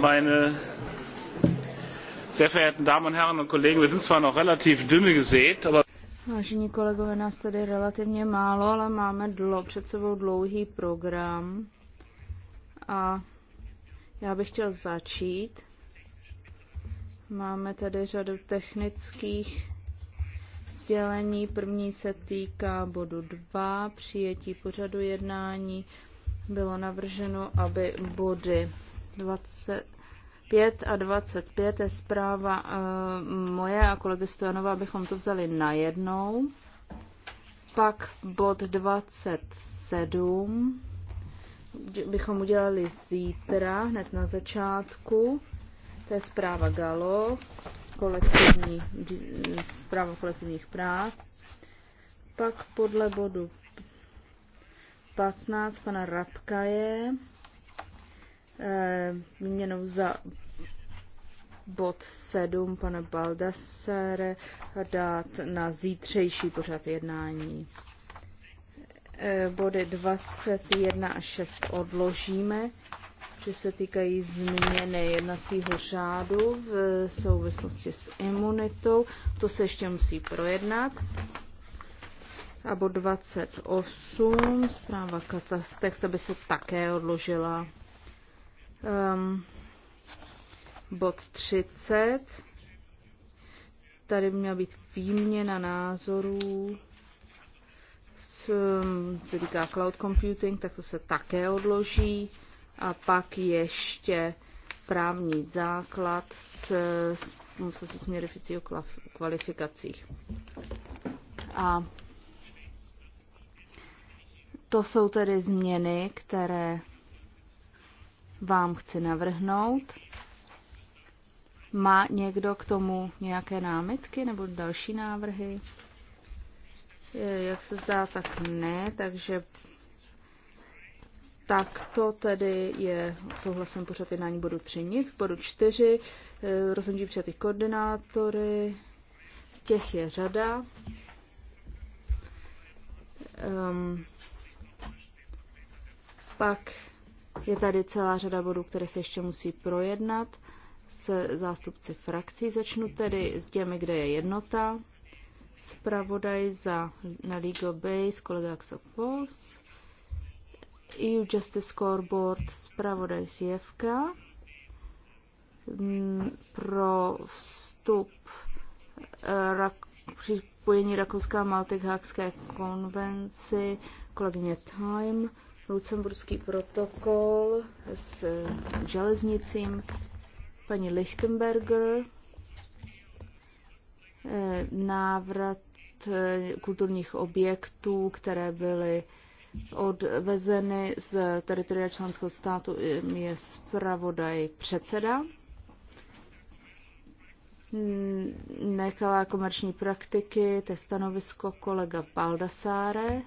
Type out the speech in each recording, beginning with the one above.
meine sehr verehrten Damen und Herren und Kollegen, wir sind zwar noch relativ dünne gesät, aber Vážení kolegové, nás tady relativně málo, ale máme dlo, před sebou dlouhý program. A já bych chtěl začít. Máme tady řadu technických sdělení. První se týká bodu 2, přijetí pořadu jednání bylo navrženo, aby body 25 a 25 je zpráva eh, moje a kolegy Stojanova, abychom to vzali najednou. Pak bod 27 bychom udělali zítra, hned na začátku. To je zpráva GALO, kolektivní, eh, zpráva kolektivních práv. Pak podle bodu 15 pana je eh, měnou za bod 7 pana Baldassare dát na zítřejší pořad jednání. Eh, body 21 a 6 odložíme, že se týkají změny jednacího řádu v souvislosti s imunitou. To se ještě musí projednat. A bod 28, zpráva Katastex, aby se také odložila. Um, bod 30, tady měla být výměna názorů, s, se ehm, týká cloud computing, tak to se také odloží. A pak ještě právní základ s, s, se směrificí o kvalifikacích. A to jsou tedy změny, které vám chci navrhnout. Má někdo k tomu nějaké námitky nebo další návrhy? Jak se zdá, tak ne, takže tak to tedy je souhlasem pořad jednání bodu 3 nic. Bodu 4 e, rozhodnutí přijatých koordinátory, těch je řada. Um, pak je tady celá řada bodů, které se ještě musí projednat s zástupci frakcí. Začnu tedy s těmi, kde je jednota. Spravodaj za na Legal Base, kolega Axel Pols. EU Justice Scoreboard, spravodaj z Jevka. Mm, pro vstup eh, rak, připojení Rakouska a Malty k Hákské konvenci, kolegyně Time Lucemburský protokol s železnicím paní Lichtenberger, eh, návrat eh, kulturních objektů, které byly odvezeny z teritoria členského státu, eh, je zpravodaj předseda. Nekalá komerční praktiky, to je stanovisko kolega Baldasáre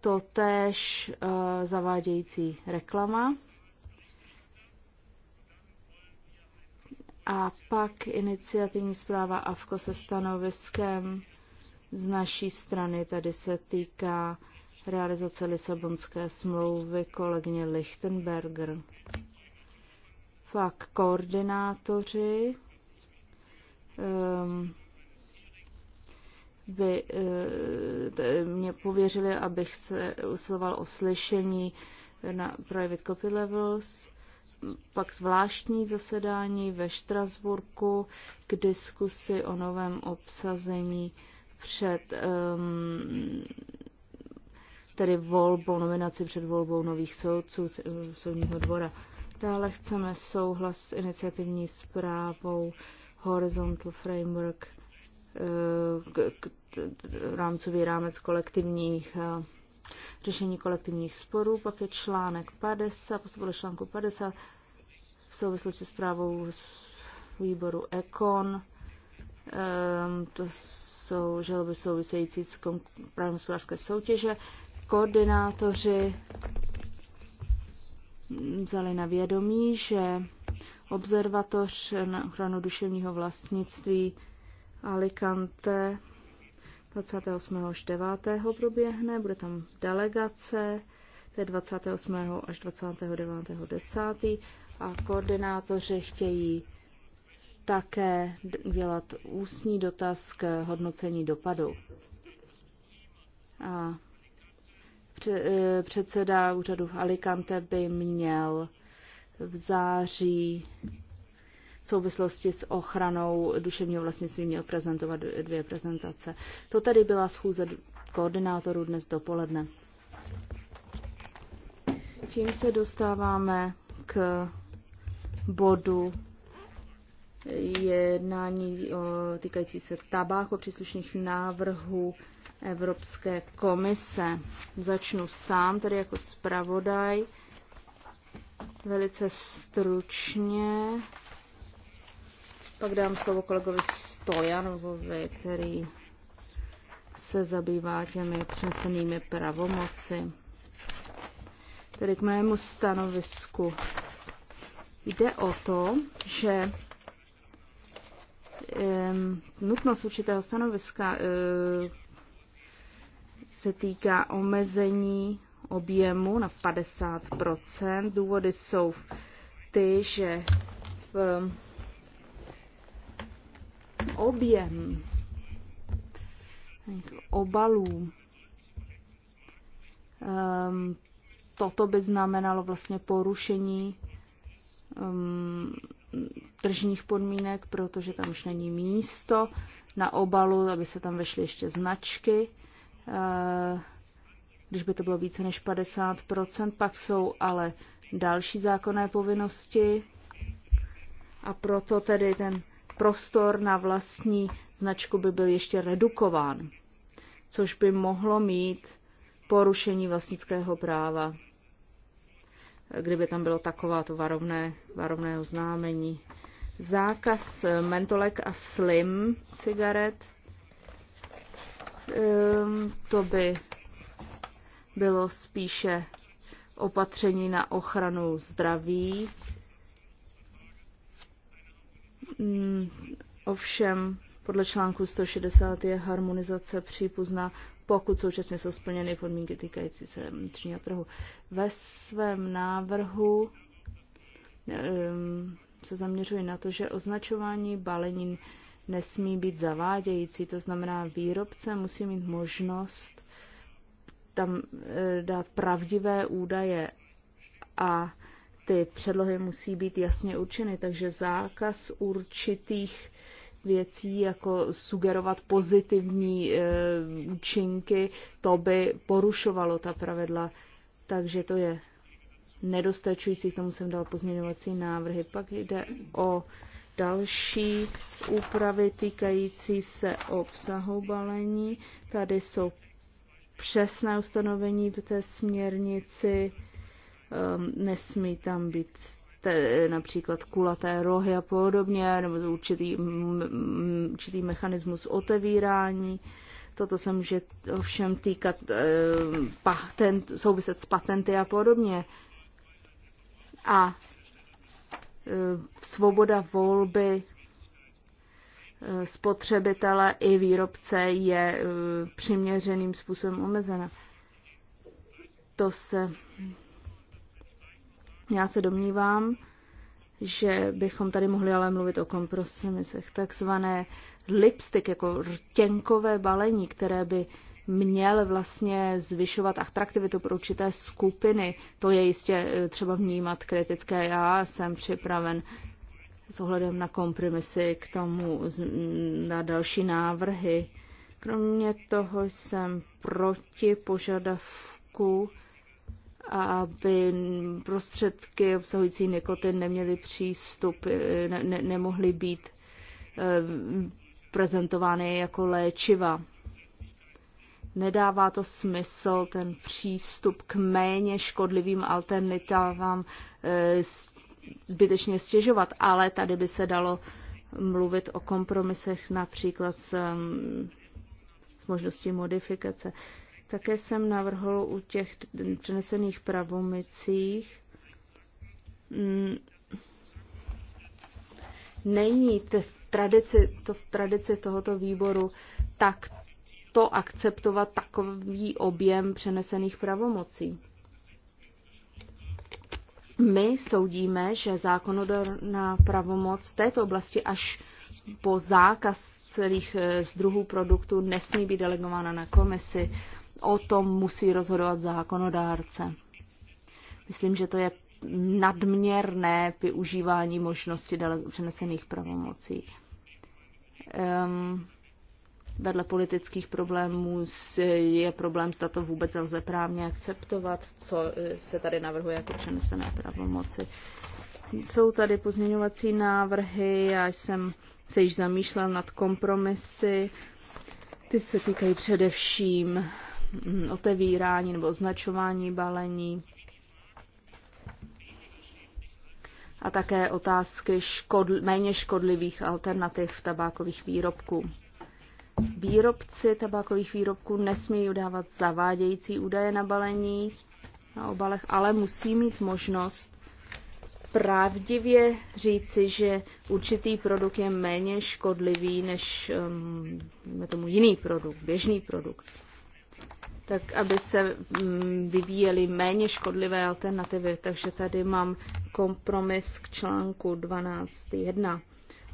totéž eh, zavádějící reklama. A pak iniciativní zpráva AFKO se stanoviskem z naší strany tady se týká realizace Lisabonské smlouvy kolegyně Lichtenberger. Fakt koordinátoři um, by eh, mě pověřili, abych se usiloval o slyšení na Private Copy Levels, pak zvláštní zasedání ve Štrasburku k diskusi o novém obsazení před um, tedy volbou, nominaci před volbou nových soudců soudního dvora. Dále chceme souhlas s iniciativní zprávou Horizontal Framework eh, k rámcový rámec kolektivních eh, řešení kolektivních sporů, pak je článek 50, podle článku 50 v souvislosti s právou výboru ECON, ehm, to jsou žaloby související s právem hospodářské soutěže, koordinátoři vzali na vědomí, že observatoř na ochranu duševního vlastnictví Alicante 28. až 9. proběhne, bude tam delegace, to je 28. až 29. 10. a koordinátoři chtějí také dělat ústní dotaz k hodnocení dopadu. A e, předseda úřadu v Alicante by měl v září souvislosti s ochranou duševního vlastnictví měl prezentovat dvě prezentace. To tady byla schůze koordinátorů dnes dopoledne. Tím se dostáváme k bodu jednání týkající se tabáku příslušných návrhů Evropské komise. Začnu sám, tedy jako zpravodaj, velice stručně. Pak dám slovo kolegovi Stojanovovi, který se zabývá těmi přenesenými pravomoci. Tedy k mému stanovisku. Jde o to, že um, nutnost určitého stanoviska um, se týká omezení objemu na 50 Důvody jsou ty, že v objem obalů. Um, toto by znamenalo vlastně porušení um, tržních podmínek, protože tam už není místo na obalu, aby se tam vešly ještě značky. Uh, když by to bylo více než 50%, pak jsou ale další zákonné povinnosti a proto tedy ten prostor na vlastní značku by byl ještě redukován, což by mohlo mít porušení vlastnického práva, kdyby tam bylo takováto varovné, varovné oznámení. Zákaz mentolek a slim cigaret, ehm, to by bylo spíše opatření na ochranu zdraví Mm, ovšem, podle článku 160 je harmonizace přípuzná, pokud současně jsou splněny podmínky týkající se vnitřního trhu. Ve svém návrhu ehm, se zaměřuji na to, že označování balenin nesmí být zavádějící, to znamená, výrobce musí mít možnost tam eh, dát pravdivé údaje a ty předlohy musí být jasně určeny, takže zákaz určitých věcí, jako sugerovat pozitivní e, účinky, to by porušovalo ta pravidla. Takže to je nedostačující, k tomu jsem dal pozměňovací návrhy. Pak jde o další úpravy týkající se obsahu balení. Tady jsou přesné ustanovení v té směrnici. E, Ehm, nesmí tam být te, například kulaté rohy a podobně, nebo určitý, určitý mechanismus otevírání. Toto se může ovšem týkat ehm, patent, souviset s patenty a podobně. A ehm, svoboda volby spotřebitele i výrobce je přiměřeným způsobem omezena. To se já se domnívám, že bychom tady mohli ale mluvit o kompromisech, takzvané lipstick, jako rtěnkové balení, které by měl vlastně zvyšovat atraktivitu pro určité skupiny. To je jistě e, třeba vnímat kritické. Já jsem připraven s ohledem na kompromisy k tomu na další návrhy. Kromě toho jsem proti požadavku a aby prostředky obsahující nikotin neměly přístup, ne, ne, nemohly být eh, prezentovány jako léčiva. Nedává to smysl ten přístup k méně škodlivým alternativám eh, zbytečně stěžovat, ale tady by se dalo mluvit o kompromisech například s, eh, s možností modifikace. Také jsem navrhl u těch přenesených pravomicích mm, není t- tradici, to, tradici tohoto výboru tak to akceptovat takový objem přenesených pravomocí. My soudíme, že zákonodárná pravomoc v této oblasti až po zákaz celých eh, z druhů produktů nesmí být delegována na komisi o tom musí rozhodovat zákonodárce. Myslím, že to je nadměrné využívání možnosti přenesených pravomocí. Um, vedle politických problémů je problém, zda to vůbec lze právně akceptovat, co eh, se tady navrhuje jako přenesené pravomoci. Jsou tady pozměňovací návrhy, já jsem se již zamýšlel nad kompromisy. Ty se týkají především Mm, otevírání nebo označování balení a také otázky škodl- méně škodlivých alternativ tabákových výrobků. Výrobci tabákových výrobků nesmí udávat zavádějící údaje na balení, na obalech, ale musí mít možnost pravdivě říci, že určitý produkt je méně škodlivý než um, tomu jiný produkt, běžný produkt tak aby se mm, vyvíjely méně škodlivé alternativy. Takže tady mám kompromis k článku 12.1.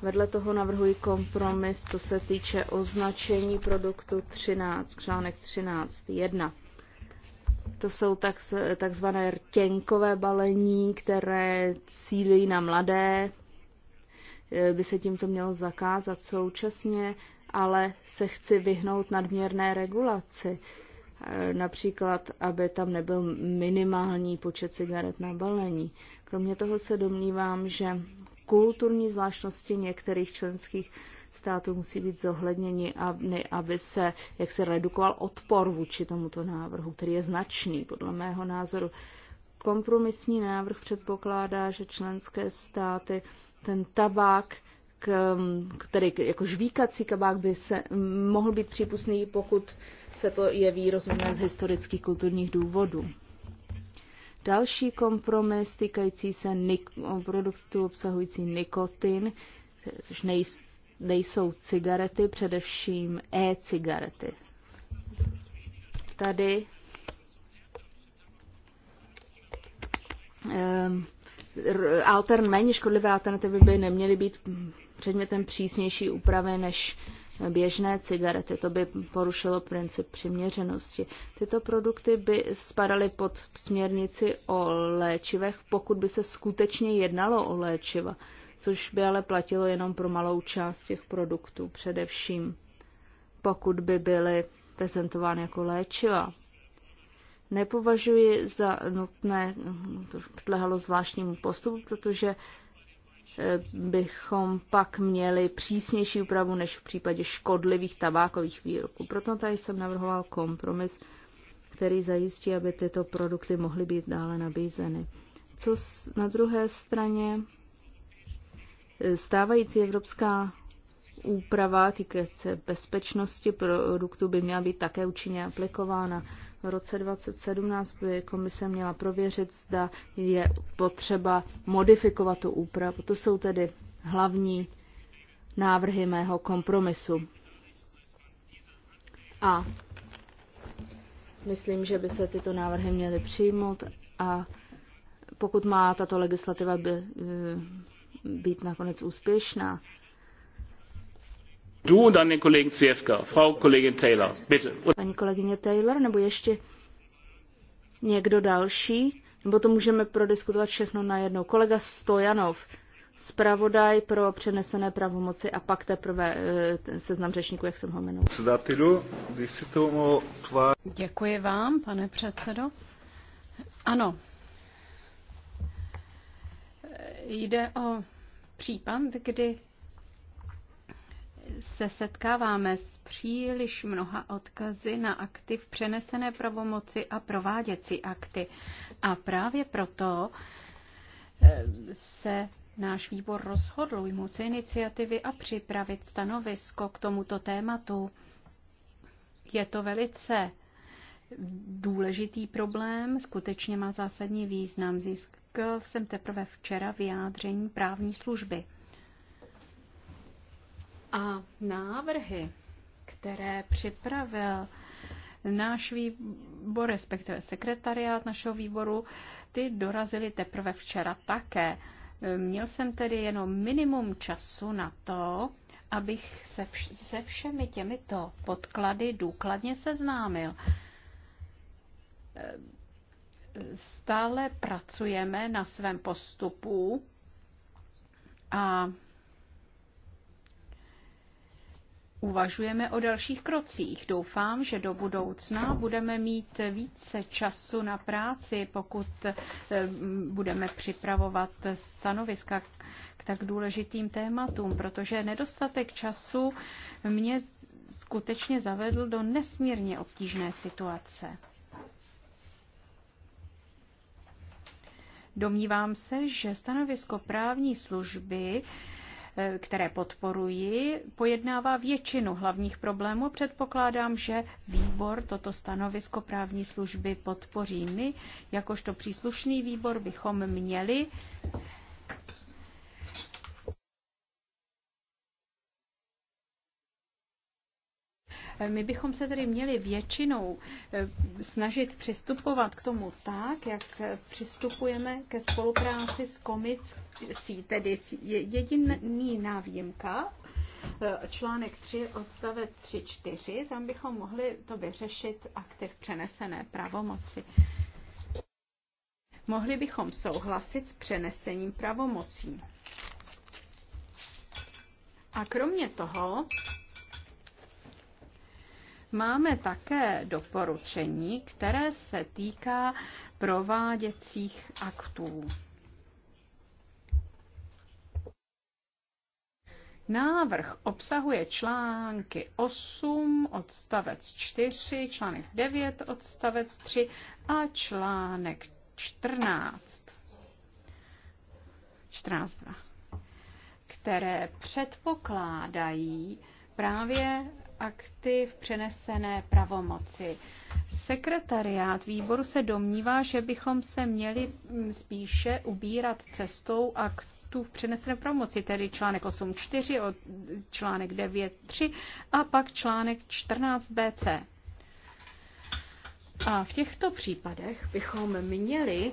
Vedle toho navrhuji kompromis, co se týče označení produktu 13, článek 13.1. To jsou tak, takzvané rtěnkové balení, které cílí na mladé, e, by se tímto mělo zakázat současně, ale se chci vyhnout nadměrné regulaci Eh, například, aby tam nebyl minimální počet cigaret na balení. Kromě toho se domnívám, že kulturní zvláštnosti některých členských států musí být zohledněni, aby se, jak se redukoval odpor vůči tomuto návrhu, který je značný, podle mého názoru. Kompromisní návrh předpokládá, že členské státy ten tabák Um, k, tedy jako žvíkací kabák by se mohl být přípustný, pokud se to jeví rozumné z historických kulturních důvodů. Další kompromis týkající se nik- produktů obsahující nikotin, což nejs- nejsou cigarety, především e-cigarety. Tady um, altern, méně škodlivé alternativy by neměly být předmětem přísnější úpravy než běžné cigarety. To by porušilo princip přiměřenosti. Tyto produkty by spadaly pod směrnici o léčivech, pokud by se skutečně jednalo o léčiva, což by ale platilo jenom pro malou část těch produktů, především pokud by byly prezentovány jako léčiva. Nepovažuji za nutné, to podlehalo zvláštnímu postupu, protože Eh, bychom pak měli přísnější úpravu než v případě škodlivých tabákových výrobků. Proto tady jsem navrhoval kompromis, který zajistí, aby tyto produkty mohly být dále nabízeny. Co na druhé straně eh, stávající evropská úprava týkající se bezpečnosti produktu by měla být také účinně aplikována. V roce 2017 by komise měla prověřit, zda je potřeba modifikovat tu úpravu. To jsou tedy hlavní návrhy mého kompromisu. A myslím, že by se tyto návrhy měly přijmout a pokud má tato legislativa by, eh, být nakonec úspěšná, Du und dann Paní kolegyně Taylor nebo ještě někdo další? Nebo to můžeme prodiskutovat všechno najednou. Kolega Stojanov, zpravodaj pro přenesené pravomoci a pak teprve eh, seznam řečníků, jak jsem ho jmenoval. Děkuji vám, pane předsedo. Ano, jde o případ, kdy se setkáváme s příliš mnoha odkazy na aktiv přenesené pravomoci a prováděcí akty. A právě proto eh, se náš výbor rozhodl ujmout se iniciativy a připravit stanovisko k tomuto tématu. Je to velice důležitý problém, skutečně má zásadní význam. Získal jsem teprve včera vyjádření právní služby. A návrhy, které připravil náš výbor, respektive sekretariát našeho výboru, ty dorazily teprve včera také. Měl jsem tedy jenom minimum času na to, abych se, vš- se všemi těmito podklady důkladně seznámil. Stále pracujeme na svém postupu a uvažujeme o dalších krocích. Doufám, že do budoucna budeme mít více času na práci, pokud eh, budeme připravovat stanoviska k tak důležitým tématům, protože nedostatek času mě skutečně zavedl do nesmírně obtížné situace. Domnívám se, že stanovisko právní služby Eh, které podporuji, pojednává většinu hlavních problémů. Předpokládám, že výbor toto stanovisko právní služby podpoří. My, jakožto příslušný výbor, bychom měli My bychom se tedy měli většinou eh, snažit přistupovat k tomu tak, jak přistupujeme ke spolupráci s komisí, tedy jediný návýmka, eh, článek 3, odstavec 3, 4, tam bychom mohli to vyřešit aktiv přenesené pravomoci. Mohli bychom souhlasit s přenesením pravomocí. A kromě toho Máme také doporučení, které se týká prováděcích aktů. Návrh obsahuje články 8 odstavec 4, článek 9 odstavec 3 a článek 14. 14. které předpokládají právě akty v přenesené pravomoci. Sekretariát výboru se domnívá, že bychom se měli mm, spíše ubírat cestou aktů v přenesené pravomoci, tedy článek 8.4, článek 9.3 a pak článek 14bc. A v těchto případech bychom měli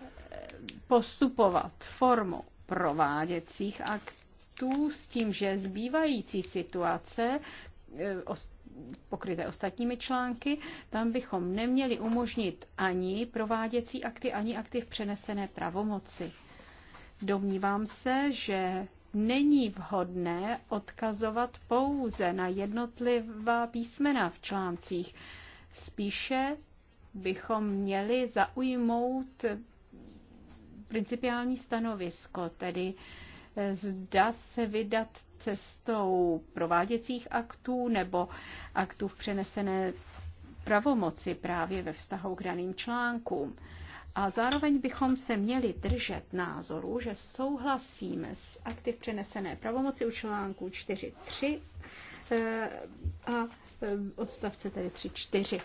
eh, postupovat formou prováděcích aktů, států s tím, že zbývající situace e, pokryté ostatními články, tam bychom neměli umožnit ani prováděcí akty, ani akty v přenesené pravomoci. Domnívám se, že není vhodné odkazovat pouze na jednotlivá písmena v článcích. Spíše bychom měli zaujmout principiální stanovisko, tedy eh, zda se vydat cestou prováděcích aktů nebo aktů v přenesené pravomoci právě ve vztahu k daným článkům. A zároveň bychom se měli držet názoru, že souhlasíme s aktiv přenesené pravomoci u článku 4.3 eh, a eh, odstavce tedy 3.4.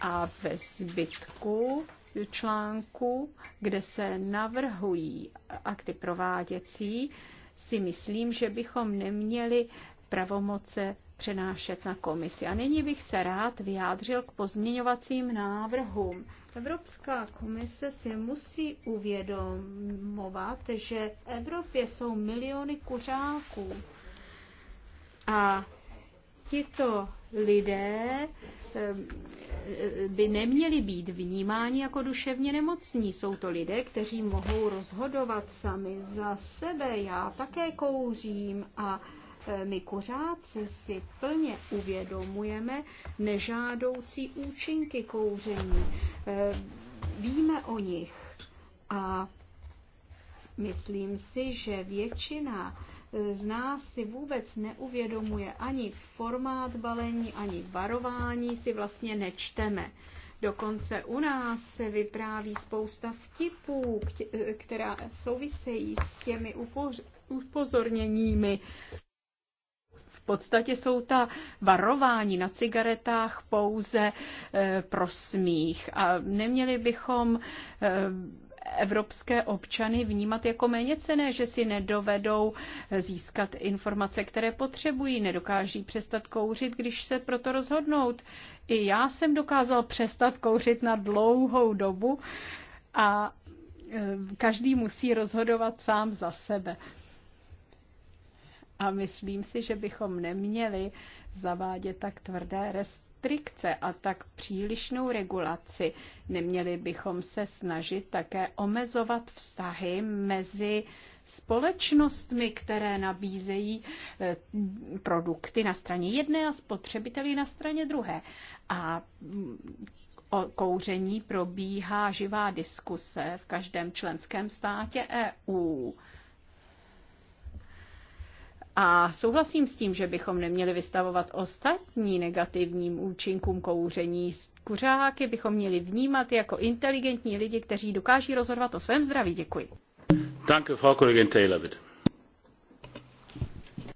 A ve zbytku článku, kde se navrhují akty prováděcí, si myslím, že bychom neměli pravomoce přenášet na komisi. A nyní bych se rád vyjádřil k pozměňovacím návrhům. Evropská komise si musí uvědomovat, že v Evropě jsou miliony kuřáků. A tito lidé ehm, by neměli být vnímáni jako duševně nemocní. Jsou to lidé, kteří mohou rozhodovat sami za sebe. Já také kouřím a ehm, my kuřáci si plně uvědomujeme nežádoucí účinky kouření. Ehm, víme o nich a myslím si, že většina z nás si vůbec neuvědomuje ani formát balení, ani varování si vlastně nečteme. Dokonce u nás se vypráví spousta vtipů, která souvisejí s těmi upozorněními. V podstatě jsou ta varování na cigaretách pouze e, pro smích a neměli bychom e, evropské občany vnímat jako méně cené, že si nedovedou získat informace, které potřebují, nedokáží přestat kouřit, když se proto rozhodnout. I já jsem dokázal přestat kouřit na dlouhou dobu a e, každý musí rozhodovat sám za sebe. A myslím si, že bychom neměli zavádět tak tvrdé rest restrikce a tak přílišnou regulaci, neměli bychom se snažit také omezovat vztahy mezi společnostmi, které nabízejí eh, produkty na straně jedné a spotřebiteli na straně druhé. A mm, o kouření probíhá živá diskuse v každém členském státě EU a souhlasím s tím, že bychom neměli vystavovat ostatní negativním účinkům kouření. Kuřáky bychom měli vnímat jako inteligentní lidi, kteří dokáží rozhodovat o svém zdraví. Děkuji. Danke, Frau Kollegin Taylor, bitte.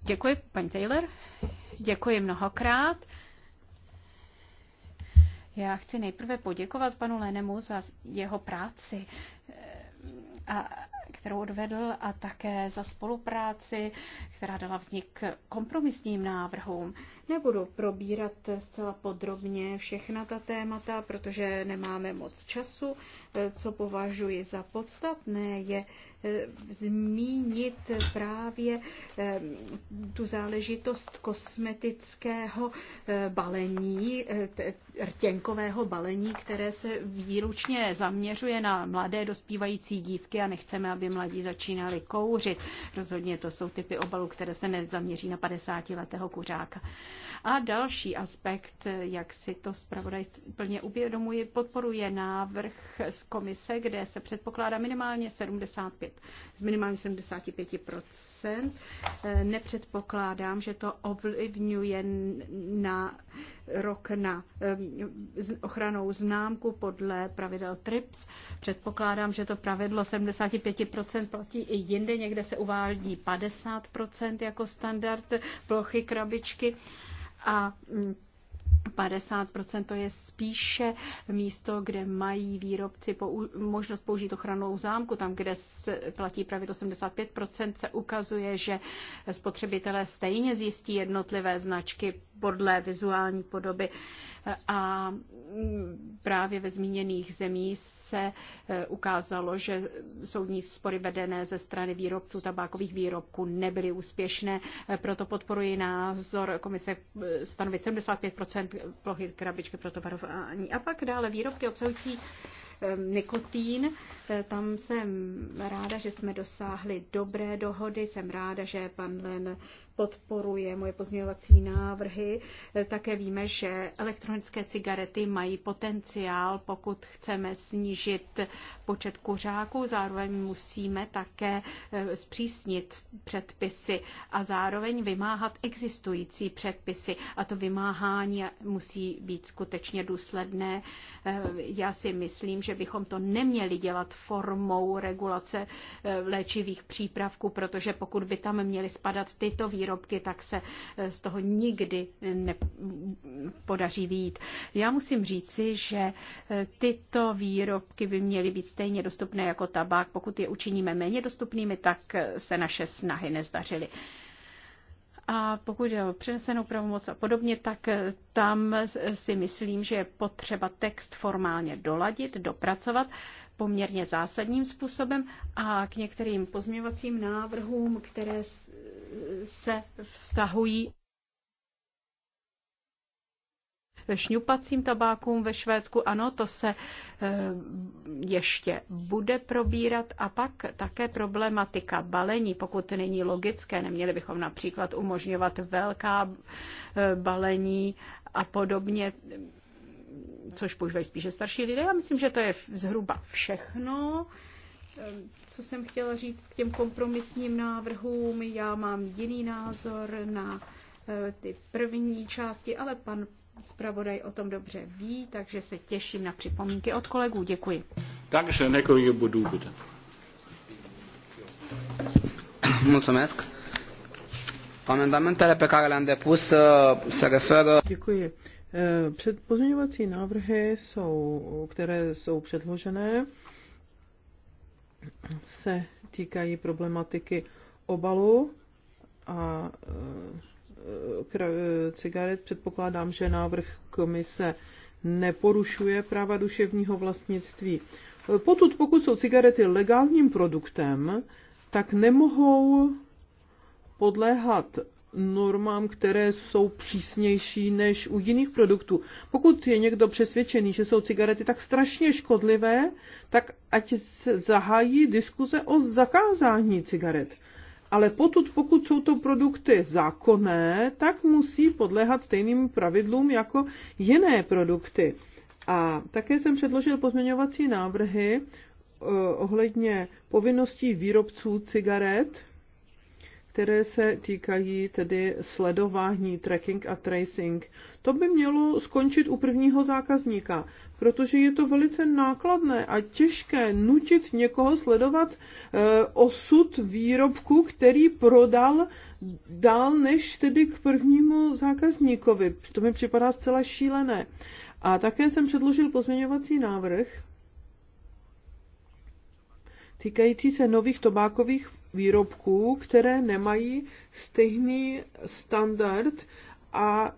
Děkuji, paní Taylor. Děkuji mnohokrát. Já chci nejprve poděkovat panu Lenemu za jeho práci a, kterou odvedl a také za spolupráci, která dala vznik kompromisním návrhům. Nebudu probírat zcela podrobně všechna ta témata, protože nemáme moc času. Co považuji za podstatné, je, Eh, zmínit právě eh, tu záležitost kosmetického eh, balení, rtěnkového balení, které se výlučně zaměřuje na mladé dospívající dívky a nechceme, aby mladí začínali kouřit. Rozhodně to jsou typy obalů, které se nezaměří na 50-letého kuřáka. A další aspekt, jak si to zpravodaj plně uvědomuje, podporuje návrh z komise, kde se předpokládá minimálně 75 deficit z minimálně 75%. Eh, nepředpokládám, že to ovlivňuje na rok na eh, ochranou známku podle pravidel TRIPS. Předpokládám, že to pravidlo 75% platí i jinde. Někde se uvádí 50% jako standard plochy krabičky. A mm, 50% to je spíše místo, kde mají výrobci pou, možnost použít ochranou zámku. Tam, kde se platí pravidlo 85%, se ukazuje, že spotřebitelé stejně zjistí jednotlivé značky podle vizuální podoby. A právě ve zmíněných zemích se eh, ukázalo, že soudní spory vedené ze strany výrobců tabákových výrobků nebyly úspěšné. Eh, proto podporuji názor komise eh, stanovit 75 plochy krabičky pro tovarování. A pak dále výrobky obsahující nikotín. Tam jsem ráda, že jsme dosáhli dobré dohody. Jsem ráda, že pan Len podporuje moje pozměňovací návrhy. E, také víme, že elektronické cigarety mají potenciál, pokud chceme snížit počet kuřáků, zároveň musíme také e, zpřísnit předpisy a zároveň vymáhat existující předpisy. A to vymáhání musí být skutečně důsledné. E, já si myslím, že bychom to neměli dělat formou regulace léčivých přípravků, protože pokud by tam měly spadat tyto výrobky, výrobky, tak se eh, z toho nikdy nepodaří výjít. Já musím říci, že eh, tyto výrobky by měly být stejně dostupné jako tabák. Pokud je učiníme méně dostupnými, tak eh, se naše snahy nezdařily. A pokud je o přenesenou pravomoc a podobně, tak tam si myslím, že je potřeba text formálně doladit, dopracovat poměrně zásadním způsobem a k některým pozměvacím návrhům, které se vztahují šňupacím tabákům ve Švédsku. Ano, to se eh, ještě bude probírat. A pak také problematika balení, pokud není logické. Neměli bychom například umožňovat velká eh, balení a podobně což používají spíše starší lidé. Já myslím, že to je zhruba všechno. Ehm, co jsem chtěla říct k těm kompromisním návrhům, já mám jiný názor na eh, ty první části, ale pan zpravodaj o tom dobře ví, takže se těším na připomínky od kolegů. Děkuji. Takže nekolik budu bude. Mulțumesc. Amendamentele pe care le-am depus eh, se referă... Děkuji. Eh, před pozměňovací návrhy, jsou, které jsou předložené, se týkají problematiky obalu a eh, eh, cigaret. Předpokládám, že návrh komise neporušuje práva duševního vlastnictví. Potud, pokud jsou cigarety legálním produktem, tak nemohou podléhat normám, které jsou přísnější než u jiných produktů. Pokud je někdo přesvědčený, že jsou cigarety tak strašně škodlivé, tak ať se zahájí diskuze o zakázání cigaret. Ale potud, pokud jsou to produkty zákonné, tak musí podléhat stejným pravidlům jako jiné produkty. A také jsem předložil pozměňovací návrhy eh, ohledně povinností výrobců cigaret, které se týkají tedy sledování, tracking a tracing. To by mělo skončit u prvního zákazníka, protože je to velice nákladné a těžké nutit někoho sledovat eh, osud výrobku, který prodal dál než tedy k prvnímu zákazníkovi. To mi připadá zcela šílené. A také jsem předložil pozměňovací návrh týkající se nových tobákových výrobků, které nemají stejný standard a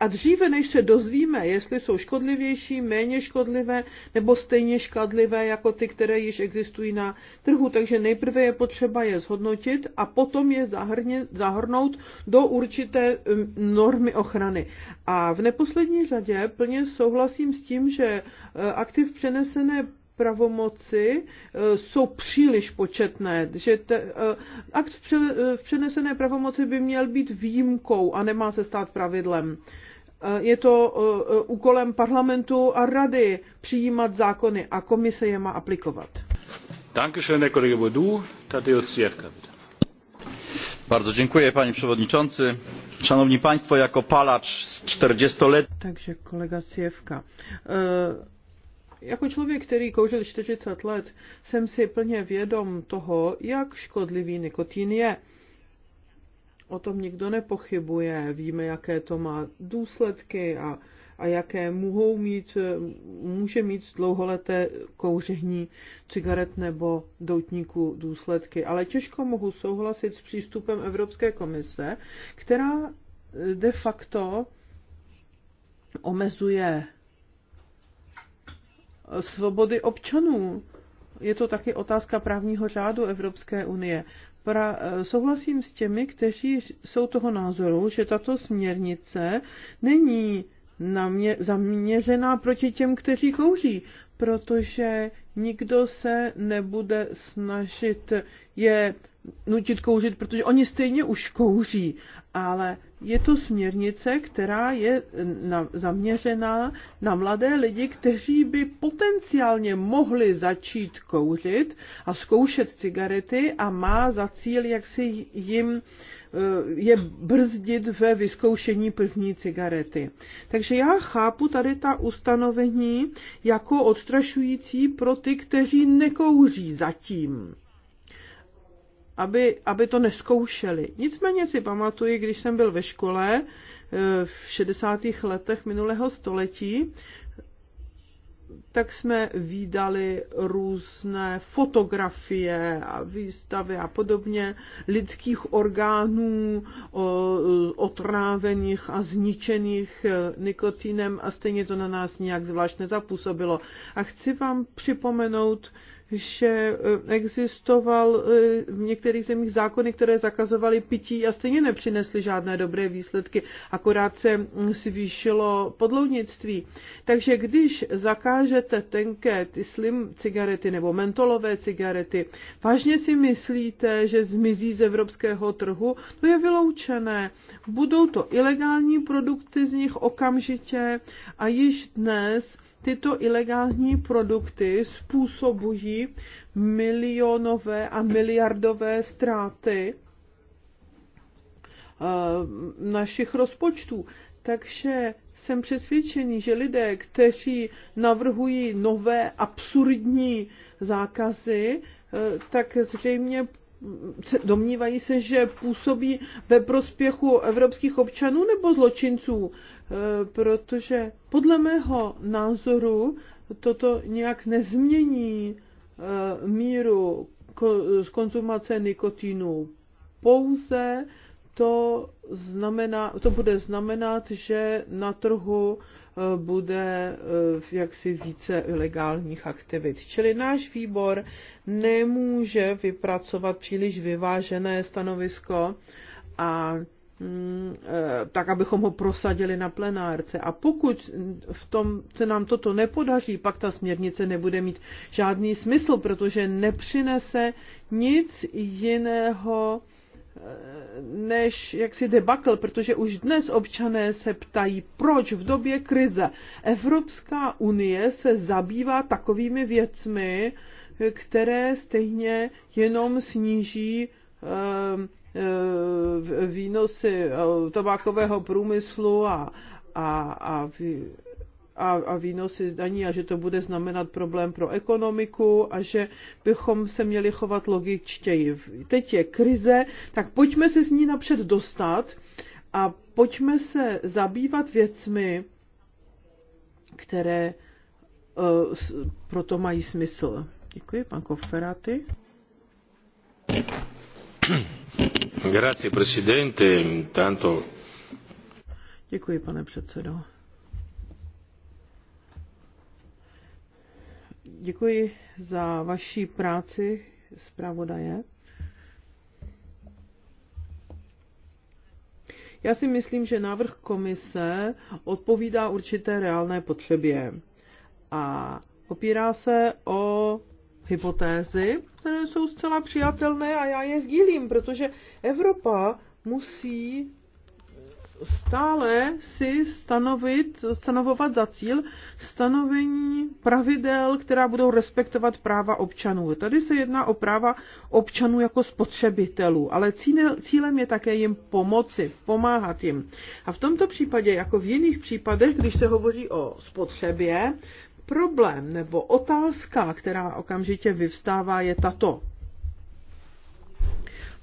a dříve, než se dozvíme, jestli jsou škodlivější, méně škodlivé nebo stejně škodlivé jako ty, které již existují na trhu. Takže nejprve je potřeba je zhodnotit a potom je zahrně, zahrnout do určité um, normy ochrany. A v neposlední řadě plně souhlasím s tím, že uh, aktiv přenesené pravomoci eh, jsou příliš početné, že te, eh, akt eh, v přenesené pravomoci by měl být výjimkou a nemá se stát pravidlem. Je to úkolem parlamentu a rady přijímat zákony a komise je má aplikovat. Dankeschön, kolega Bodu. Tadeusz Siewka, Bardzo dziękuję, panie przewodniczący. Szanowni państwo, jako palacz z 40 lat... Także kolega Siewka. E, jako člověk, který kouřil 40 let, jsem si plně vědom toho, jak škodlivý nikotin je. O tom nikdo nepochybuje, víme, jaké to má důsledky a, a jaké mohou mít, může mít dlouholeté kouření cigaret nebo doutníků důsledky. Ale těžko mohu souhlasit s přístupem Evropské komise, která de facto omezuje svobody občanů. Je to taky otázka právního řádu Evropské unie. Pra, eh, souhlasím s těmi, kteří jsou toho názoru, že tato směrnice není namě, zaměřená proti těm, kteří kouří, protože nikdo se nebude snažit je nutit kouřit, protože oni stejně už kouří, ale je to směrnice, která je eh, na, zaměřená na mladé lidi, kteří by potenciálně mohli začít kouřit a zkoušet cigarety a má za cíl, jak si jim eh, je brzdit ve vyzkoušení první cigarety. Takže já chápu tady ta ustanovení jako odstrašující pro ty, kteří nekouří zatím aby, aby to neskoušeli. Nicméně si pamatuju, když jsem byl ve škole eh, v 60. letech minulého století, tak jsme výdali různé fotografie a výstavy a podobně lidských orgánů otrávených a zničených eh, nikotinem a stejně to na nás nějak zvlášť nezapůsobilo. A chci vám připomenout, že eh, existoval eh, v některých zemích zákony, které zakazovaly pití a stejně nepřinesly žádné dobré výsledky, akorát se hm, zvýšilo podloudnictví. Takže když zakážete tenké ty slim cigarety nebo mentolové cigarety, vážně si myslíte, že zmizí z evropského trhu? To je vyloučené. Budou to ilegální produkty z nich okamžitě a již dnes Tyto ilegální produkty způsobují milionové a miliardové ztráty eh, našich rozpočtů. Takže jsem přesvědčený, že lidé, kteří navrhují nové absurdní zákazy, eh, tak zřejmě domnívají se, že působí ve prospěchu evropských občanů nebo zločinců protože podle mého názoru toto nějak nezmění eh, míru konzumace nikotinu. Pouze to, znamená, to bude znamenat, že na trhu eh, bude eh, jaksi více ilegálních aktivit. Čili náš výbor nemůže vypracovat příliš vyvážené stanovisko a Eh, tak abychom ho prosadili na plenárce. A pokud v tom se nám toto nepodaří, pak ta směrnice nebude mít žádný smysl, protože nepřinese nic jiného eh, než jaksi debakl, protože už dnes občané se ptají, proč v době krize Evropská unie se zabývá takovými věcmi, které stejně jenom sníží eh, Eh, výnosy eh, tabákového průmyslu a, a, a, a, a výnosy z daní a že to bude znamenat problém pro ekonomiku a že bychom se měli chovat logičtěji. Teď je krize, tak pojďme se z ní napřed dostat a pojďme se zabývat věcmi, které uh, proto mají smysl. Děkuji, pan Koferaty. Děkuji, pane předsedo. Děkuji za vaši práci zpravodaje. Já si myslím, že návrh komise odpovídá určité reálné potřebě a opírá se o hypotézy, které jsou zcela přijatelné a já je sdílím, protože Evropa musí stále si stanovit, stanovovat za cíl stanovení pravidel, která budou respektovat práva občanů. Tady se jedná o práva občanů jako spotřebitelů, ale cílem je také jim pomoci, pomáhat jim. A v tomto případě, jako v jiných případech, když se hovoří o spotřebě, Problém nebo otázka, která okamžitě vyvstává, je tato.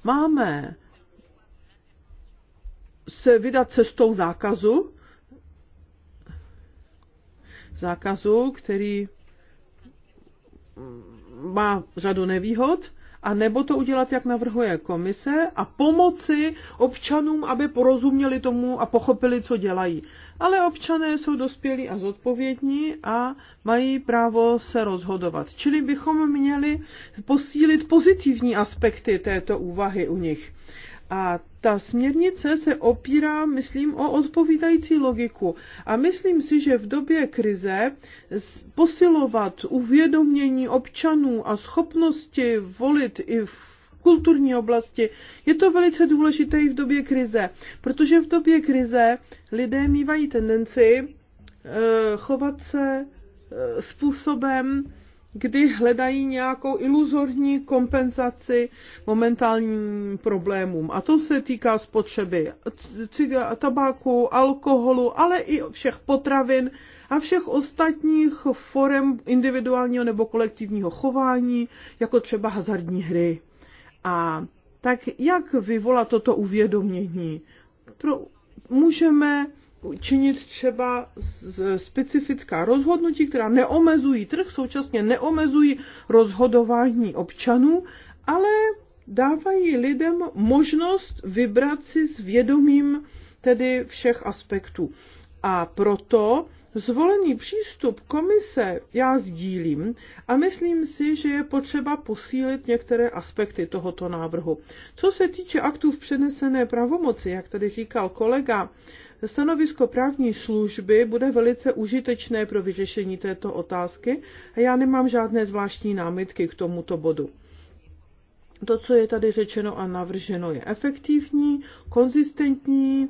Máme se vydat cestou zákazu, zákazu, který má řadu nevýhod, a nebo to udělat, jak navrhuje komise, a pomoci občanům, aby porozuměli tomu a pochopili, co dělají ale občané jsou dospělí a zodpovědní a mají právo se rozhodovat. Čili bychom měli posílit pozitivní aspekty této úvahy u nich. A ta směrnice se opírá, myslím, o odpovídající logiku. A myslím si, že v době krize posilovat uvědomění občanů a schopnosti volit i v kulturní oblasti. Je to velice důležité i v době krize, protože v době krize lidé mývají tendenci eh, chovat se eh, způsobem, kdy hledají nějakou iluzorní kompenzaci momentálním problémům. A to se týká spotřeby ciga, tabáku, alkoholu, ale i všech potravin a všech ostatních forem individuálního nebo kolektivního chování, jako třeba hazardní hry. A tak jak vyvolat toto uvědomění? Pro, můžeme činit třeba specifická rozhodnutí, která neomezují trh, současně neomezují rozhodování občanů, ale dávají lidem možnost vybrat si s vědomím tedy všech aspektů. A proto zvolený přístup komise já sdílím a myslím si, že je potřeba posílit některé aspekty tohoto návrhu. Co se týče aktů v přenesené pravomoci, jak tady říkal kolega, Stanovisko právní služby bude velice užitečné pro vyřešení této otázky a já nemám žádné zvláštní námitky k tomuto bodu. To, co je tady řečeno a navrženo, je efektivní, konzistentní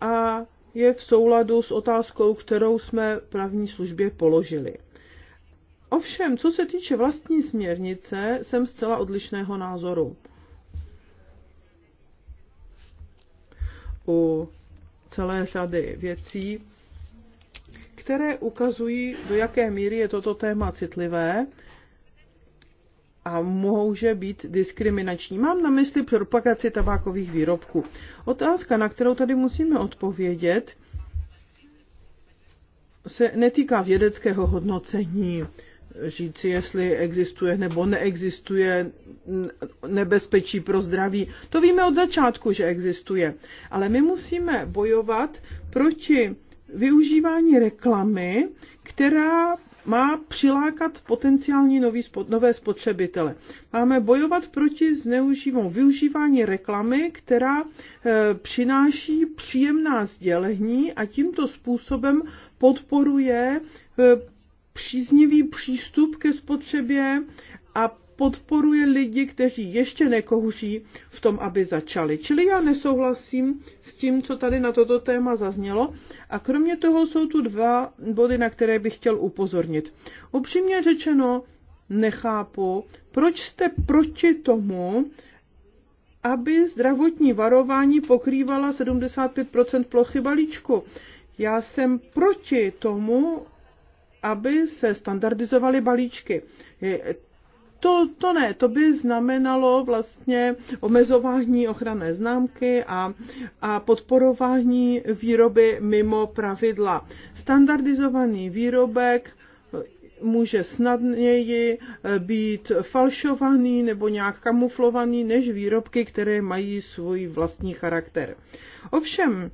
a je v souladu s otázkou, kterou jsme právní službě položili. Ovšem, co se týče vlastní směrnice, jsem zcela odlišného názoru. U celé řady věcí, které ukazují, do jaké míry je toto téma citlivé a může být diskriminační. Mám na mysli propagaci tabákových výrobků. Otázka, na kterou tady musíme odpovědět, se netýká vědeckého hodnocení říci, jestli existuje nebo neexistuje nebezpečí pro zdraví. To víme od začátku, že existuje. Ale my musíme bojovat proti využívání reklamy, která má přilákat potenciální nový, nové spotřebitele. Máme bojovat proti zneužívání, využívání reklamy, která e, přináší příjemná sdělení a tímto způsobem podporuje e, příznivý přístup ke spotřebě a podporuje lidi, kteří ještě nekohuší v tom, aby začali. Čili já nesouhlasím s tím, co tady na toto téma zaznělo. A kromě toho jsou tu dva body, na které bych chtěl upozornit. Upřímně řečeno, nechápu, proč jste proti tomu, aby zdravotní varování pokrývala 75 plochy balíčku. Já jsem proti tomu, aby se standardizovaly balíčky. To, to ne, to by znamenalo vlastně omezování ochranné známky a, a podporování výroby mimo pravidla. Standardizovaný výrobek e, může snadněji e, být falšovaný nebo nějak kamuflovaný než výrobky, které mají svůj vlastní charakter. Ovšem,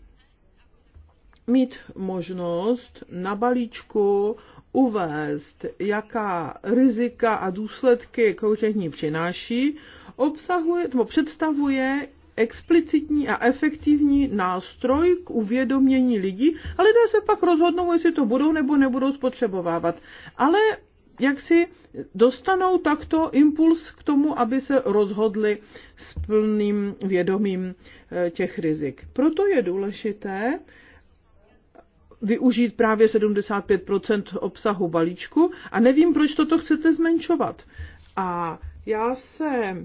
mít možnost na balíčku uvést, jaká rizika a důsledky kouření přináší, obsahuje, nebo představuje explicitní a efektivní nástroj k uvědomění lidí a lidé se pak rozhodnou, jestli to budou nebo nebudou spotřebovávat. Ale jak si dostanou takto impuls k tomu, aby se rozhodli s plným vědomím eh, těch rizik. Proto je důležité, využít právě 75 obsahu balíčku a nevím, proč toto chcete zmenšovat. A já se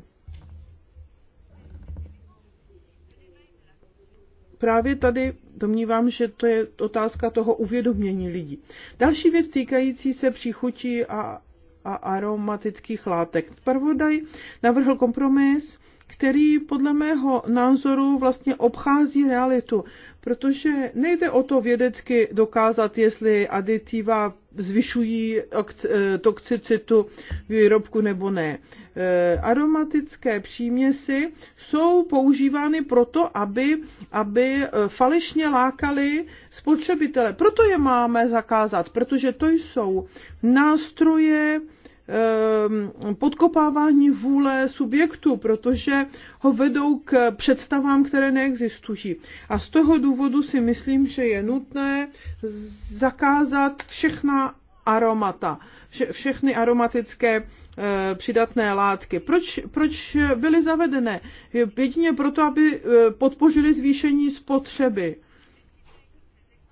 právě tady domnívám, že to je otázka toho uvědomění lidí. Další věc týkající se příchutí a, a aromatických látek. Prvodaj navrhl kompromis, který podle mého názoru vlastně obchází realitu protože nejde o to vědecky dokázat, jestli aditiva zvyšují eh, toxicitu výrobku nebo ne. Eh, aromatické příměsy jsou používány proto, aby, aby eh, falešně lákali spotřebitele. Proto je máme zakázat, protože to jsou nástroje, Ehm, podkopávání vůle subjektu, protože ho vedou k představám, které neexistují. A z toho důvodu si myslím, že je nutné zakázat všechna aromata, vše, všechny aromatické e, přidatné látky. Proč, proč byly zavedené? Jedině proto, aby eh, podpořili zvýšení spotřeby.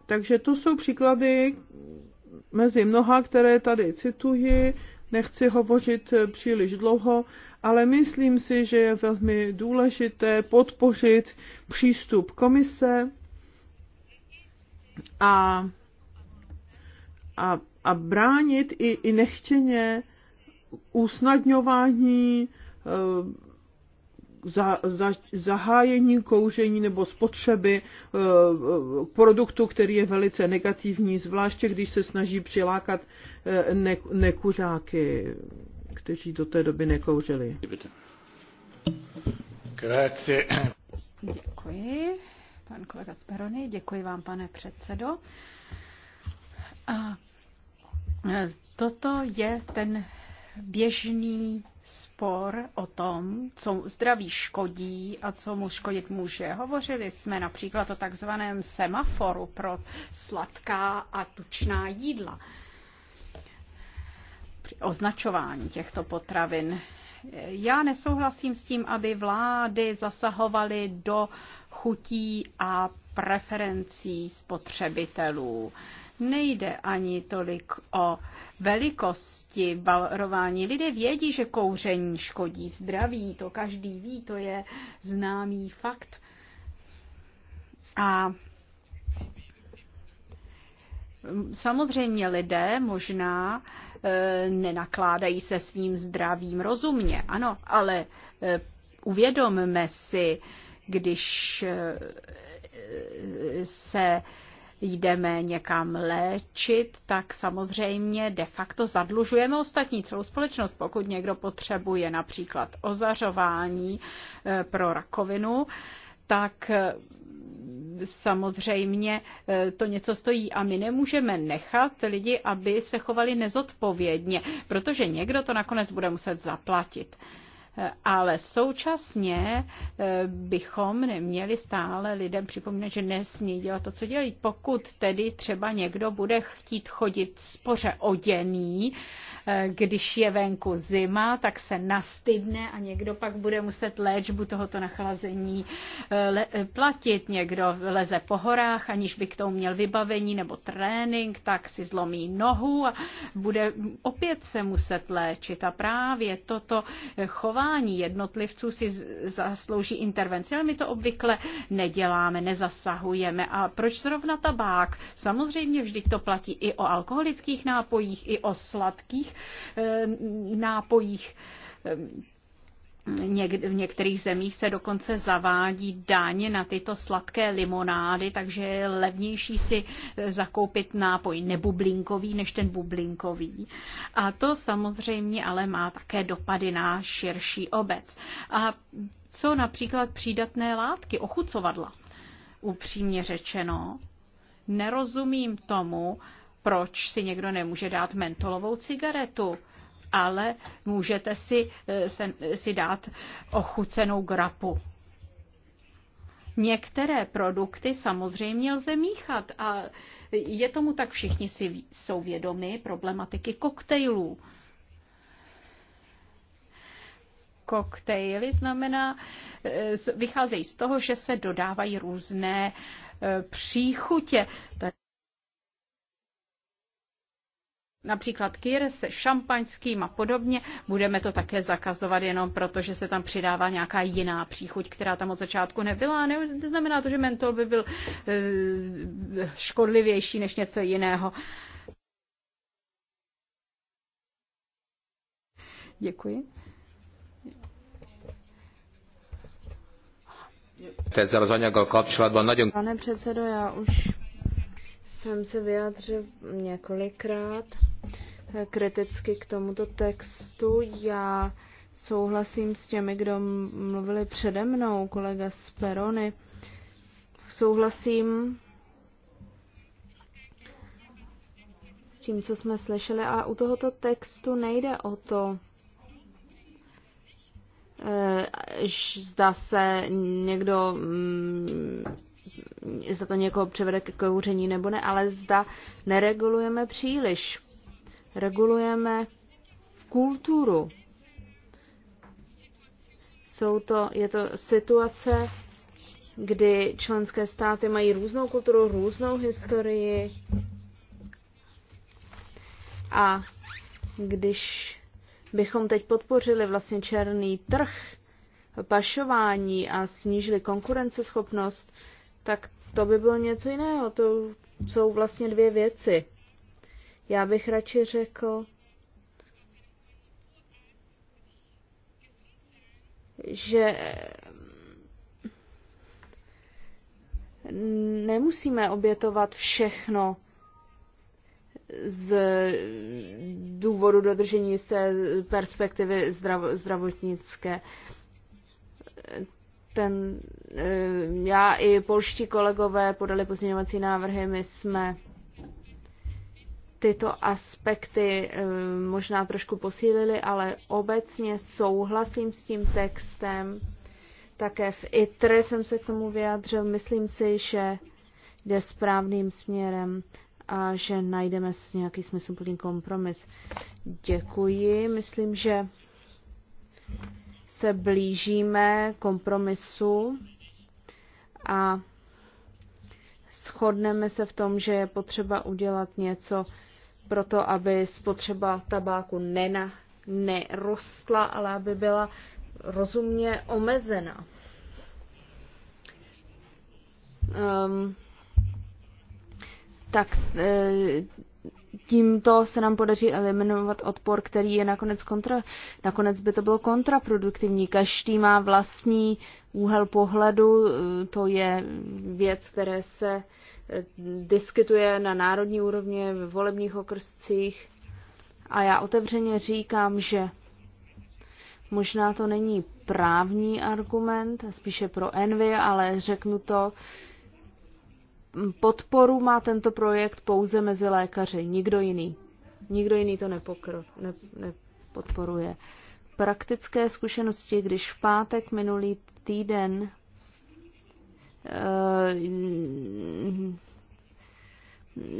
Takže to jsou příklady mezi mnoha, které tady cituji, nechci hovořit eh, příliš dlouho, ale myslím si, že je velmi důležité podpořit přístup komise a, a, a bránit i, i nechtěně usnadňování eh, za, za, zahájení kouření nebo spotřeby uh, produktu, který je velice negativní, zvláště když se snaží přilákat uh, ne, nekuřáky, kteří do té doby nekouřili. Grazie. Děkuji, pan kolega Sperony, děkuji vám, pane předsedo. A eh, toto je ten běžný spor o tom, co zdraví škodí a co mu škodit může. Hovořili jsme například o takzvaném semaforu pro sladká a tučná jídla. Při označování těchto potravin. Já nesouhlasím s tím, aby vlády zasahovaly do chutí a preferencí spotřebitelů. Nejde ani tolik o velikosti balrování. Lidé vědí, že kouření škodí zdraví, to každý ví, to je známý fakt. A samozřejmě lidé možná e, nenakládají se svým zdravím rozumně, ano, ale e, uvědomme si, když e, e se jdeme někam léčit, tak samozřejmě de facto zadlužujeme ostatní celou společnost. Pokud někdo potřebuje například ozařování eh, pro rakovinu, tak eh, samozřejmě eh, to něco stojí a my nemůžeme nechat lidi, aby se chovali nezodpovědně, protože někdo to nakonec bude muset zaplatit ale současně eh, bychom neměli stále lidem připomínat, že nesmí dělat to, co dělají. Pokud tedy třeba někdo bude chtít chodit spoře oděný, eh, když je venku zima, tak se nastydne a někdo pak bude muset léčbu tohoto nachlazení eh, platit. Někdo leze po horách, aniž by k tomu měl vybavení nebo trénink, tak si zlomí nohu a bude opět se muset léčit. A právě toto chování chování jednotlivců si zaslouží intervenci, ale my to obvykle neděláme, nezasahujeme. A proč zrovna tabák? Samozřejmě vždyť to platí i o alkoholických nápojích, i o sladkých eh, nápojích eh, v některých zemích se dokonce zavádí daň na tyto sladké limonády, takže je levnější si eh, zakoupit nápoj nebublinkový než ten bublinkový. A to samozřejmě ale má také dopady na širší obec. A co například přídatné látky, ochucovadla? Upřímně řečeno, nerozumím tomu, proč si někdo nemůže dát mentolovou cigaretu ale můžete si, eh, se, si dát ochucenou grapu. Některé produkty samozřejmě lze míchat a je tomu tak, všichni si jsou vědomi problematiky koktejlů. Koktejly znamená, eh, vycházejí z toho, že se dodávají různé eh, příchutě například kýr se šampaňským a podobně, budeme to také zakazovat jenom proto, že se tam přidává nějaká jiná příchuť, která tam od začátku nebyla. A neznamená to, že mentol by byl eh, škodlivější než něco jiného. Děkuji. Pane předsedo, já už jsem se vyjádřil několikrát kriticky k tomuto textu. Já souhlasím s těmi, kdo mluvili přede mnou, kolega z Perony. Souhlasím s tím, co jsme slyšeli, ale u tohoto textu nejde o to, eh, zda se někdo mm, zda to někoho přivede ke kouření nebo ne, ale zda neregulujeme příliš. Regulujeme kulturu. Jsou to, je to situace, kdy členské státy mají různou kulturu, různou historii a když bychom teď podpořili vlastně černý trh, pašování a snížili konkurenceschopnost, tak to by bylo něco jiného. To jsou vlastně dvě věci. Já bych radši řekl, že mm, nemusíme obětovat všechno z důvodu dodržení z té perspektivy zdravotnické ten, eh, já i polští kolegové podali pozměňovací návrhy, my jsme tyto aspekty eh, možná trošku posílili, ale obecně souhlasím s tím textem. Také v ITRE jsem se k tomu vyjádřil. Myslím si, že jde správným směrem a že najdeme nějaký smysluplný kompromis. Děkuji. Myslím, že se blížíme kompromisu a shodneme se v tom, že je potřeba udělat něco pro to, aby spotřeba tabáku nena, nerostla, ale aby byla rozumně omezena. Um, tak e, tímto se nám podaří eliminovat odpor, který je nakonec kontra, nakonec by to bylo kontraproduktivní. Každý má vlastní úhel pohledu, to je věc, které se eh, diskutuje na národní úrovni, v volebních okrscích. A já otevřeně říkám, že možná to není právní argument, spíše pro envy, ale řeknu to, podporu má tento projekt pouze mezi lékaři, nikdo jiný. Nikdo jiný to nepokro, ne, nepodporuje. Praktické zkušenosti, když v pátek minulý týden uh,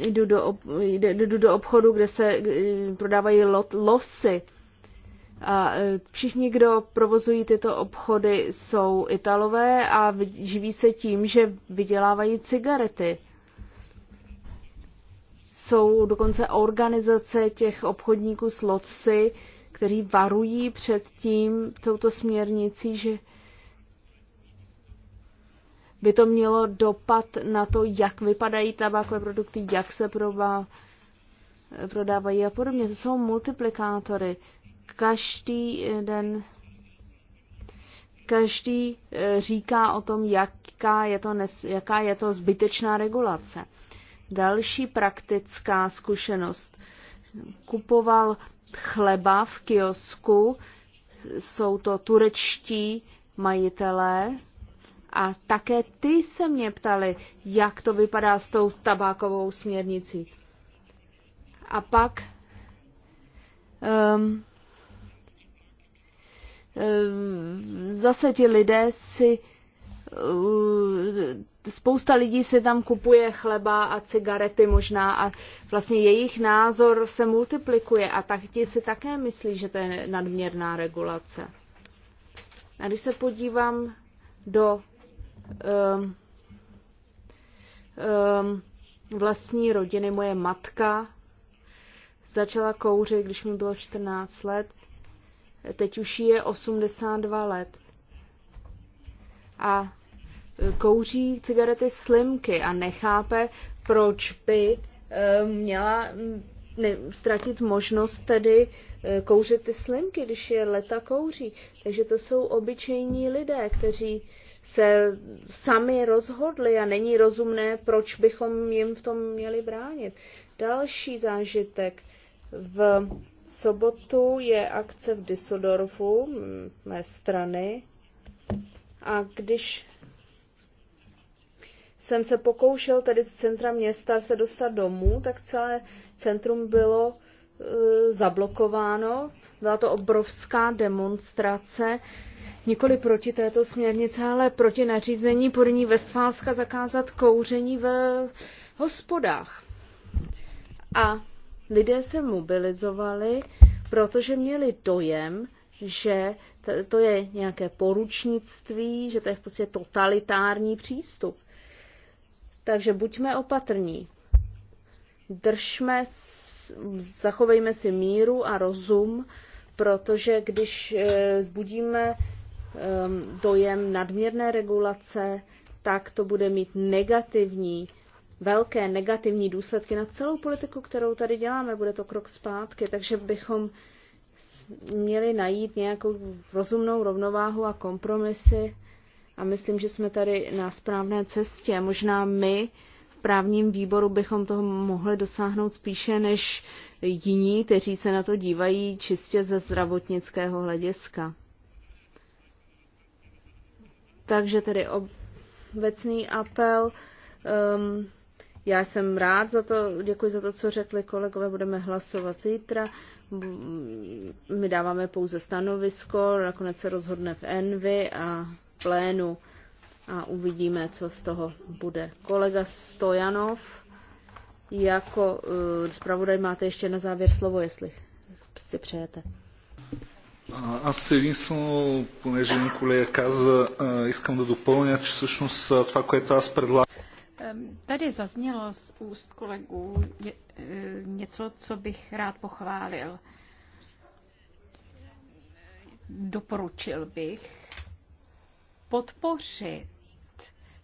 jdu, do, jdu do obchodu, kde se eh, prodávají lot, losy, a e, všichni, kdo provozují tyto obchody, jsou Italové a živí se tím, že vydělávají cigarety. Jsou dokonce organizace těch obchodníků s lotci, kteří varují před tím touto směrnicí, že by to mělo dopad na to, jak vypadají tabákové produkty, jak se prodávají a podobně. To jsou multiplikátory. Uh, Každý eh, den každý eh, říká o tom, jaká je to, nes, jaká je to zbytečná regulace. Další praktická zkušenost. Kupoval chleba v kiosku, jsou to turečtí majitelé a také ty se mě ptali, jak to vypadá s tou tabákovou směrnicí. A pak um, Ehm, zase ti lidé si eh, spousta lidí si tam kupuje chleba a cigarety možná a vlastně jejich názor se multiplikuje a tak ti si také myslí, že to je nadměrná regulace. A když se podívám do um, um, vlastní rodiny, moje matka začala kouřit, když mi bylo 14 let Teď už je 82 let. A kouří cigarety slimky a nechápe, proč by eh, měla mm, ne, ztratit možnost tedy eh, kouřit ty slimky, když je leta kouří. Takže to jsou obyčejní lidé, kteří se sami rozhodli a není rozumné, proč bychom jim v tom měli bránit. Další zážitek v sobotu je akce v Düsseldorfu mm, mé strany a když jsem se pokoušel tady z centra města se dostat domů, tak celé centrum bylo e, zablokováno. Byla to obrovská demonstrace, nikoli proti této směrnice, ale proti nařízení podní Vestfálska zakázat kouření v hospodách. A lidé se mobilizovali, protože měli dojem, že to je nějaké poručnictví, že to je v podstatě totalitární přístup. Takže buďme opatrní. Držme, zachovejme si míru a rozum, protože když e, zbudíme e, dojem nadměrné regulace, tak to bude mít negativní velké negativní důsledky na celou politiku, kterou tady děláme. Bude to krok zpátky, takže bychom měli najít nějakou rozumnou rovnováhu a kompromisy. A myslím, že jsme tady na správné cestě. Možná my v právním výboru bychom toho mohli dosáhnout spíše než jiní, kteří se na to dívají čistě ze zdravotnického hlediska. Takže tedy obecný apel um, já jsem rád za to, děkuji za to, co řekli kolegové, budeme hlasovat zítra. My dáváme pouze stanovisko, nakonec se rozhodne v Envy a plénu a uvidíme, co z toho bude. Kolega Stojanov, jako eh, zpravodaj máte ještě na závěr slovo, jestli si přejete. Аз единствено, понеже Николай каза, искам да допълня, че всъщност това, което аз предлагам. Tady zaznělo z úst kolegů e, něco, co bych rád pochválil. Doporučil bych podpořit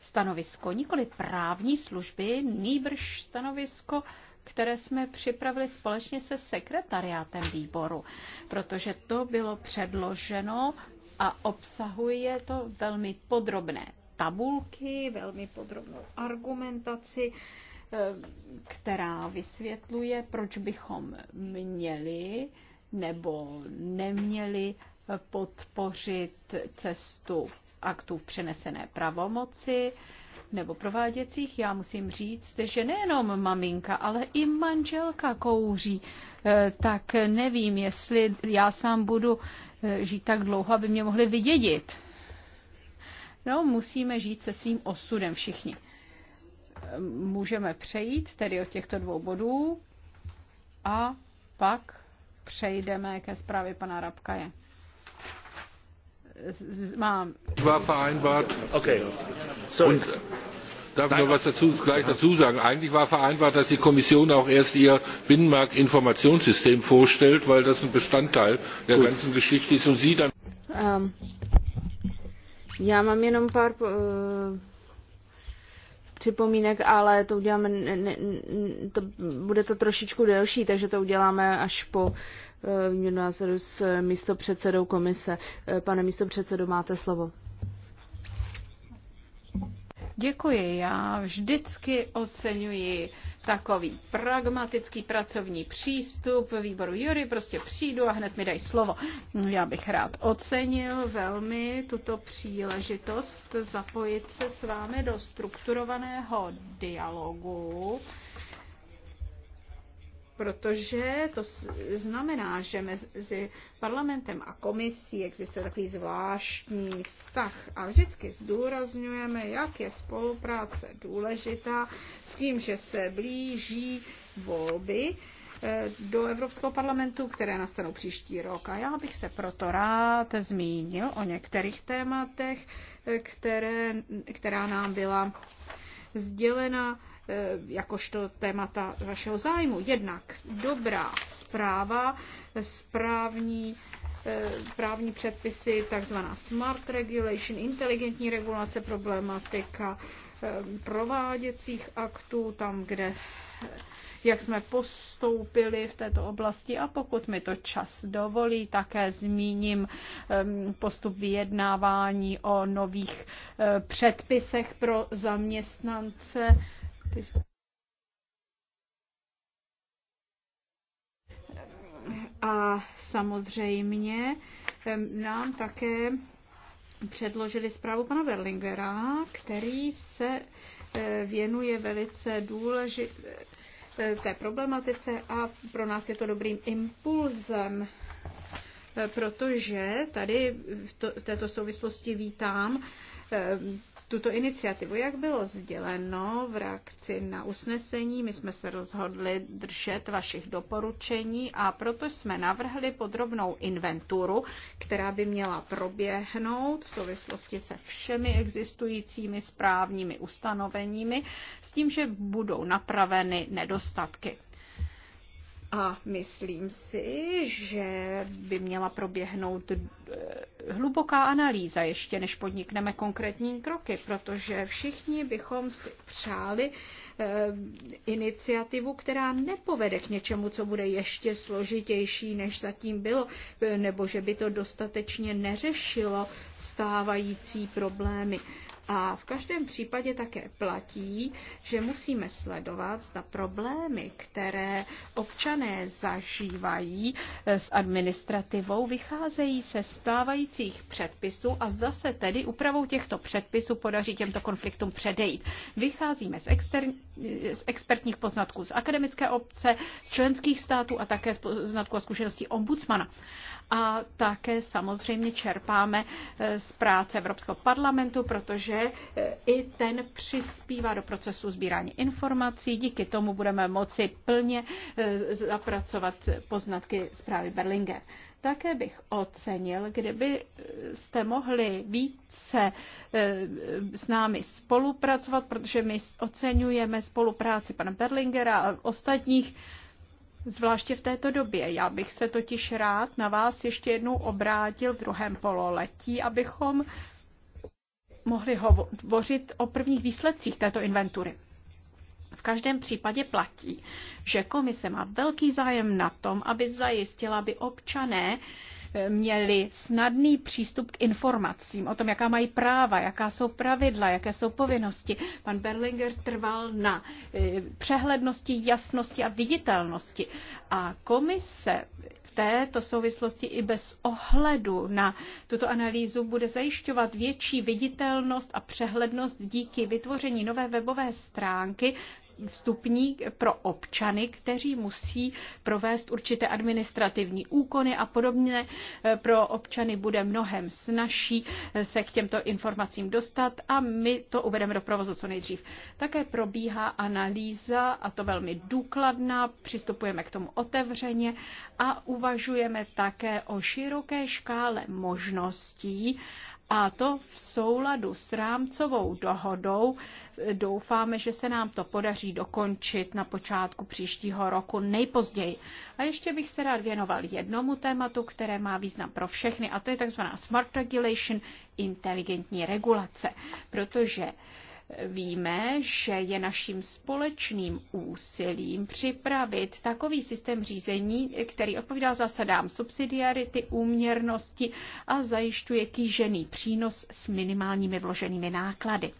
stanovisko, nikoli právní služby, nýbrž stanovisko, které jsme připravili společně se sekretariátem výboru, protože to bylo předloženo a obsahuje to velmi podrobné tabulky, velmi podrobnou argumentaci, eh, která vysvětluje, proč bychom měli nebo neměli podpořit cestu aktů v přenesené pravomoci nebo prováděcích. Já musím říct, že nejenom maminka, ale i manželka kouří. Eh, tak nevím, jestli já sám budu eh, žít tak dlouho, aby mě mohli vydědit. No, musíme žít se svým osudem všichni. Můžeme přejít tedy od těchto dvou bodů a pak přejdeme ke zprávě pana Rabkaje. Mám. War vereinbart. Okay. Sorry. darf ich noch was dazu, gleich dazu sagen? Eigentlich war vereinbart, dass die Kommission auch erst ihr Binnenmarktinformationssystem vorstellt, weil das ein Bestandteil der Gut. ganzen Geschichte ist und Sie dann. Um já mám jenom pár uh, připomínek, ale to uděláme, ne, ne, to, bude to trošičku delší, takže to uděláme až po uh, názoru s místopředsedou komise. Uh, pane místopředsedo, máte slovo. Děkuji, já vždycky oceňuji uh, takový pragmatický pracovní přístup výboru Jury, prostě přijdu a hned mi dají slovo. Já bych rád ocenil velmi tuto příležitost zapojit se s vámi do strukturovaného dialogu protože to znamená, že mezi parlamentem a komisí existuje takový zvláštní vztah a vždycky zdůrazňujeme, jak je spolupráce důležitá s tím, že se blíží volby eh, do Evropského parlamentu, které nastanou příští rok. A já bych se proto rád zmínil o některých tématech, eh, které, která nám byla sdělena E, jakožto témata vašeho zájmu. Jednak dobrá zpráva, správní e, právní předpisy, takzvaná smart regulation, inteligentní regulace, problematika e, prováděcích aktů, tam, kde jak jsme postoupili v této oblasti a pokud mi to čas dovolí, také zmíním postup vyjednávání o nových předpisech pro zaměstnance a samozřejmě nám také předložili zprávu pana Berlingera, který se e, věnuje velice důležité e, problematice a pro nás je to dobrým impulzem, e, protože tady v, to, v této souvislosti vítám tuto iniciativu. Jak bylo sděleno v reakci na usnesení, my jsme se rozhodli držet vašich doporučení a proto jsme navrhli podrobnou inventuru, která by měla proběhnout v souvislosti se všemi existujícími správními ustanoveními s tím, že budou napraveny nedostatky. A myslím si, že by měla proběhnout eh, hluboká analýza, ještě než podnikneme konkrétní kroky, protože všichni bychom si přáli eh, iniciativu, která nepovede k něčemu, co bude ještě složitější, než zatím bylo, eh, nebo že by to dostatečně neřešilo stávající problémy. A v každém případě také platí, že musíme sledovat, zda problémy, které občané zažívají eh, s administrativou, vycházejí se stávajících předpisů a zda se tedy úpravou těchto předpisů podaří těmto konfliktům předejít. Vycházíme z, extern, z expertních poznatků z akademické obce, z členských států a také z poznatků a zkušeností ombudsmana a také samozřejmě čerpáme eh, z práce Evropského parlamentu, protože eh, i ten přispívá do procesu sbírání informací. Díky tomu budeme moci plně eh, zapracovat poznatky zprávy Berlinge. Také bych ocenil, kdyby jste mohli více s námi spolupracovat, protože my oceňujeme spolupráci pana Berlingera a ostatních zvláště v této době. Já bych se totiž rád na vás ještě jednou obrátil v druhém pololetí, abychom mohli hovořit o prvních výsledcích této inventury. V každém případě platí, že komise má velký zájem na tom, aby zajistila, aby občané měli snadný přístup k informacím o tom, jaká mají práva, jaká jsou pravidla, jaké jsou povinnosti. Pan Berlinger trval na e, přehlednosti, jasnosti a viditelnosti. A komise této souvislosti i bez ohledu na tuto analýzu bude zajišťovat větší viditelnost a přehlednost díky vytvoření nové webové stránky vstupní pro občany, kteří musí provést určité administrativní úkony a podobně. Pro občany bude mnohem snažší se k těmto informacím dostat a my to uvedeme do provozu co nejdřív. Také probíhá analýza, a to velmi důkladná, přistupujeme k tomu otevřeně a uvažujeme také o široké škále možností, a to v souladu s rámcovou dohodou. Doufáme, že se nám to podaří dokončit na počátku příštího roku nejpozději. A ještě bych se rád věnoval jednomu tématu, které má význam pro všechny, a to je tzv. smart regulation, inteligentní regulace, protože Víme, že je naším společným úsilím připravit takový systém řízení, který odpovídá zásadám subsidiarity, úměrnosti a zajišťuje kýžený přínos s minimálními vloženými náklady.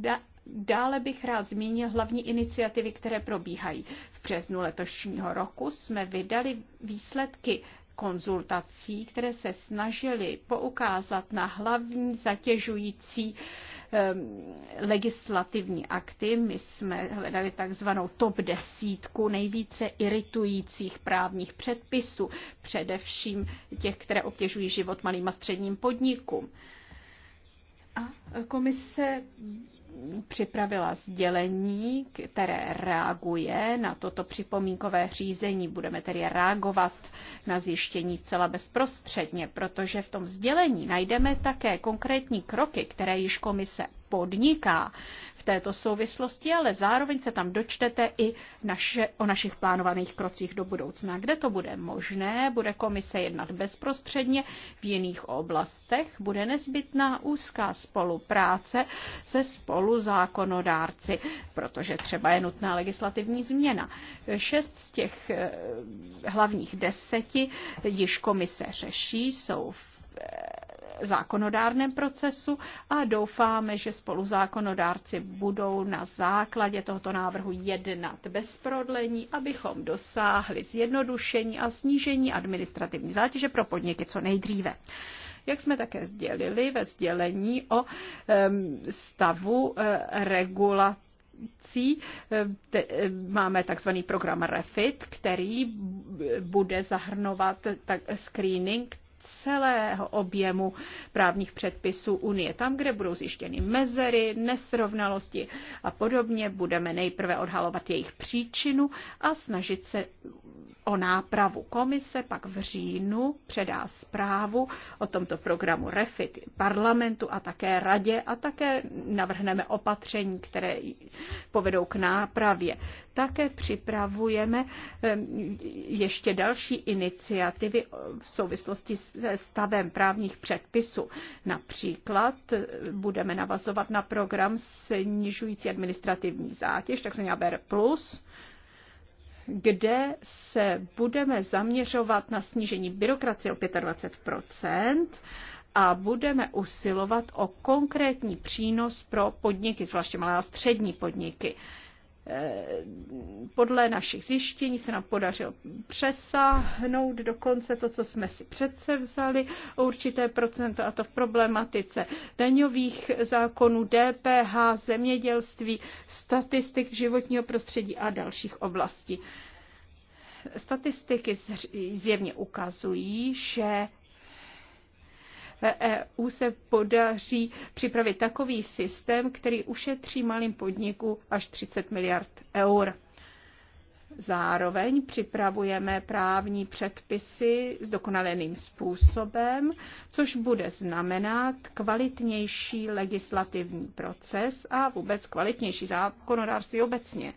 Da- Dále bych rád zmínil hlavní iniciativy, které probíhají. V březnu letošního roku jsme vydali výsledky konzultací, které se snažily poukázat na hlavní zatěžující Ehm, legislativní akty. My jsme hledali takzvanou top desítku nejvíce iritujících právních předpisů, především těch, které obtěžují život malým a středním podnikům. A komise připravila sdělení, které reaguje na toto připomínkové řízení. Budeme tedy reagovat na zjištění zcela bezprostředně, protože v tom sdělení najdeme také konkrétní kroky, které již komise podniká této souvislosti, ale zároveň se tam dočtete i naše, o našich plánovaných krocích do budoucna. Kde to bude možné, bude komise jednat bezprostředně, v jiných oblastech bude nezbytná úzká spolupráce se spoluzákonodárci, protože třeba je nutná legislativní změna. Šest z těch eh, hlavních deseti již komise řeší, jsou v eh, zákonodárném procesu a doufáme, že spoluzákonodárci budou na základě tohoto návrhu jednat bez prodlení, abychom dosáhli zjednodušení a snížení administrativní zátěže pro podniky co nejdříve jak jsme také sdělili ve sdělení o stavu eh, regulace Máme takzvaný program REFIT, který bude zahrnovat screening celého objemu právních předpisů Unie. Tam, kde budou zjištěny mezery, nesrovnalosti a podobně, budeme nejprve odhalovat jejich příčinu a snažit se o nápravu. Komise pak v říjnu předá zprávu o tomto programu REFIT parlamentu a také radě a také navrhneme opatření, které povedou k nápravě. Také připravujeme ehm, ještě další iniciativy v souvislosti se stavem právních předpisů. Například budeme navazovat na program snižující administrativní zátěž, takzvaný ABER+, plus, kde se budeme zaměřovat na snížení byrokracie o 25 a budeme usilovat o konkrétní přínos pro podniky, zvláště malé a střední podniky. Eh, podle našich zjištění se nám podařilo přesáhnout dokonce to, co jsme si přece vzali, určité procento, a to v problematice daňových zákonů, DPH, zemědělství, statistik životního prostředí a dalších oblastí statistiky zjevně ukazují, že EU e se podaří připravit takový systém, který ušetří malým podniku až 30 miliard eur. Zároveň připravujeme právní předpisy s dokonaleným způsobem, což bude znamenat kvalitnější legislativní proces a vůbec kvalitnější zákonodárství obecně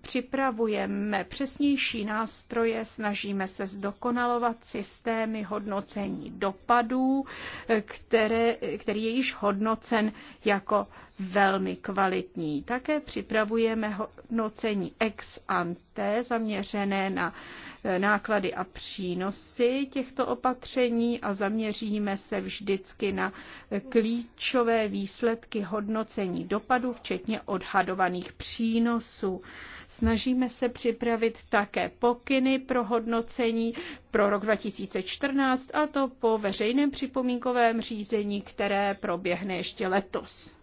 připravujeme přesnější nástroje, snažíme se zdokonalovat systémy hodnocení dopadů, které, který je již hodnocen jako velmi kvalitní. Také připravujeme hodnocení ex ante zaměřené na eh, náklady a přínosy těchto opatření a zaměříme se vždycky na eh, klíčové výsledky hodnocení dopadu, včetně odhadovaných přínosů. Snažíme se připravit také pokyny pro hodnocení pro rok 2014 a to po veřejném připomínkovém řízení, které proběhne ještě letos.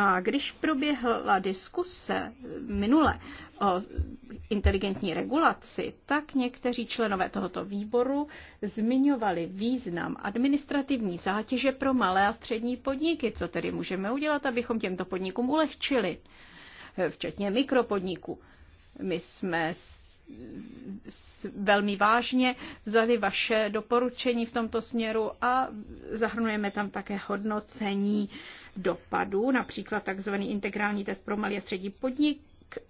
A když proběhla diskuse minule o inteligentní regulaci, tak někteří členové tohoto výboru zmiňovali význam administrativní zátěže pro malé a střední podniky, co tedy můžeme udělat, abychom těmto podnikům ulehčili, včetně mikropodniků. My jsme velmi vážně vzali vaše doporučení v tomto směru a zahrnujeme tam také hodnocení uh, dopadů, například takzvaný integrální test pro malý a střední podnik,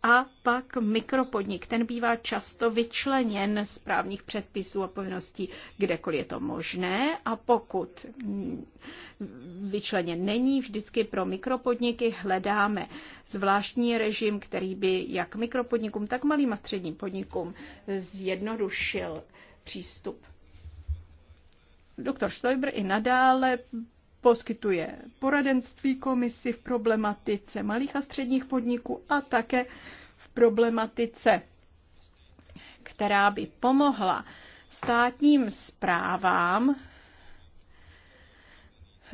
a pak mikropodnik. Ten bývá často vyčleněn z právních předpisů a povinností, kdekoliv je to možné. A pokud vyčleněn není, vždycky pro mikropodniky hledáme zvláštní režim, který by jak mikropodnikům, tak malým a středním podnikům zjednodušil přístup. Doktor Stoiber i nadále poskytuje poradenství komisi v problematice malých a středních podniků a také v problematice, která by pomohla státním zprávám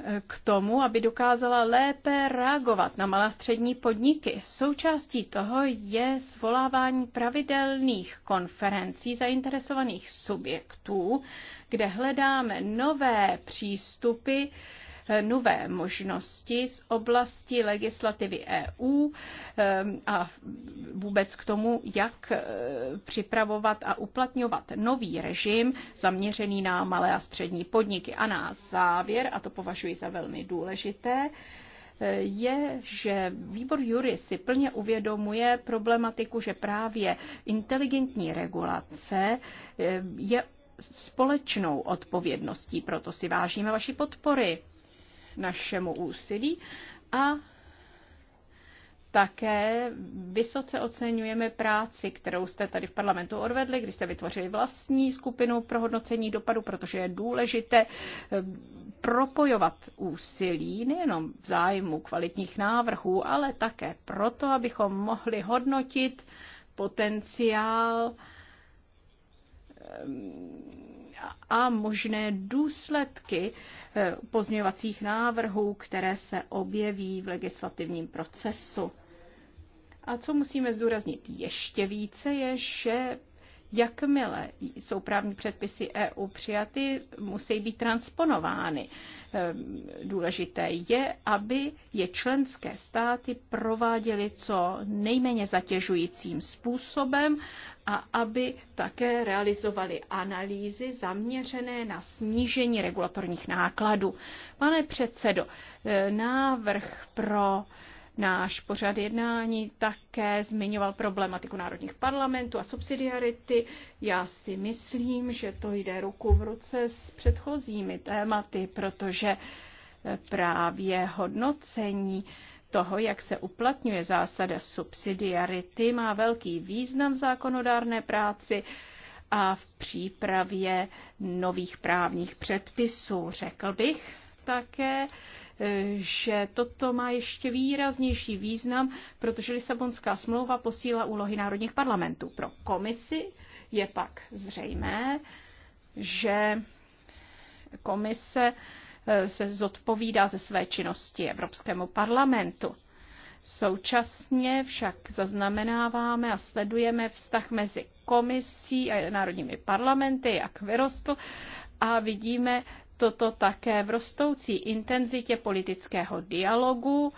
eh, k tomu, aby dokázala lépe reagovat na malá střední podniky. Součástí toho je zvolávání pravidelných konferencí zainteresovaných subjektů, kde hledáme nové přístupy Eh, nové možnosti z oblasti legislativy EU eh, a vůbec k tomu, jak eh, připravovat a uplatňovat nový režim zaměřený na malé a střední podniky. A na závěr, a to považuji za velmi důležité, je, že výbor jury si plně uvědomuje problematiku, že právě inteligentní regulace je společnou odpovědností. Proto si vážíme vaši podpory našemu úsilí a také vysoce oceňujeme práci, kterou jste tady v parlamentu odvedli, když jste vytvořili vlastní skupinu pro hodnocení dopadu, protože je důležité eh, propojovat úsilí nejenom v zájmu kvalitních návrhů, ale také proto, abychom mohli hodnotit potenciál a možné důsledky eh, pozměňovacích návrhů, které se objeví v legislativním procesu. A co musíme zdůraznit ještě více, je, že jakmile jsou právní předpisy EU přijaty, musí být transponovány. Ehm, důležité je, aby je členské státy prováděly co nejméně zatěžujícím způsobem a aby také realizovali analýzy zaměřené na snížení regulatorních nákladů. Pane předsedo, e, návrh pro Náš pořad jednání také zmiňoval problematiku národních parlamentů a subsidiarity. Já si myslím, že to jde ruku v ruce s předchozími tématy, protože e, právě hodnocení toho, jak se uplatňuje zásada subsidiarity, má velký význam v zákonodárné práci a v přípravě nových právních předpisů. Řekl bych také, eh, že toto má ještě výraznější význam, protože Lisabonská smlouva posílá úlohy národních parlamentů. Pro komisi je pak zřejmé, že komise se zodpovídá ze své činnosti Evropskému parlamentu. Současně však zaznamenáváme a sledujeme vztah mezi komisí a národními parlamenty, jak vyrostl, a vidíme toto také v rostoucí intenzitě politického dialogu,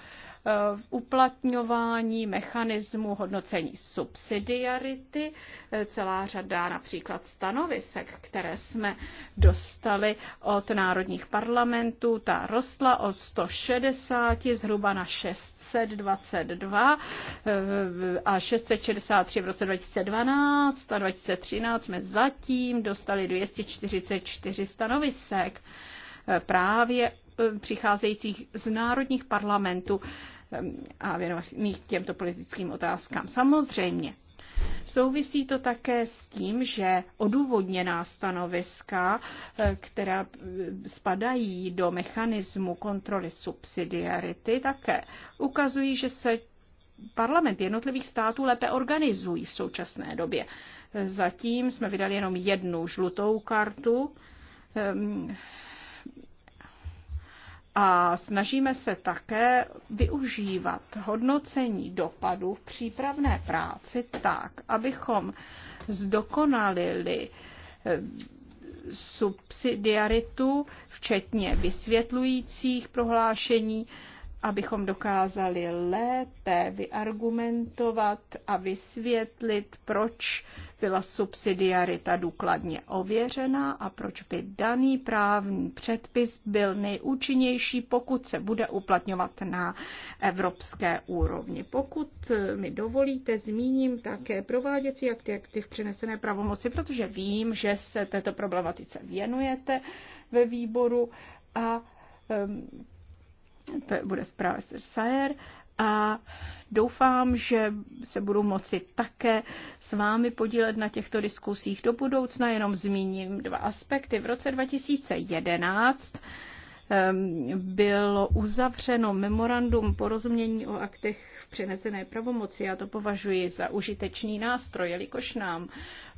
Eh, uplatňování mechanismu hodnocení subsidiarity, eh, celá řada například stanovisek, které jsme dostali od národních parlamentů, ta rostla od 160 zhruba na 622 eh, a 663 v roce 2012 a 2013 jsme zatím dostali 244 stanovisek právě přicházejících z národních parlamentů. Ehm, a věnovaných těmto politickým otázkám. Samozřejmě Souvisí to také s tím, že odůvodněná stanoviska, eh, která eh, spadají do mechanismu kontroly subsidiarity, také ukazují, že se parlament jednotlivých států lépe organizují v současné době. Zatím jsme vydali jenom jednu žlutou kartu ehm, a snažíme se také využívat hodnocení dopadů v přípravné práci tak, abychom zdokonalili eh, subsidiaritu, včetně vysvětlujících prohlášení, abychom dokázali lépe vyargumentovat a vysvětlit, proč byla subsidiarita důkladně ověřena a proč by daný právní předpis byl nejúčinnější, pokud se bude uplatňovat na evropské úrovni. Pokud mi dovolíte, zmíním také prováděcí akty, jak ty přenesené pravomoci, protože vím, že se této problematice věnujete ve výboru a to je, bude zpráva Esther Sayer, a doufám, že se budu moci také s vámi podílet na těchto diskusích do budoucna. Jenom zmíním dva aspekty. V roce 2011 Ehm, bylo uzavřeno memorandum porozumění o aktech v přenesené pravomoci. Já to považuji za užitečný nástroj, jelikož nám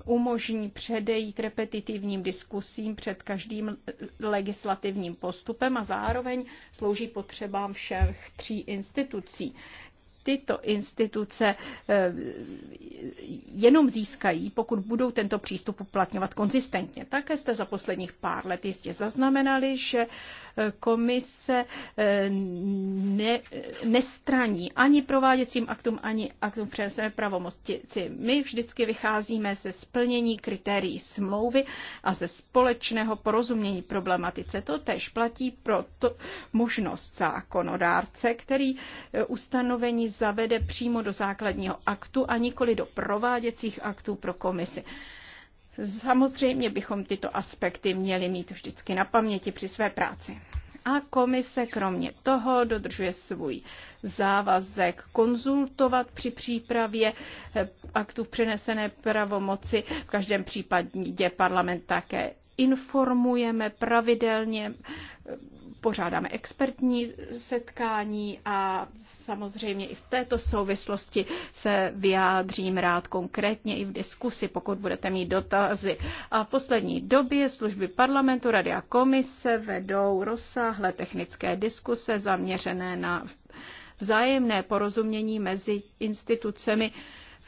umožní předejít repetitivním diskusím před každým legislativním postupem a zároveň slouží potřebám všech tří institucí tyto instituce eh, jenom získají, pokud budou tento přístup uplatňovat konzistentně. Také jste za posledních pár let jistě zaznamenali, že eh, komise eh, ne, nestraní ani prováděcím aktům, ani aktům přenesené pravomosti. My vždycky vycházíme ze splnění kritérií smlouvy a ze společného porozumění problematice. To tež platí pro to, možnost zákonodárce, který ustanovení zavede přímo do základního aktu a nikoli do prováděcích aktů pro komisi. Samozřejmě bychom tyto aspekty měli mít vždycky na paměti při své práci. A komise kromě toho dodržuje svůj závazek konzultovat při přípravě eh, aktů v přenesené pravomoci. V každém případě parlament také informujeme pravidelně eh, pořádáme expertní setkání a samozřejmě i v této souvislosti se vyjádřím rád konkrétně i v diskusi, pokud budete mít dotazy. A v poslední době služby parlamentu, rady a komise vedou rozsáhlé technické diskuse zaměřené na vzájemné porozumění mezi institucemi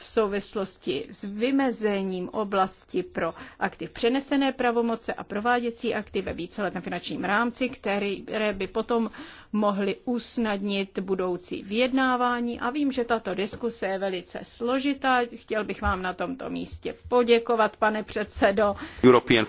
v souvislosti s vymezením oblasti pro aktiv přenesené pravomoce a prováděcí akty ve víceletém finančním rámci, které by potom mohly usnadnit budoucí vyjednávání. A vím, že tato diskuse je velice složitá. Chtěl bych vám na tomto místě poděkovat, pane předsedo. European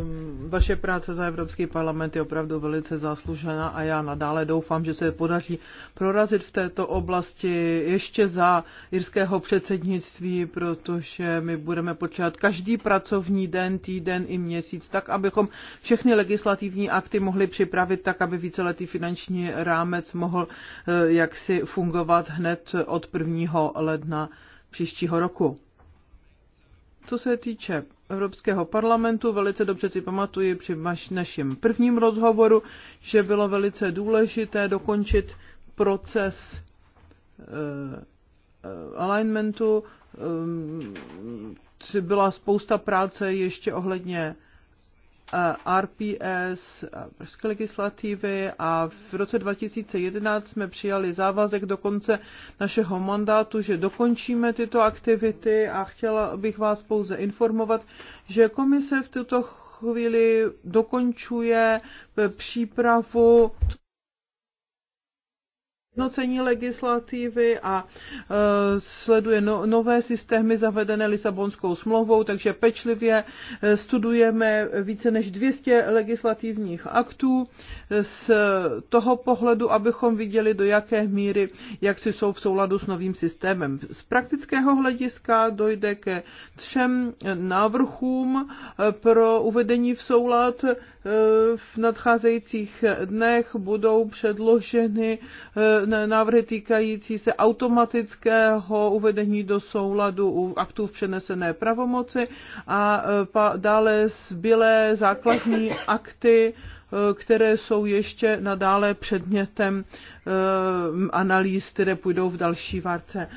um, vaše práce za Evropský parlament je opravdu velice zaslužená a já nadále doufám, že se podaří prorazit v této oblasti ještě za irského předsednictví, protože my budeme počítat každý pracovní den, týden i měsíc, tak abychom všechny legislativní akty mohli připravit tak, aby víceletý finanční rámec mohl eh, jaksi fungovat hned od 1. ledna příštího roku. Co se týče Evropského parlamentu. Velice dobře si pamatuji při našem prvním rozhovoru, že bylo velice důležité dokončit proces eh, alignmentu. Ehm, byla spousta práce ještě ohledně Eh, RPS, eh, brzké legislativy a v roce 2011 jsme přijali závazek do konce našeho mandátu, že dokončíme tyto aktivity a chtěla bych vás pouze informovat, že komise v tuto chvíli dokončuje přípravu hodnocení legislativy a e, sleduje no, nové systémy zavedené Lisabonskou smlouvou, takže pečlivě e, studujeme více než 200 legislativních aktů e, z toho pohledu, abychom viděli, do jaké míry, jak si jsou v souladu s novým systémem. Z praktického hlediska dojde ke třem návrhům e, pro uvedení v soulad Eh, v nadcházejících dnech budou předloženy eh, návrhy týkající se automatického uvedení do souladu u aktů v přenesené pravomoci a eh, dále zbylé základní akty, které jsou ještě nadále předmětem analýz, které půjdou v další várce.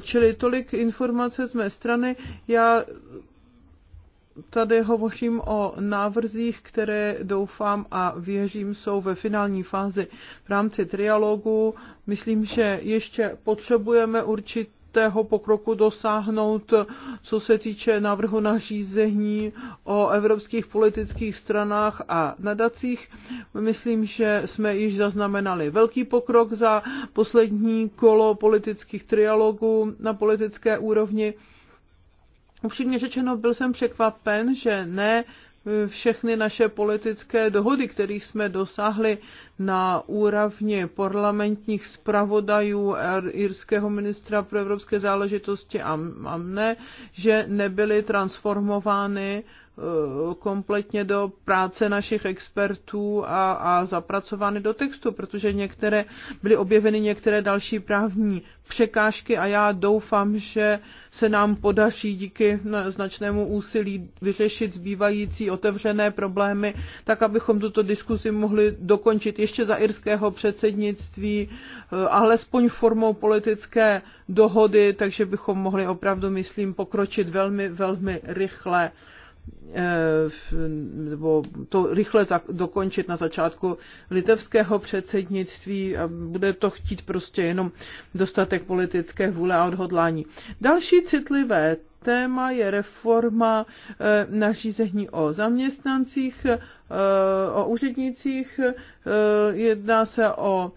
Čili tolik informace z mé strany. Já tady hovořím o návrzích, které doufám a věřím jsou ve finální fázi v rámci trialogu. Myslím, že ještě potřebujeme určitě určitého pokroku dosáhnout, co se týče návrhu nařízení o evropských politických stranách a nadacích. Myslím, že jsme již zaznamenali velký pokrok za poslední kolo politických trialogů na politické úrovni. Upřímně řečeno, byl jsem překvapen, že ne e, všechny naše politické dohody, kterých jsme dosáhli na úrovni parlamentních zpravodajů er, irského ministra pro evropské záležitosti a, a mne, že nebyly transformovány Eh, kompletně do práce našich expertů a, a zapracovány do textu, protože některé byly objeveny některé další právní překážky a já doufám, že se nám podaří díky značnému úsilí vyřešit zbývající otevřené problémy, tak abychom tuto diskuzi mohli dokončit ještě za irského předsednictví, eh, alespoň formou politické dohody, takže bychom mohli opravdu, myslím, pokročit velmi, velmi rychle Eh, nebo to rychle dokončit na začátku litevského předsednictví a bude to chtít prostě jenom dostatek politické vůle a odhodlání. Další citlivé téma je reforma eh, nařízení o zaměstnancích. Eh, o úřednicích, eh, jedná se o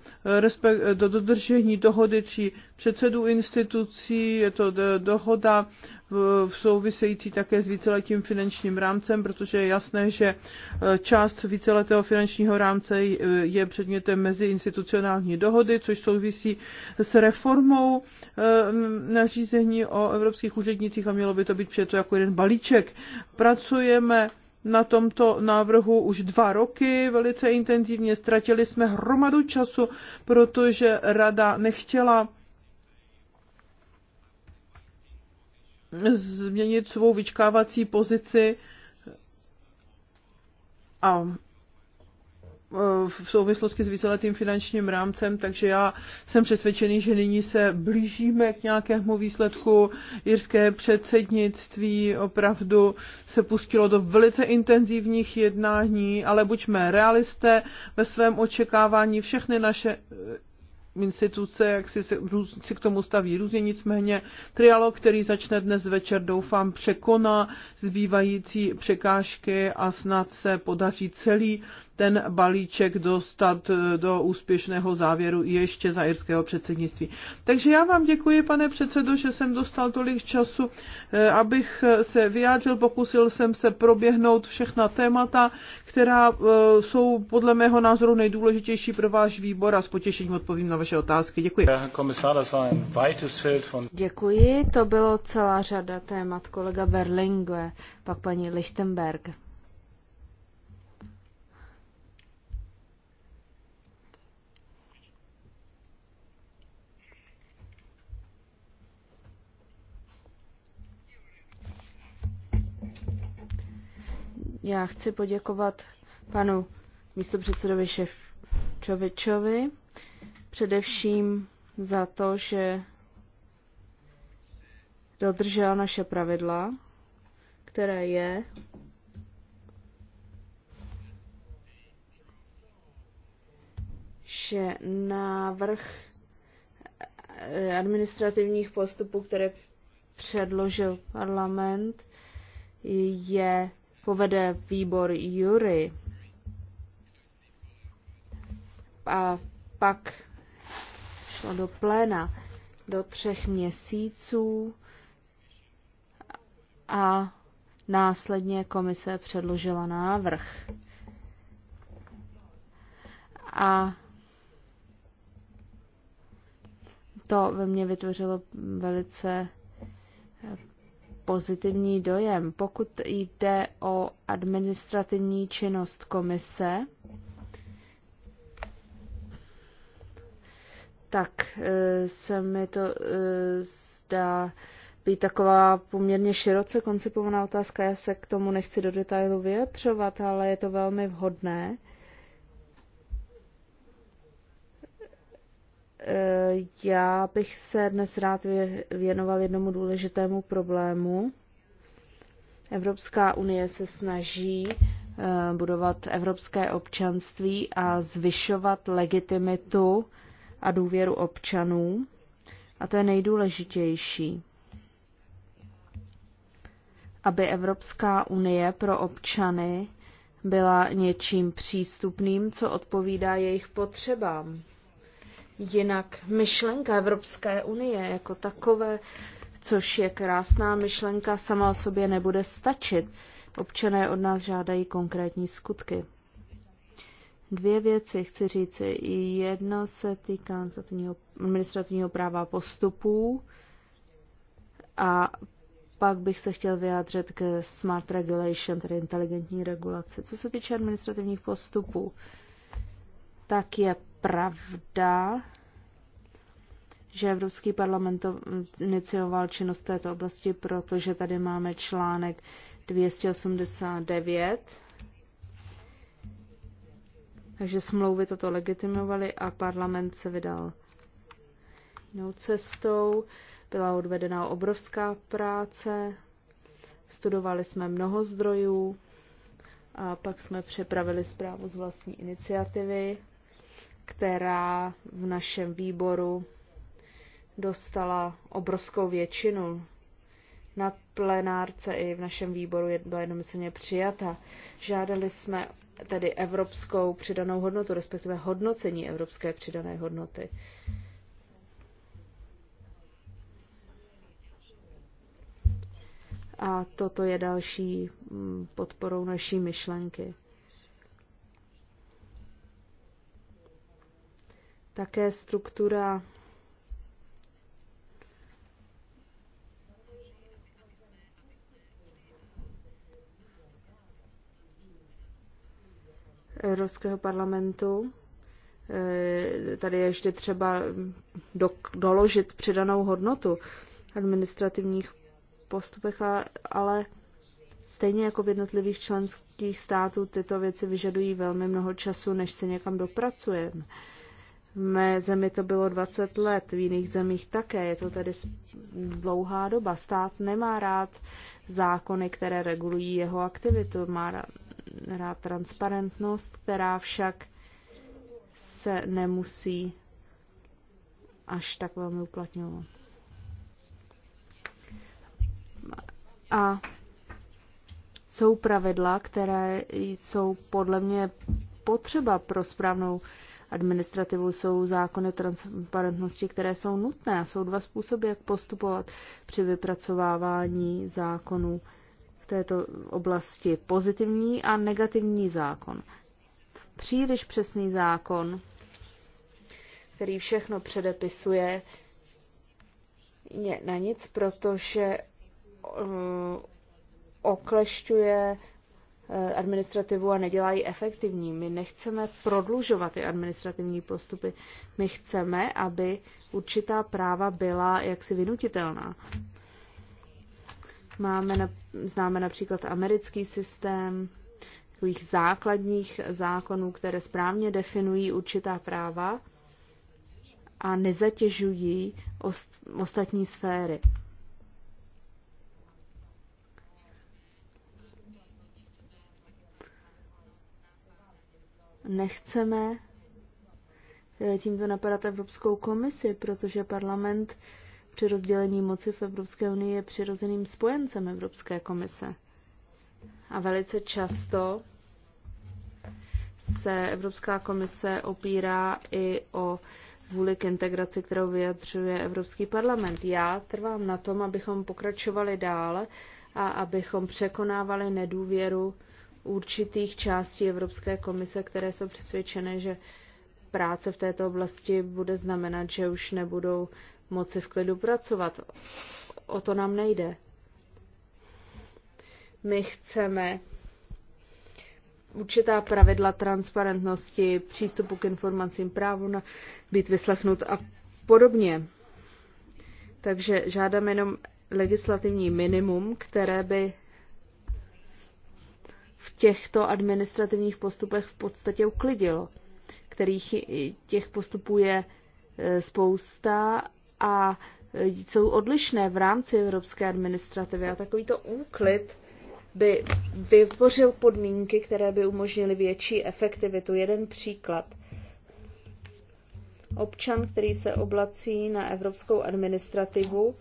do dodržení dohody tří předsedů institucí, je to dohoda v související také s víceletým finančním rámcem, protože je jasné, že eh, část víceletého finančního rámce je předmětem meziinstitucionální dohody, což souvisí s reformou nařízení o evropských úřednicích a mělo by to být přijeto jako jeden balíček. Pracujeme na tomto návrhu už dva roky velice intenzivně. Ztratili jsme hromadu času, protože rada nechtěla změnit svou vyčkávací pozici a v souvislosti s víceletým finančním rámcem, takže já jsem přesvědčený, že nyní se blížíme k nějakému výsledku. Jirské předsednictví opravdu se pustilo do velice intenzivních jednání, ale buďme realisté ve svém očekávání. Všechny naše eh, instituce, jak si, se, si k tomu staví různě, nicméně trialog, který začne dnes večer, doufám, překoná zbývající překážky a snad se podaří celý ten balíček dostat eh, do úspěšného závěru ještě za irského předsednictví. Takže já vám děkuji, pane předsedo, že jsem dostal tolik času, eh, abych eh, se vyjádřil, pokusil jsem se proběhnout všechna témata, která jsou podle mého názoru nejdůležitější pro váš výbor a s potěšením odpovím na vaše otázky. Děkuji. Děkuji, to bylo celá řada témat kolega Berlingue, pak paní Lichtenberg. Já chci poděkovat panu místopředsedovi Ševčovičovi především za to, že dodržel naše pravidla, které je že návrh administrativních postupů, které předložil parlament, je povede výbor Jury. A pak šlo do pléna do třech měsíců a následně komise předložila návrh. A to ve mně vytvořilo velice pozitivní dojem. Pokud jde o administrativní činnost komise, tak e, se mi to e, zdá být taková poměrně široce koncipovaná otázka. Já se k tomu nechci do detailu vyjadřovat, ale je to velmi vhodné. Eh, já bych se dnes rád věnoval jednomu důležitému problému. Evropská unie se snaží eh, budovat evropské občanství a zvyšovat legitimitu a důvěru občanů. A to je nejdůležitější. Aby Evropská unie pro občany byla něčím přístupným, co odpovídá jejich potřebám Jinak myšlenka Evropské unie jako takové, což je krásná myšlenka, sama o sobě nebude stačit. Občané od nás žádají konkrétní skutky. Dvě věci chci říci. Jedno se týká administrativního práva postupů a pak bych se chtěl vyjádřit k smart regulation, tedy inteligentní regulaci. Co se týče administrativních postupů, tak je pravda, že Evropský parlament inicioval činnost této oblasti, protože tady máme článek 289. Takže smlouvy toto legitimovaly a parlament se vydal jinou cestou. Byla odvedena obrovská práce, studovali jsme mnoho zdrojů a pak jsme připravili zprávu z vlastní iniciativy která v našem výboru dostala obrovskou většinu. Na plenárce i v našem výboru byla jednomyslně přijata. Žádali jsme tedy evropskou přidanou hodnotu, respektive hodnocení evropské přidané hodnoty. A toto je další mm, podporou naší myšlenky. také struktura Evropského parlamentu. Eh, tady je ještě třeba hm, do, doložit přidanou hodnotu administrativních postupech, a, ale stejně jako v jednotlivých členských států tyto věci vyžadují velmi mnoho času, než se někam dopracujeme. V mé zemi to bylo 20 let, v jiných zemích také. Je to tedy dlouhá doba. Stát nemá rád zákony, které regulují jeho aktivitu. Má rád transparentnost, která však se nemusí až tak velmi uplatňovat. A jsou pravidla, které jsou podle mě potřeba pro správnou uh, administrativu jsou zákony transparentnosti, které jsou nutné. Jsou dva způsoby, jak postupovat při vypracovávání zákonů v této oblasti. Pozitivní a negativní zákon. Příliš přesný zákon, který všechno předepisuje, je na nic, protože uh, oklešťuje Eh, administrativu a nedělají efektivní. My nechceme prodlužovat ty administrativní postupy. My chceme, aby určitá práva byla jaksi vynutitelná. Máme, známe například americký systém takových základních zákonů, které správně definují určitá práva a nezatěžují ost, ostatní sféry. nechceme eh, tímto napadat Evropskou komisi, protože parlament při rozdělení moci v Evropské unii je přirozeným spojencem Evropské komise. A velice často se Evropská komise opírá i o vůli k integraci, kterou vyjadřuje Evropský parlament. Já trvám na tom, abychom pokračovali dál a abychom překonávali nedůvěru určitých částí Evropské komise, které jsou přesvědčené, že práce v této oblasti bude znamenat, že už nebudou moci v klidu pracovat. O to nám nejde. My chceme určitá pravidla transparentnosti, přístupu k informacím, právo na být vyslechnut a podobně. Takže žádáme jenom legislativní minimum, které by v těchto administrativních postupech v podstatě uklidilo, kterých těch postupů je e, spousta a e, jsou odlišné v rámci evropské administrativy a takovýto úklid by vytvořil podmínky, které by umožnily větší efektivitu. Jeden příklad. Občan, který se oblací na evropskou administrativu,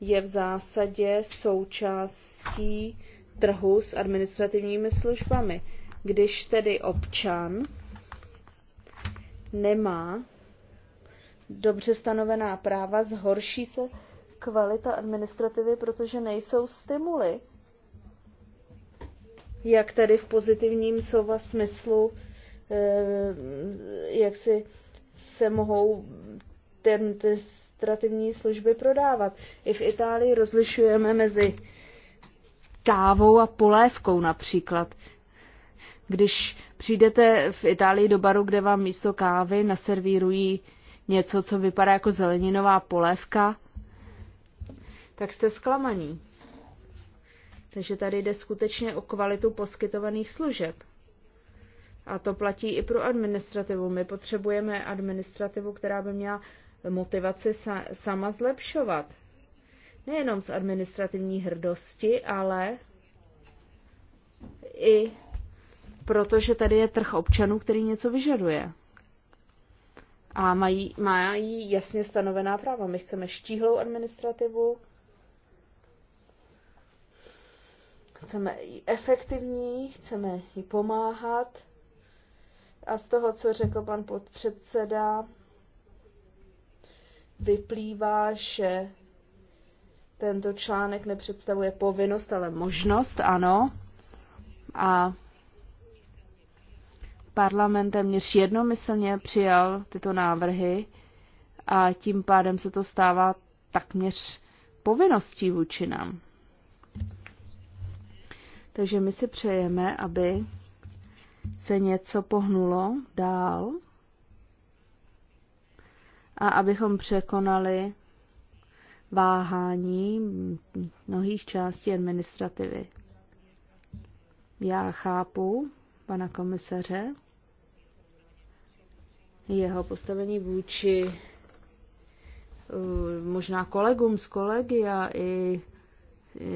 je v zásadě součástí trhu s administrativními službami. Když tedy občan nemá dobře stanovená práva, zhorší se kvalita administrativy, protože nejsou stimuly. Jak tedy v pozitivním slova smyslu, eh, jak si se mohou ty administrativní služby prodávat. I v Itálii rozlišujeme mezi kávou a polévkou například. Když přijdete v Itálii do baru, kde vám místo kávy naservírují něco, co vypadá jako zeleninová polévka, tak jste zklamaní. Takže tady jde skutečně o kvalitu poskytovaných služeb. A to platí i pro administrativu. My potřebujeme administrativu, která by měla motivaci sa- sama zlepšovat nejenom z administrativní hrdosti, ale i protože tady je trh občanů, který něco vyžaduje. A mají, mají jasně stanovená práva. My chceme štíhlou administrativu, chceme ji efektivní, chceme ji pomáhat. A z toho, co řekl pan podpředseda, vyplývá, že tento článek nepředstavuje povinnost, ale možnost, ano. A parlament téměř jednomyslně přijal tyto návrhy a tím pádem se to stává takměř povinností vůči nám. Takže my si přejeme, aby se něco pohnulo dál a abychom překonali váhání mnohých částí administrativy. Já chápu pana komisaře, jeho postavení vůči eh, možná kolegům z a i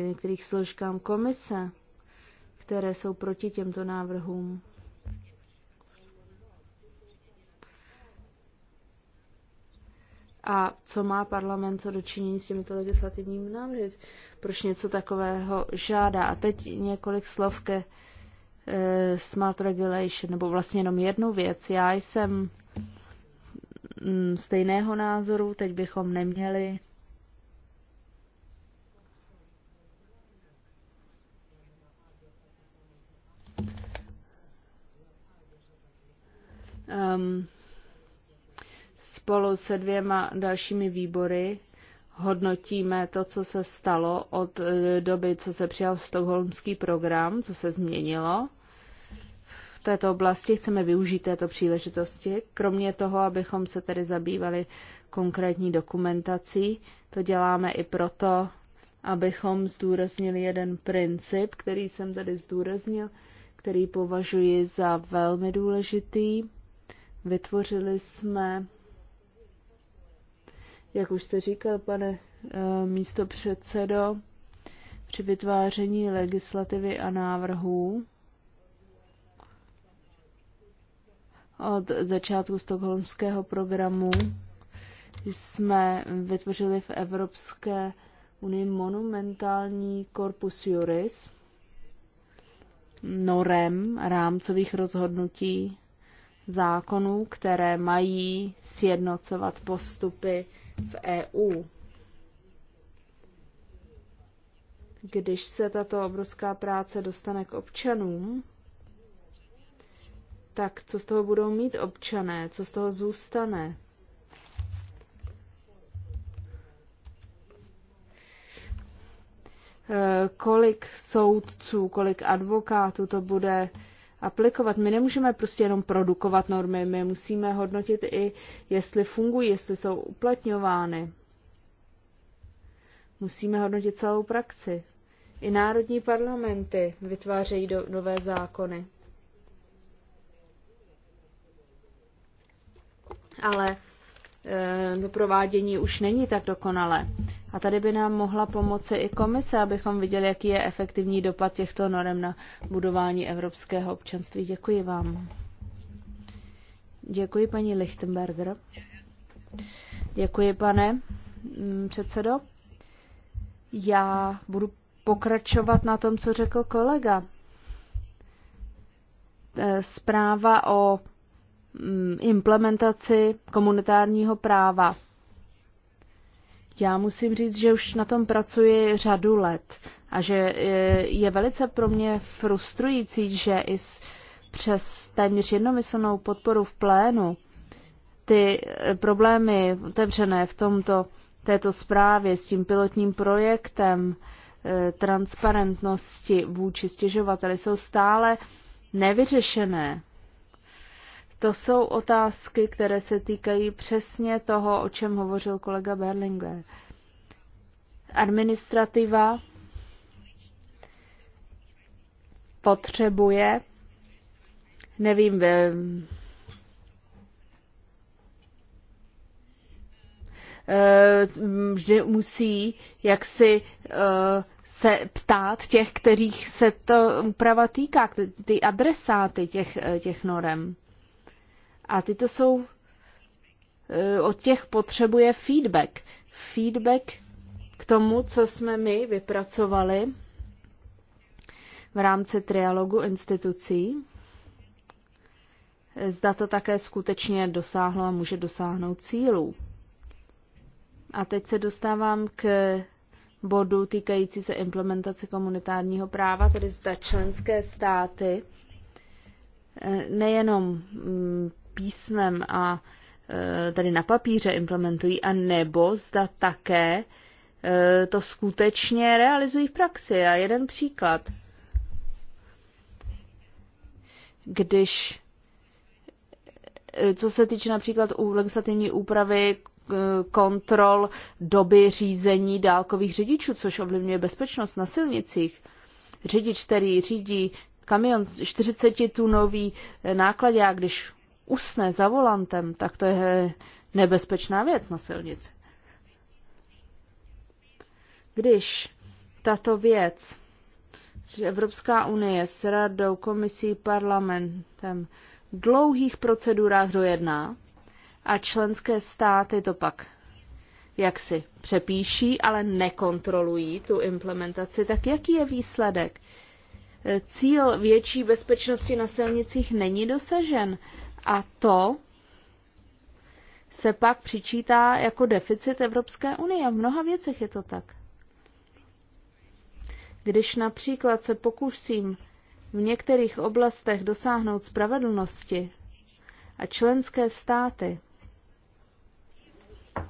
některých složkám komise, které jsou proti těmto návrhům. a co má parlament co dočinění s těmito legislativními návrhy, proč něco takového žádá. A teď několik slov ke e, smart regulation, nebo vlastně jenom jednu věc. Já jsem m, mm, stejného názoru, teď bychom neměli um, spolu se dvěma dalšími výbory hodnotíme to, co se stalo od eh, doby, co se přijal stokholmský program, co se změnilo. V této oblasti chceme využít této příležitosti. Kromě toho, abychom se tedy zabývali konkrétní dokumentací, to děláme i proto, abychom zdůraznili jeden princip, který jsem tady zdůraznil, který považuji za velmi důležitý. Vytvořili jsme jak už jste říkal, pane eh, místo předsedo, při vytváření legislativy a návrhů od začátku stokholmského programu jsme vytvořili v Evropské unii monumentální korpus juris, norem, rámcových rozhodnutí, zákonů, které mají sjednocovat postupy v EU. Když se tato obrovská práce dostane k občanům, tak co z toho budou mít občané, co z toho zůstane? Eh, kolik soudců, kolik advokátů to bude aplikovat. My nemůžeme prostě jenom produkovat normy, my musíme hodnotit i, jestli fungují, jestli jsou uplatňovány. Musíme hodnotit celou praxi. I národní parlamenty vytvářejí do, nové zákony. Ale e, provádění už není tak dokonalé. A tady by nám mohla pomoci i komise, abychom viděli, jaký je efektivní dopad těchto norem na budování evropského občanství. Děkuji vám. Děkuji, paní Lichtenberger. Děkuji, pane mm, předsedo. Já budu pokračovat na tom, co řekl kolega. E, zpráva o mm, implementaci komunitárního práva já musím říct, že už na tom pracuji řadu let a že e, je velice pro mě frustrující, že i přes téměř jednomyslnou podporu v plénu ty e, problémy otevřené v tomto této zprávě s tím pilotním projektem e, transparentnosti vůči stěžovateli jsou stále nevyřešené. To jsou otázky, které se týkají přesně toho, o čem hovořil kolega Berlinger. Administrativa potřebuje, nevím, že eh, musí jaksi eh, se ptát těch, kterých se to úprava týká, ty adresáty těch, eh, těch norem. A tyto jsou, eh, od těch potřebuje feedback. Feedback k tomu, co jsme my vypracovali v rámci trialogu institucí. Zda to také skutečně dosáhlo a může dosáhnout cílů. A teď se dostávám k bodu týkající se implementace komunitárního práva, tedy zda členské státy eh, nejenom mm, písmem a e, tady na papíře implementují, a nebo zda také e, to skutečně realizují v praxi. A jeden příklad. Když, e, co se týče například u legislativní úpravy kontrol doby řízení dálkových řidičů, což ovlivňuje bezpečnost na silnicích. Řidič, který řídí kamion 40-tunový nákladě, a když usne za volantem, tak to je nebezpečná věc na silnici. Když tato věc, že Evropská unie s radou, komisí, parlamentem v dlouhých procedurách dojedná a členské státy to pak jak si přepíší, ale nekontrolují tu implementaci, tak jaký je výsledek? Cíl větší bezpečnosti na silnicích není dosažen a to se pak přičítá jako deficit Evropské unie. V mnoha věcech je to tak. Když například se pokusím v některých oblastech dosáhnout spravedlnosti a členské státy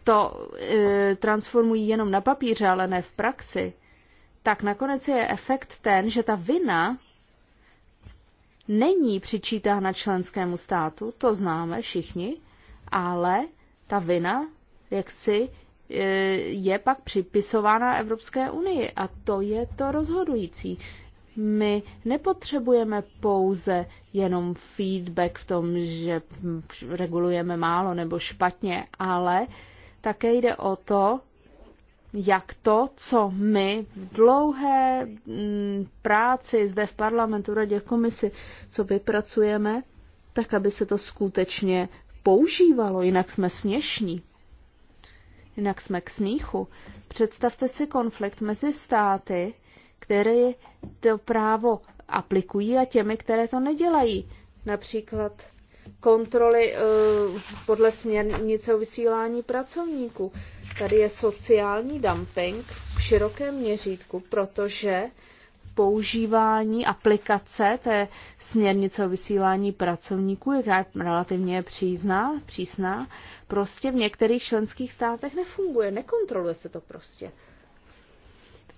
to e, transformují jenom na papíře, ale ne v praxi, tak nakonec je efekt ten, že ta vina není přičítána členskému státu, to známe všichni, ale ta vina, jak si e, je pak připisována Evropské unii a to je to rozhodující. My nepotřebujeme pouze jenom feedback v tom, že regulujeme málo nebo špatně, ale také jde o to, jak to, co my v dlouhé mm, práci zde v parlamentu, radě komisi, co vypracujeme, tak aby se to skutečně používalo, jinak jsme směšní. Jinak jsme k smíchu. Představte si konflikt mezi státy, které to právo aplikují a těmi, které to nedělají. Například kontroly uh, podle směrnice o vysílání pracovníků. Uh, Tady je sociální dumping v širokém měřítku, protože používání aplikace té směrnice o vysílání pracovníků, jaká je relativně přízná, přísná, prostě v některých členských státech nefunguje, nekontroluje se to prostě.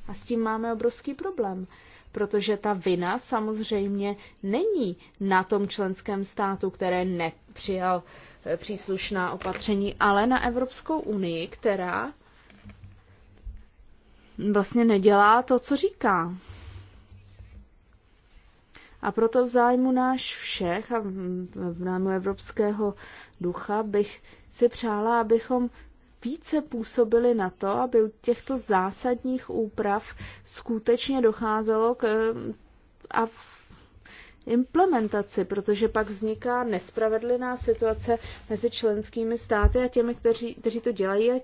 A s tím máme obrovský problém, protože ta vina samozřejmě není na tom členském státu, které nepřijal uh, příslušná opatření, ale na Evropskou unii, která vlastně nedělá to, co říká. A proto v zájmu náš všech a v námu evropského ducha bych si přála, abychom více působili na to, aby u těchto zásadních úprav skutečně docházelo k a implementaci, protože pak vzniká nespravedlivá situace mezi členskými státy a těmi, kteří, kteří to dělají a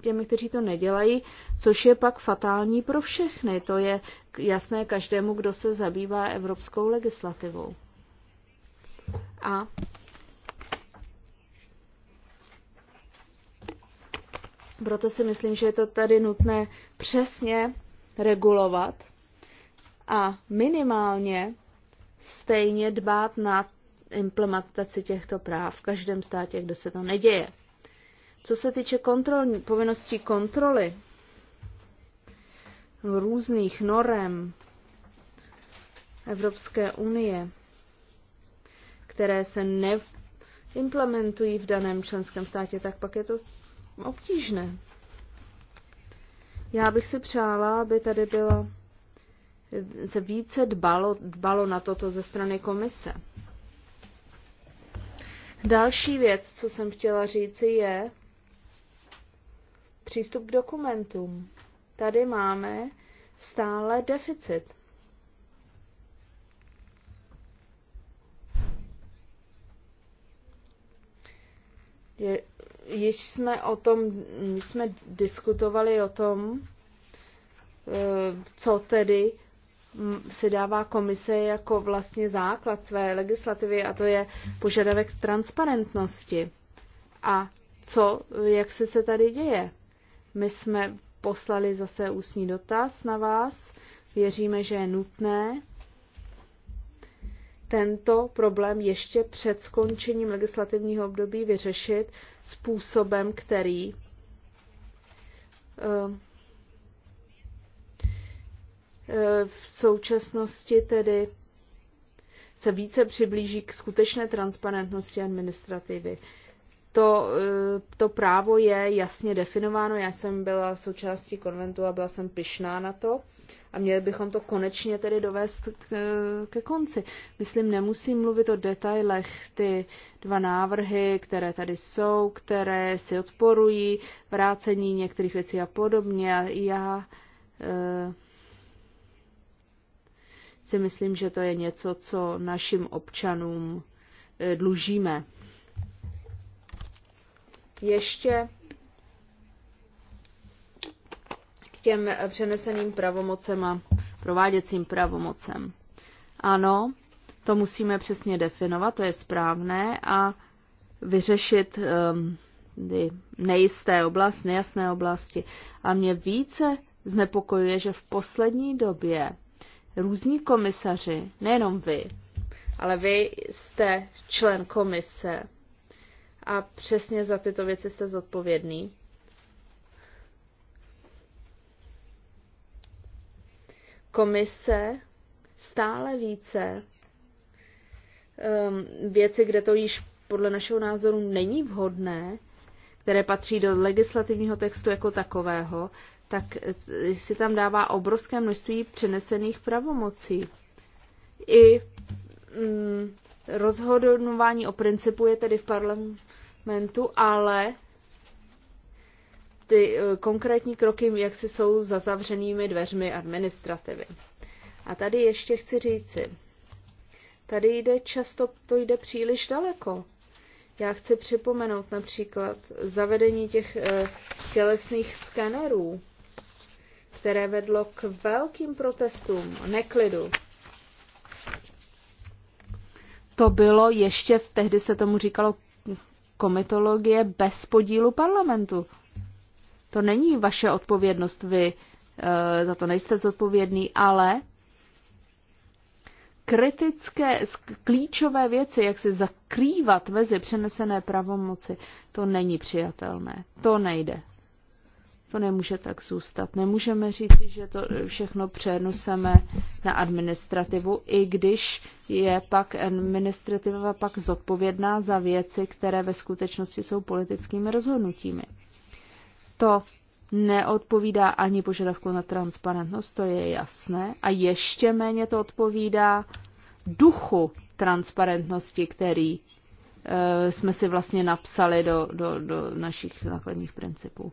těmi, kteří to nedělají, což je pak fatální pro všechny. To je jasné každému, kdo se zabývá evropskou legislativou. A proto si myslím, že je to tady nutné přesně regulovat a minimálně stejně dbát na implementaci těchto práv v každém státě, kde se to neděje. Co se týče kontrolní, povinností kontroly různých norem Evropské unie, které se neimplementují v daném členském státě, tak pak je to obtížné. Já bych si přála, aby tady byla se více dbalo, dbalo na toto ze strany komise. Další věc, co jsem chtěla říci, je přístup k dokumentům. Tady máme stále deficit. Je, již jsme o tom, jsme diskutovali o tom, eh, co tedy si dává komise jako vlastně základ své legislativy a to je požadavek transparentnosti. A co, jak se se tady děje? My jsme poslali zase ústní dotaz na vás. Věříme, že je nutné tento problém ještě před skončením legislativního období vyřešit způsobem, který eh, Eh, v současnosti tedy se více přiblíží k skutečné transparentnosti administrativy. To, eh, to právo je jasně definováno. Já jsem byla součástí konventu a byla jsem pyšná na to. A měli bychom to konečně tedy dovést k, eh, ke konci. Myslím, nemusím mluvit o detailech. Ty dva návrhy, které tady jsou, které si odporují, vrácení některých věcí a podobně. Já si myslím, že to je něco, co našim občanům eh, dlužíme. Ještě k těm eh, přeneseným pravomocem a prováděcím pravomocem. Ano, to musíme přesně definovat, to je správné a vyřešit um, ty nejisté oblasti, nejasné oblasti. A mě více znepokojuje, že v poslední době různí komisaři, nejenom vy, ale vy jste člen komise a přesně za tyto věci jste zodpovědný. Komise stále více um, věci, kde to již podle našeho názoru není vhodné, které patří do legislativního textu jako takového, tak eh, si tam dává obrovské množství přenesených pravomocí. I mm, rozhodování o principu je tedy v parlamentu, ale ty eh, konkrétní kroky, jak si jsou za zavřenými dveřmi administrativy. A tady ještě chci říci, tady jde často, to jde příliš daleko. Já chci připomenout například zavedení těch e, tělesných skenerů které vedlo k velkým protestům, neklidu. To bylo ještě, v tehdy se tomu říkalo komitologie bez podílu parlamentu. To není vaše odpovědnost, vy e, za to nejste zodpovědný, ale kritické, klíčové věci, jak se zakrývat mezi přenesené pravomoci, to není přijatelné. To nejde. To nemůže tak zůstat. Nemůžeme říct, že to všechno přenuseme na administrativu, i když je pak administrativa pak zodpovědná za věci, které ve skutečnosti jsou politickými rozhodnutími. To neodpovídá ani požadavku na transparentnost, to je jasné, a ještě méně to odpovídá duchu transparentnosti, který e, jsme si vlastně napsali do, do, do našich základních principů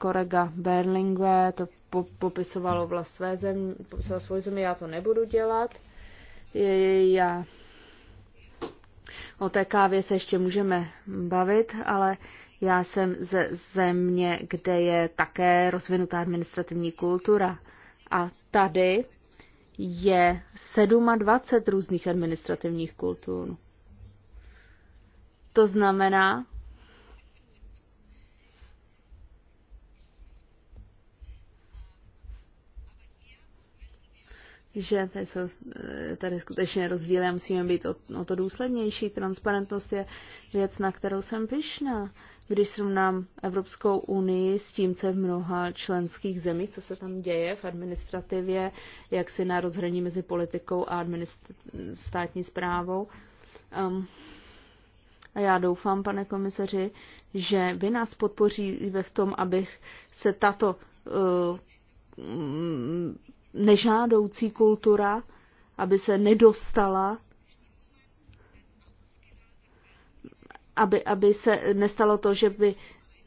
kolega Berlingue to po, popisovalo v své zemi, popisoval svou zemi, já to nebudu dělat. Já o té kávě se ještě můžeme bavit, ale já jsem ze země, kde je také rozvinutá administrativní kultura. A tady je 27 různých administrativních kultur. To znamená, že tady jsou eh, tady skutečně rozdíly a musíme být o, o to důslednější. Transparentnost je věc, na kterou jsem pyšná. Když srovnám Evropskou unii s tím, co je v mnoha členských zemích, co se tam děje v administrativě, jak si na rozhraní mezi politikou a státní zprávou. Um, a já doufám, pane komisaři, že vy nás podpoří ve v tom, abych se tato uh, nežádoucí kultura, aby se nedostala, aby, aby se nestalo to, že by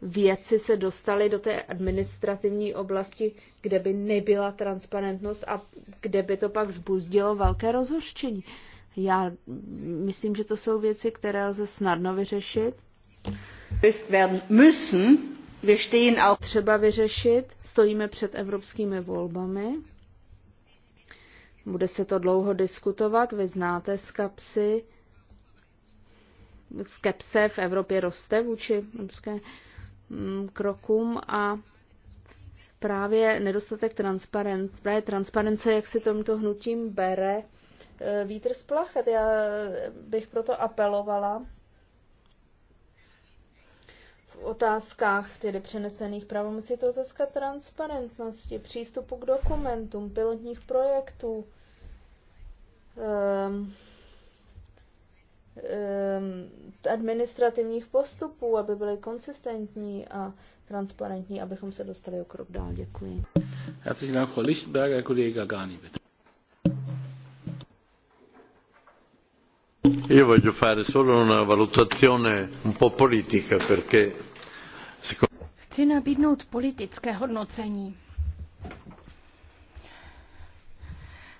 věci se dostaly do té administrativní oblasti, kde by nebyla transparentnost a kde by to pak zbuzdilo velké rozhořčení. Já myslím, že to jsou věci, které lze snadno vyřešit. Třeba vyřešit, stojíme před evropskými volbami. Bude se to dlouho diskutovat, vy znáte skepsy. Skepse v Evropě roste vůči evropské mm, krokům a právě nedostatek transparence, právě transparence, jak si tomto hnutím bere e, vítr z plachet. Já bych proto apelovala otázkách tedy přenesených pravomocí to otázka transparentnosti, přístupu k dokumentům, pilotních projektů, um, um, administrativních postupů, aby byly konsistentní a transparentní, abychom se dostali o krok dál. Děkuji. Herzlichen Dank, Frau Lichtenberger, kolega Gani, bitte. Io voglio fare solo una valutazione un po' politica perché Chci nabídnout politické hodnocení.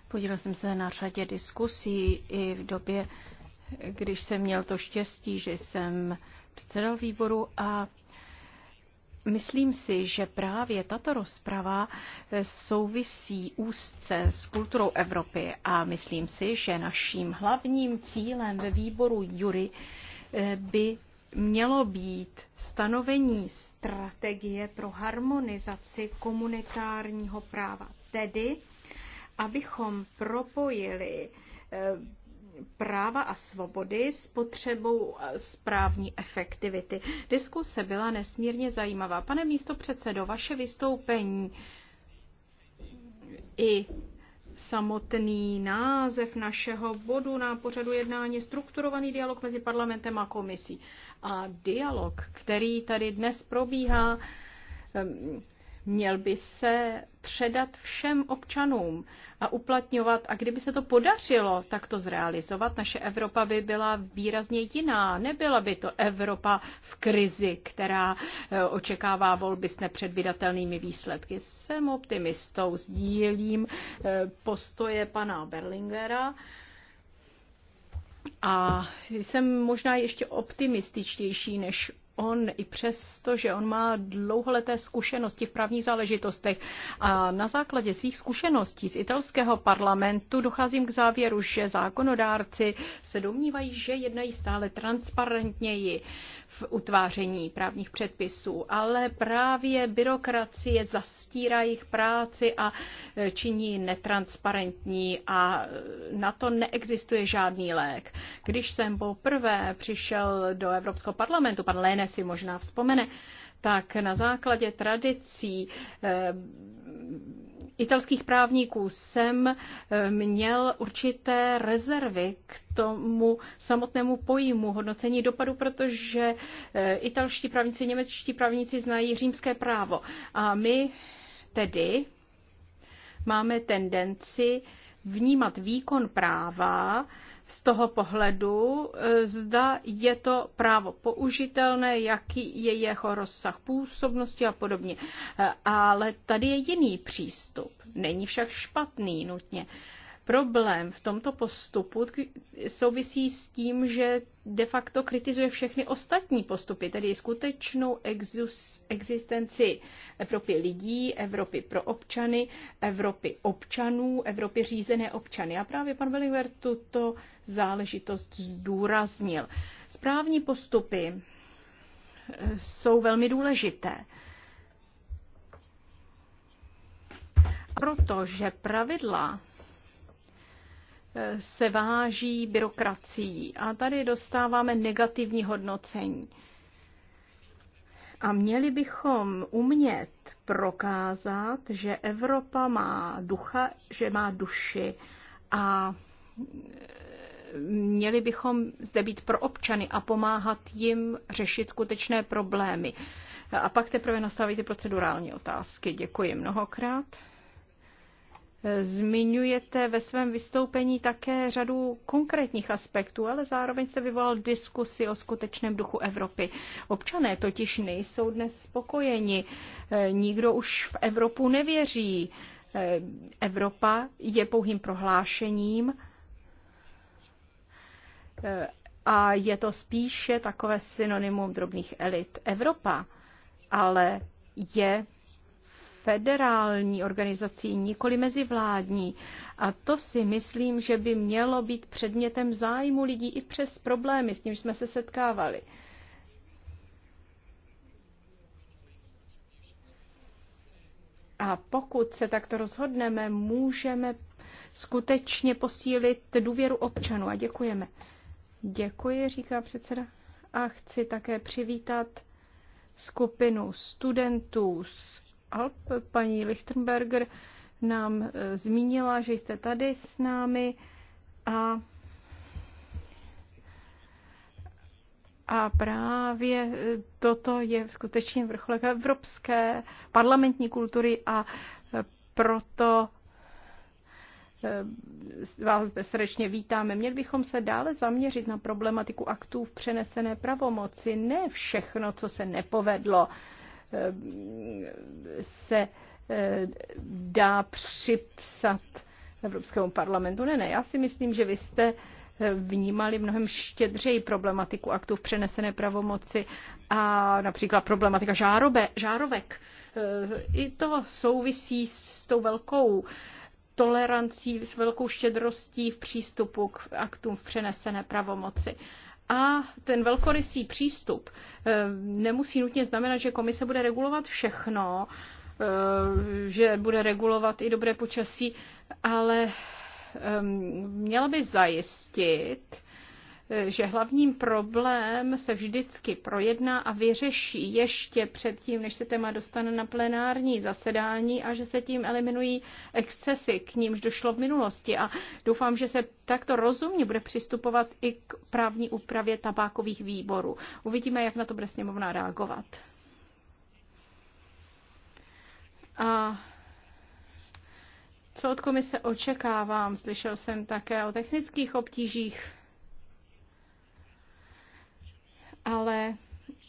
Podíval jsem se na řadě diskusí i v době, když jsem měl to štěstí, že jsem předsedal výboru a Myslím si, že právě tato rozprava souvisí úzce s kulturou Evropy a myslím si, že naším hlavním cílem ve výboru Jury eh, by mělo být stanovení strategie pro harmonizaci komunitárního práva. Tedy, abychom propojili eh, práva a svobody s potřebou eh, správní efektivity. Diskuse byla nesmírně zajímavá. Pane místo předsedo, vaše vystoupení i samotný název našeho bodu na pořadu jednání strukturovaný dialog mezi parlamentem a komisí. A dialog, který tady dnes probíhá, měl by se předat všem občanům a uplatňovat. A kdyby se to podařilo takto zrealizovat, naše Evropa by byla výrazně jiná. Nebyla by to Evropa v krizi, která eh, očekává volby s nepředvydatelnými výsledky. Jsem optimistou, sdílím eh, postoje pana Berlingera. A jsem možná ještě optimističtější než on i přesto, že on má dlouholeté zkušenosti v právních záležitostech a na základě svých zkušeností z italského parlamentu docházím k závěru, že zákonodárci se domnívají, že jednají stále transparentněji v utváření právních předpisů, ale právě byrokracie zastírá jejich práci a e, činí netransparentní a e, na to neexistuje žádný lék. Když jsem poprvé přišel do Evropského parlamentu, pan Léne si možná vzpomene, tak na základě tradicí e, italských právníků jsem eh, měl určité rezervy k tomu samotnému pojmu hodnocení dopadu, protože eh, italští právníci, němečtí právníci znají římské právo. A my tedy máme tendenci vnímat výkon práva z toho pohledu, e, zda je to právo použitelné, jaký je jeho rozsah působnosti a podobně. E, ale tady je jiný přístup. Není však špatný nutně. Problém v tomto postupu souvisí s tím, že de facto kritizuje všechny ostatní postupy, tedy skutečnou existenci Evropy lidí, Evropy pro občany, Evropy občanů, Evropy řízené občany. A právě pan Beliver tuto záležitost zdůraznil. Správní postupy eh, jsou velmi důležité. Protože pravidla se váží byrokracií. A tady dostáváme negativní hodnocení. A měli bychom umět prokázat, že Evropa má ducha, že má duši a měli bychom zde být pro občany a pomáhat jim řešit skutečné problémy. A pak teprve nastavíte ty procedurální otázky. Děkuji mnohokrát. Zmiňujete ve svém vystoupení také řadu konkrétních aspektů, ale zároveň se vyvolal diskusi o skutečném duchu Evropy. Občané totiž nejsou dnes spokojeni. Eh, nikdo už v Evropu nevěří. Eh, Evropa je pouhým prohlášením eh, a je to spíše takové synonymum drobných elit. Evropa ale je federální organizací, nikoli mezivládní. A to si myslím, že by mělo být předmětem zájmu lidí i přes problémy, s nimiž jsme se setkávali. A pokud se takto rozhodneme, můžeme skutečně posílit důvěru občanů. A děkujeme. Děkuji, říká předseda. A chci také přivítat skupinu studentů z Alp. Paní Lichtenberger nám eh, zmínila, že jste tady s námi a A právě eh, toto je skutečně vrcholek evropské parlamentní kultury a eh, proto vás zde srdečně vítáme. Měli bychom se dále zaměřit na problematiku aktů v přenesené pravomoci. Ne všechno, co se nepovedlo, se eh, dá připsat Evropskému parlamentu. Ne, ne, já si myslím, že vy jste eh, vnímali mnohem štědřeji problematiku aktů v přenesené pravomoci a například problematika žárobe, žárovek. Eh, I to souvisí s tou velkou tolerancí, s velkou štědrostí v přístupu k aktům v přenesené pravomoci. A ten velkorysý přístup eh, nemusí nutně znamenat, že komise bude regulovat všechno, eh, že bude regulovat i dobré počasí, ale ehm, měla by zajistit, že hlavním problém se vždycky projedná a vyřeší ještě předtím, než se téma dostane na plenární zasedání a že se tím eliminují excesy, k nímž došlo v minulosti. A doufám, že se takto rozumně bude přistupovat i k právní úpravě tabákových výborů. Uvidíme, jak na to bude sněmovna reagovat. A co od komise očekávám? Slyšel jsem také o technických obtížích ale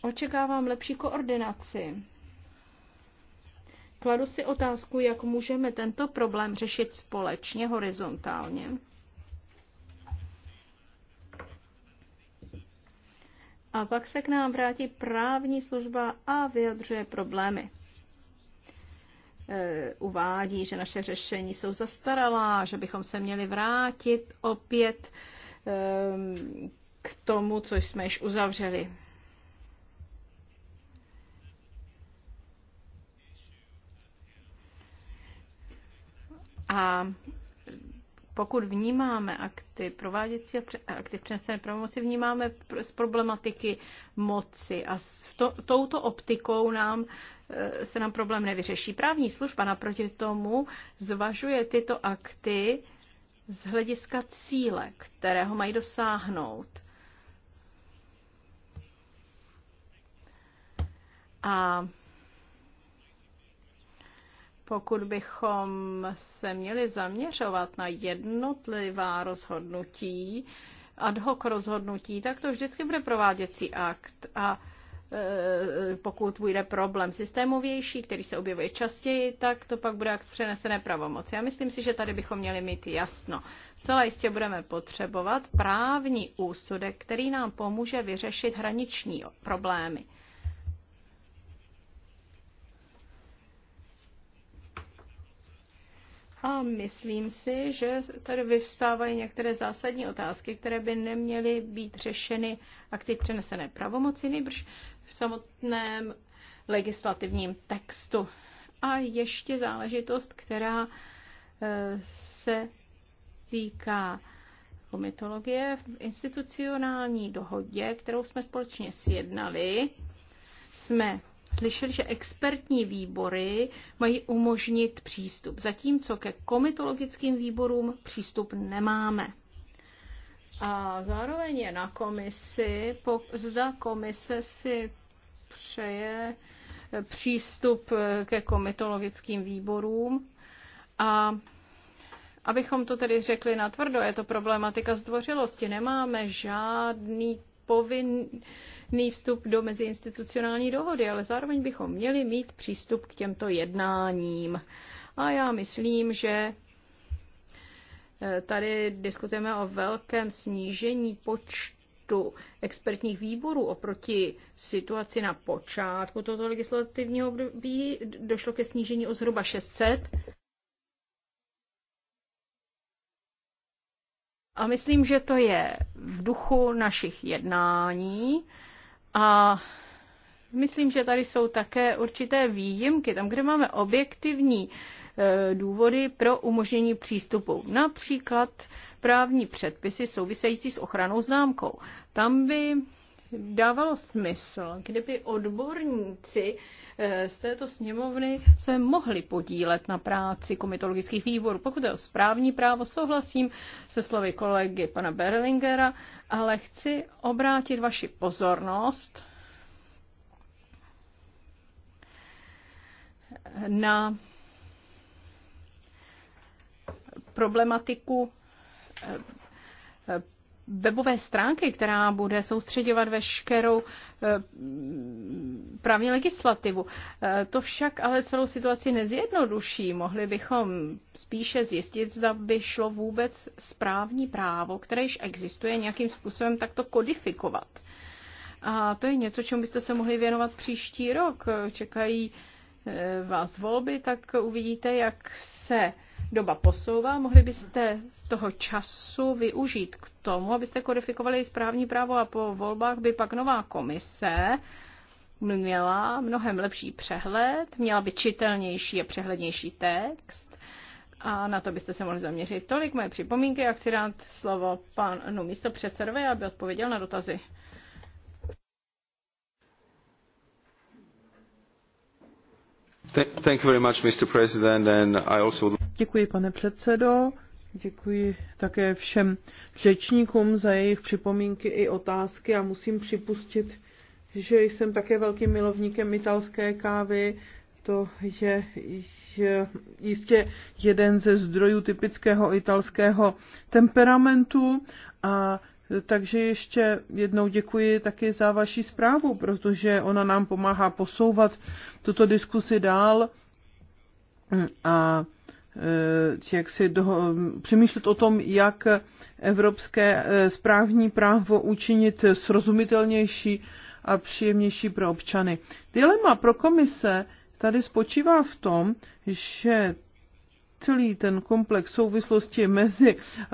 očekávám lepší koordinaci. Kladu si otázku, jak můžeme tento problém řešit společně, horizontálně. A pak se k nám vrátí právní služba a vyjadřuje problémy. E, uvádí, že naše řešení jsou zastaralá, že bychom se měli vrátit opět e, k tomu, co jsme již uzavřeli. A pokud vnímáme akty prováděcí a akty přenesené pravomoci, vnímáme z problematiky moci a s to, touto optikou nám eh, se nám problém nevyřeší. Právní služba naproti tomu zvažuje tyto akty z hlediska cíle, kterého mají dosáhnout. A pokud bychom se měli zaměřovat na jednotlivá rozhodnutí, ad hoc rozhodnutí, tak to vždycky bude prováděcí akt. A e, pokud bude problém systémovější, který se objevuje častěji, tak to pak bude akt přenesené pravomoci. Já myslím si, že tady bychom měli mít jasno. Celá jistě budeme potřebovat právní úsudek, který nám pomůže vyřešit hraniční problémy. A myslím si, že tady vyvstávají některé zásadní otázky, které by neměly být řešeny akty přenesené pravomoci, nejbrž v samotném legislativním textu. A ještě záležitost, která e, se týká komitologie v institucionální dohodě, kterou jsme společně sjednali, jsme slyšeli, že expertní výbory mají umožnit přístup, zatímco ke komitologickým výborům přístup nemáme. A zároveň je na komisi, zda komise si přeje přístup ke komitologickým výborům. A abychom to tedy řekli natvrdo, je to problematika zdvořilosti. Nemáme žádný povinný vstup do meziinstitucionální dohody, ale zároveň bychom měli mít přístup k těmto jednáním. A já myslím, že eh, tady diskutujeme o velkém snížení počtu expertních výborů oproti situaci na počátku tohoto legislativního období. Došlo ke snížení o zhruba 600 A myslím, že to je v duchu našich jednání a myslím, že tady jsou také určité výjimky, tam, kde máme objektivní e, důvody pro umožnění přístupu. Například právní předpisy související s ochranou známkou. Tam by dávalo smysl, kdyby odborníci eh, z této sněmovny se mohli podílet na práci komitologických výborů. Pokud je o správní právo, souhlasím se slovy kolegy pana Berlingera, ale chci obrátit vaši pozornost na problematiku eh, webové stránky, která bude soustředěvat veškerou eh, právní legislativu. Eh, to však ale celou situaci nezjednoduší. Mohli bychom spíše zjistit, zda by šlo vůbec správní právo, které již existuje, nějakým způsobem takto kodifikovat. A to je něco, čemu byste se mohli věnovat příští rok. Čekají eh, vás volby, tak uvidíte, jak se doba posouvá. Mohli byste z toho času využít k tomu, abyste kodifikovali správní právo a po volbách by pak nová komise měla mnohem lepší přehled, měla by čitelnější a přehlednější text a na to byste se mohli zaměřit. Tolik moje připomínky a chci dát slovo panu místopředsedovi, aby odpověděl na dotazy. Thank you very much, Mr. President, and I also... Děkuji, pane předsedo. Děkuji také všem řečníkům za jejich připomínky i otázky a musím připustit, že jsem také velkým milovníkem italské kávy. To je, je jistě jeden ze zdrojů typického italského temperamentu a takže ještě jednou děkuji taky za vaši zprávu, protože ona nám pomáhá posouvat tuto diskusi dál. A Eh, jak si doho, přemýšlet o tom, jak evropské eh, správní právo učinit srozumitelnější a příjemnější pro občany. Dilema pro komise tady spočívá v tom, že celý ten komplex souvislosti mezi eh,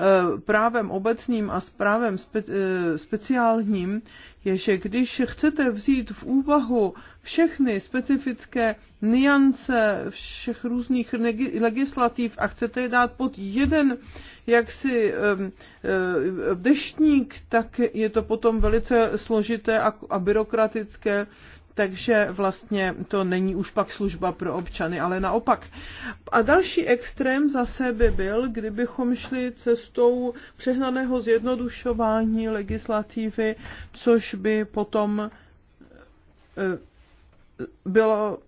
právem obecným a s právem eh, speciálním je, že když chcete vzít v úvahu všechny specifické niance všech různých legislativ a chcete je dát pod jeden jaksi ehm, eh, deštník, tak je to potom velice složité a byrokratické takže vlastně to není už pak služba pro občany, ale naopak. A další extrém zase by byl, kdybychom šli cestou přehnaného zjednodušování legislativy, což by potom eh, bylo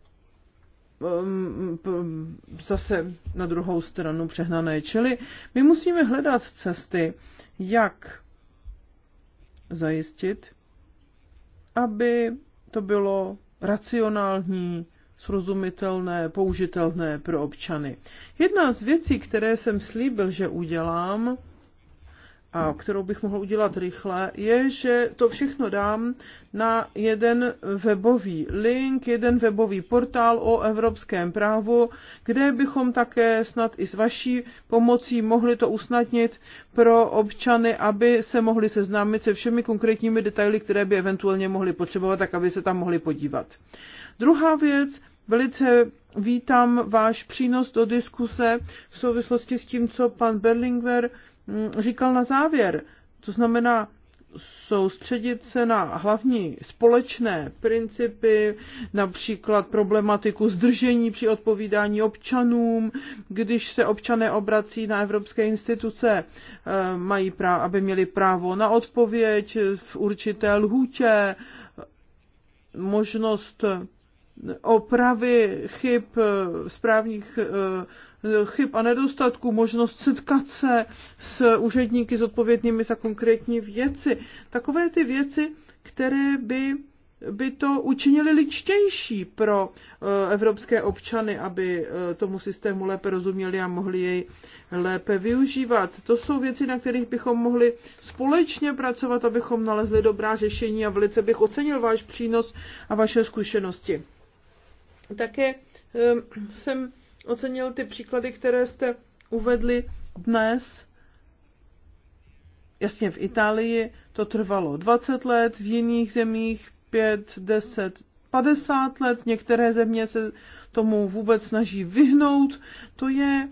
eh, zase na druhou stranu přehnané. Čili my musíme hledat cesty, jak zajistit, aby to bylo racionální, srozumitelné, použitelné pro občany. Jedna z věcí, které jsem slíbil, že udělám, a kterou bych mohl udělat rychle, je, že to všechno dám na jeden webový link, jeden webový portál o evropském právu, kde bychom také snad i s vaší pomocí mohli to usnadnit pro občany, aby se mohli seznámit se všemi konkrétními detaily, které by eventuálně mohli potřebovat, tak aby se tam mohli podívat. Druhá věc, velice vítám váš přínos do diskuse v souvislosti s tím, co pan Berlingwer Mm, říkal na závěr. To znamená, soustředit se na hlavní společné principy, například problematiku zdržení při odpovídání občanům, když se občané obrací na evropské instituce, eh, mají právo, aby měli právo na odpověď v určité lhůtě, možnost opravy chyb eh, správních eh, chyb a nedostatků, možnost setkat se s úředníky zodpovědnými za konkrétní věci. Takové ty věci, které by by to učinili ličtější pro eh, evropské občany, aby eh, tomu systému lépe rozuměli a mohli jej lépe využívat. To jsou věci, na kterých bychom mohli společně pracovat, abychom nalezli dobrá řešení a velice bych ocenil váš přínos a vaše zkušenosti. Také eh, jsem ocenil ty příklady, které jste uvedli dnes. Jasně, v Itálii to trvalo 20 let, v jiných zemích 5, 10, 50 let, některé země se tomu vůbec snaží vyhnout. To je,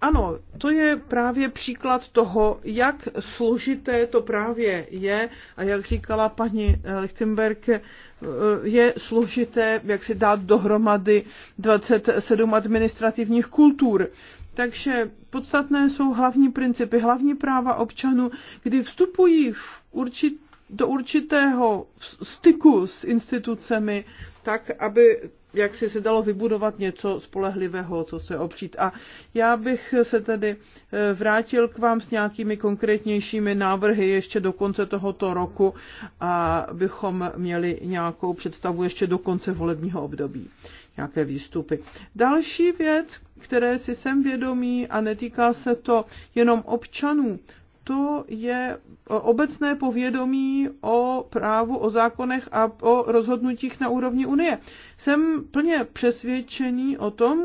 ano, to je právě příklad toho, jak složité to právě je a jak říkala paní Lichtenberg, Eh, je složité, jak si dát dohromady 27 administrativních kultur. Takže podstatné jsou hlavní principy, hlavní práva občanů, kdy vstupují v určit, do určitého styku s institucemi, tak, aby jak si se dalo vybudovat něco spolehlivého, co se opřít. A já bych se tedy eh, vrátil k vám s nějakými konkrétnějšími návrhy ještě do konce tohoto roku a bychom měli nějakou představu ještě do konce volebního období, nějaké výstupy. Další věc, které si jsem vědomí a netýká se to jenom občanů, to je obecné povědomí o právu, o zákonech a o rozhodnutích na úrovni Unie. Jsem plně přesvědčený o tom,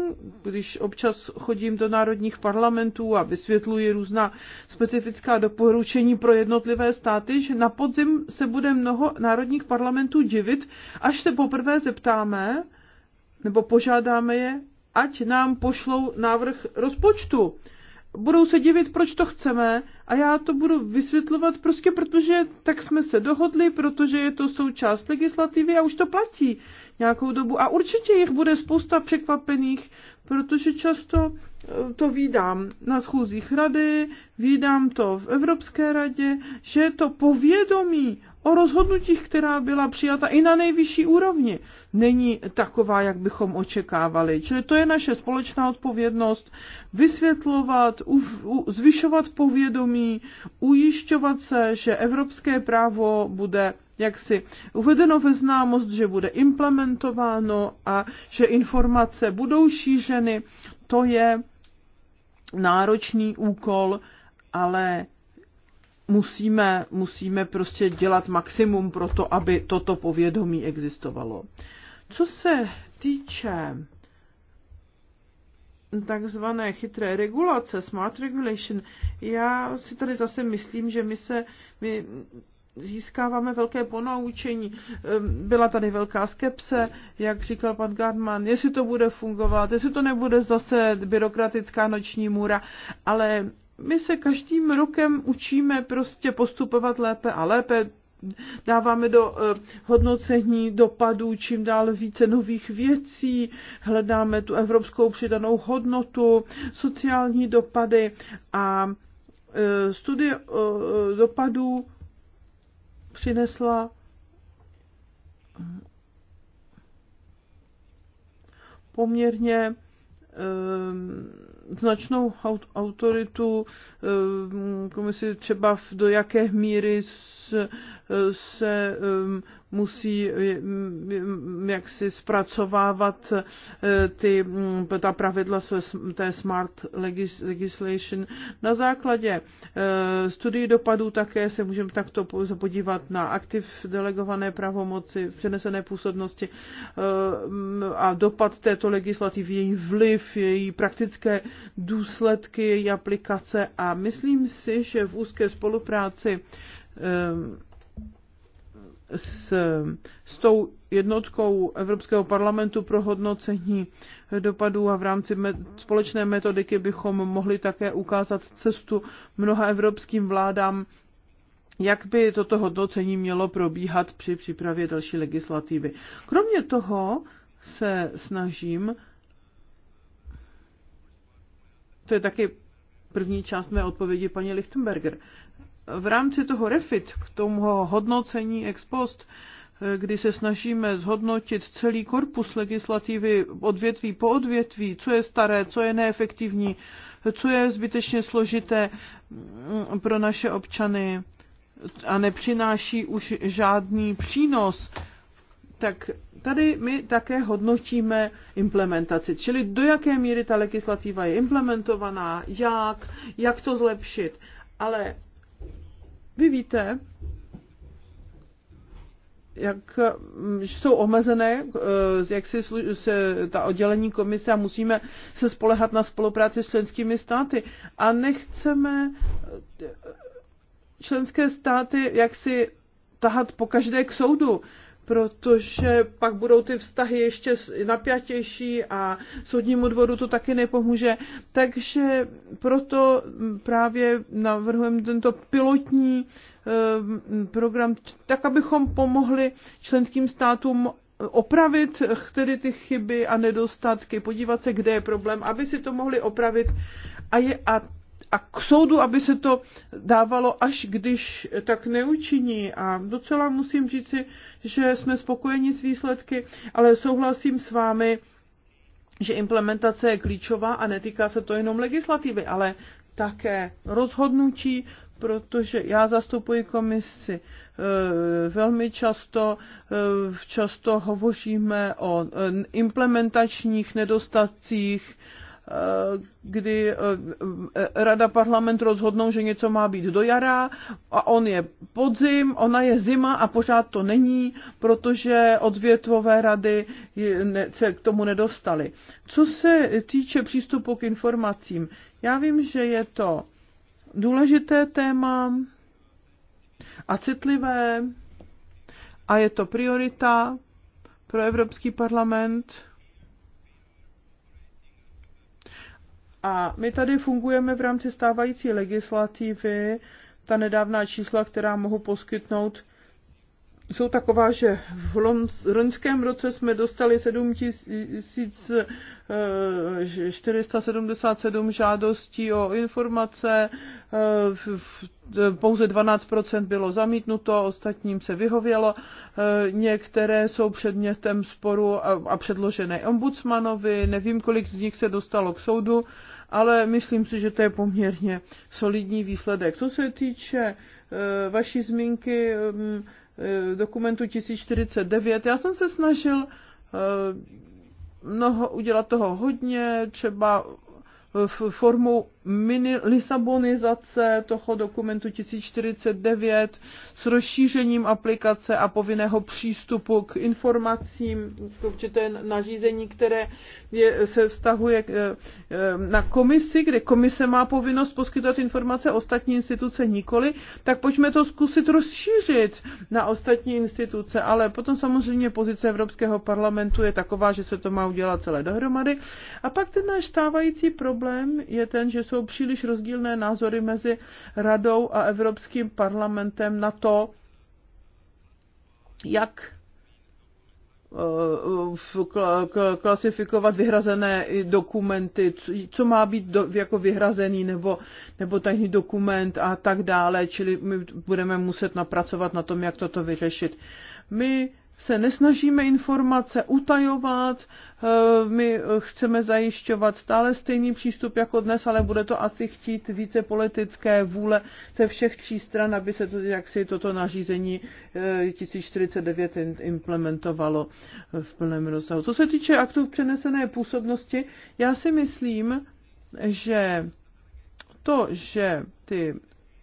když občas chodím do národních parlamentů a vysvětluji různá specifická doporučení pro jednotlivé státy, že na podzim se bude mnoho národních parlamentů divit, až se poprvé zeptáme nebo požádáme je, ať nám pošlou návrh rozpočtu budou se divit, proč to chceme a já to budu vysvětlovat prostě, protože tak jsme se dohodli, protože je to součást legislativy a už to platí nějakou dobu. A určitě jich bude spousta překvapených, protože často eh, to vídám na schůzích rady, vídám to v Evropské radě, že to povědomí o rozhodnutích, která byla přijata i na nejvyšší úrovni, není taková, jak bychom očekávali. Čili to je naše společná odpovědnost vysvětlovat, u, u, zvyšovat povědomí, ujišťovat se, že evropské právo bude jaksi uvedeno ve známost, že bude implementováno a že informace budou šířeny. To je náročný úkol, ale musíme, musíme prostě dělat maximum pro to, aby toto povědomí existovalo. Co se týče takzvané chytré regulace, smart regulation, já si tady zase myslím, že my se my získáváme velké ponaučení. Ehm, byla tady velká skepse, jak říkal pan Gardman, jestli to bude fungovat, jestli to nebude zase byrokratická noční můra, ale my se každým rokem učíme prostě postupovat lépe a lépe, dáváme do eh, hodnocení dopadů čím dál více nových věcí, hledáme tu evropskou přidanou hodnotu, sociální dopady a eh, studie eh, dopadů přinesla poměrně značnou autoritu eh, komisi třeba do jaké míry eh, se eh, musí eh, mm, jak si zpracovávat eh, ty, mm, ta pravidla své, té smart legislation. Na základě eh, studií dopadů také se můžeme takto podívat na aktiv delegované pravomoci, přenesené působnosti a dopad této legislativy, její vliv, její praktické důsledky, její aplikace a myslím si, že v úzké spolupráci s, s tou jednotkou Evropského parlamentu pro hodnocení dopadů a v rámci me- společné metodiky bychom mohli také ukázat cestu mnoha evropským vládám, jak by toto hodnocení mělo probíhat při přípravě další legislativy. Kromě toho se snažím, to je taky první část mé odpovědi paní Lichtenberger, v rámci toho refit, k tomu hodnocení ex post, eh, kdy se snažíme zhodnotit celý korpus legislativy odvětví po odvětví, co je staré, co je neefektivní, co je zbytečně složité mm, pro naše občany a nepřináší už žádný přínos, tak tady my také hodnotíme implementaci, čili do jaké míry ta legislativa je implementovaná, jak, jak to zlepšit. Ale vy víte, jak mm, jsou omezené, eh, jak si se ta oddělení komise a musíme se spolehat na spolupráci s členskými státy. A nechceme eh, členské státy jak si tahat po každé k soudu protože pak budou ty vztahy ještě napjatější a soudnímu dvoru to taky nepomůže. Takže proto právě navrhujeme tento pilotní eh, program, tak abychom pomohli členským státům opravit tedy ty chyby a nedostatky, podívat se, kde je problém, aby si to mohli opravit a, je, a a k soudu, aby se to dávalo, až když tak neučiní. A docela musím říci, že jsme spokojeni s výsledky, ale souhlasím s vámi, že implementace je klíčová a netýká se to jenom legislativy, ale také rozhodnutí, protože já zastupuji komisi eh, velmi často, eh, často hovoříme o eh, implementačních nedostacích, Eh, kdy eh, eh, Rada parlament rozhodnou, že něco má být do jara a on je podzim, ona je zima a pořád to není, protože odvětvové rady se k tomu nedostaly. Co se týče přístupu k informacím, já vím, že je to důležité téma a citlivé a je to priorita pro Evropský parlament A my tady fungujeme v rámci stávající legislativy. Ta nedávná čísla, která mohu poskytnout, jsou taková, že v loňském roce jsme dostali 7477 eh, žádostí o informace, eh, pouze 12% bylo zamítnuto, ostatním se vyhovělo, eh, některé jsou předmětem sporu a předložené ombudsmanovi, nevím, kolik z nich se dostalo k soudu ale myslím si, že to je poměrně solidní výsledek. Co se týče e, vaší zmínky mm, e, dokumentu 1049, já jsem se snažil e, mnoho, udělat toho hodně, třeba formu mini lisabonizace toho dokumentu 1049 s rozšířením aplikace a povinného přístupu k informacím, to je nařízení, které je, se vztahuje k, eh, na komisi, kde komise má povinnost poskytovat informace ostatní instituce nikoli, tak pojďme to zkusit rozšířit na ostatní instituce, ale potom samozřejmě pozice Evropského parlamentu je taková, že se to má udělat celé dohromady. A pak ten náš stávající problém problém je ten, že jsou příliš rozdílné názory mezi radou a Evropským parlamentem na to, jak eh, klasifikovat vyhrazené dokumenty, co má být jako vyhrazený nebo, nebo tajný dokument a tak dále, čili my budeme muset napracovat na tom, jak toto vyřešit. My se nesnažíme informace utajovat, Eh, my chceme zajišťovat stále stejný přístup jako dnes, ale bude to asi chtít více politické vůle ze všech tří stran, aby se to, jak si toto nařízení 1049 eh, implementovalo v plném rozsahu. Co se týče aktů v přenesené působnosti, já si myslím, že to, že ty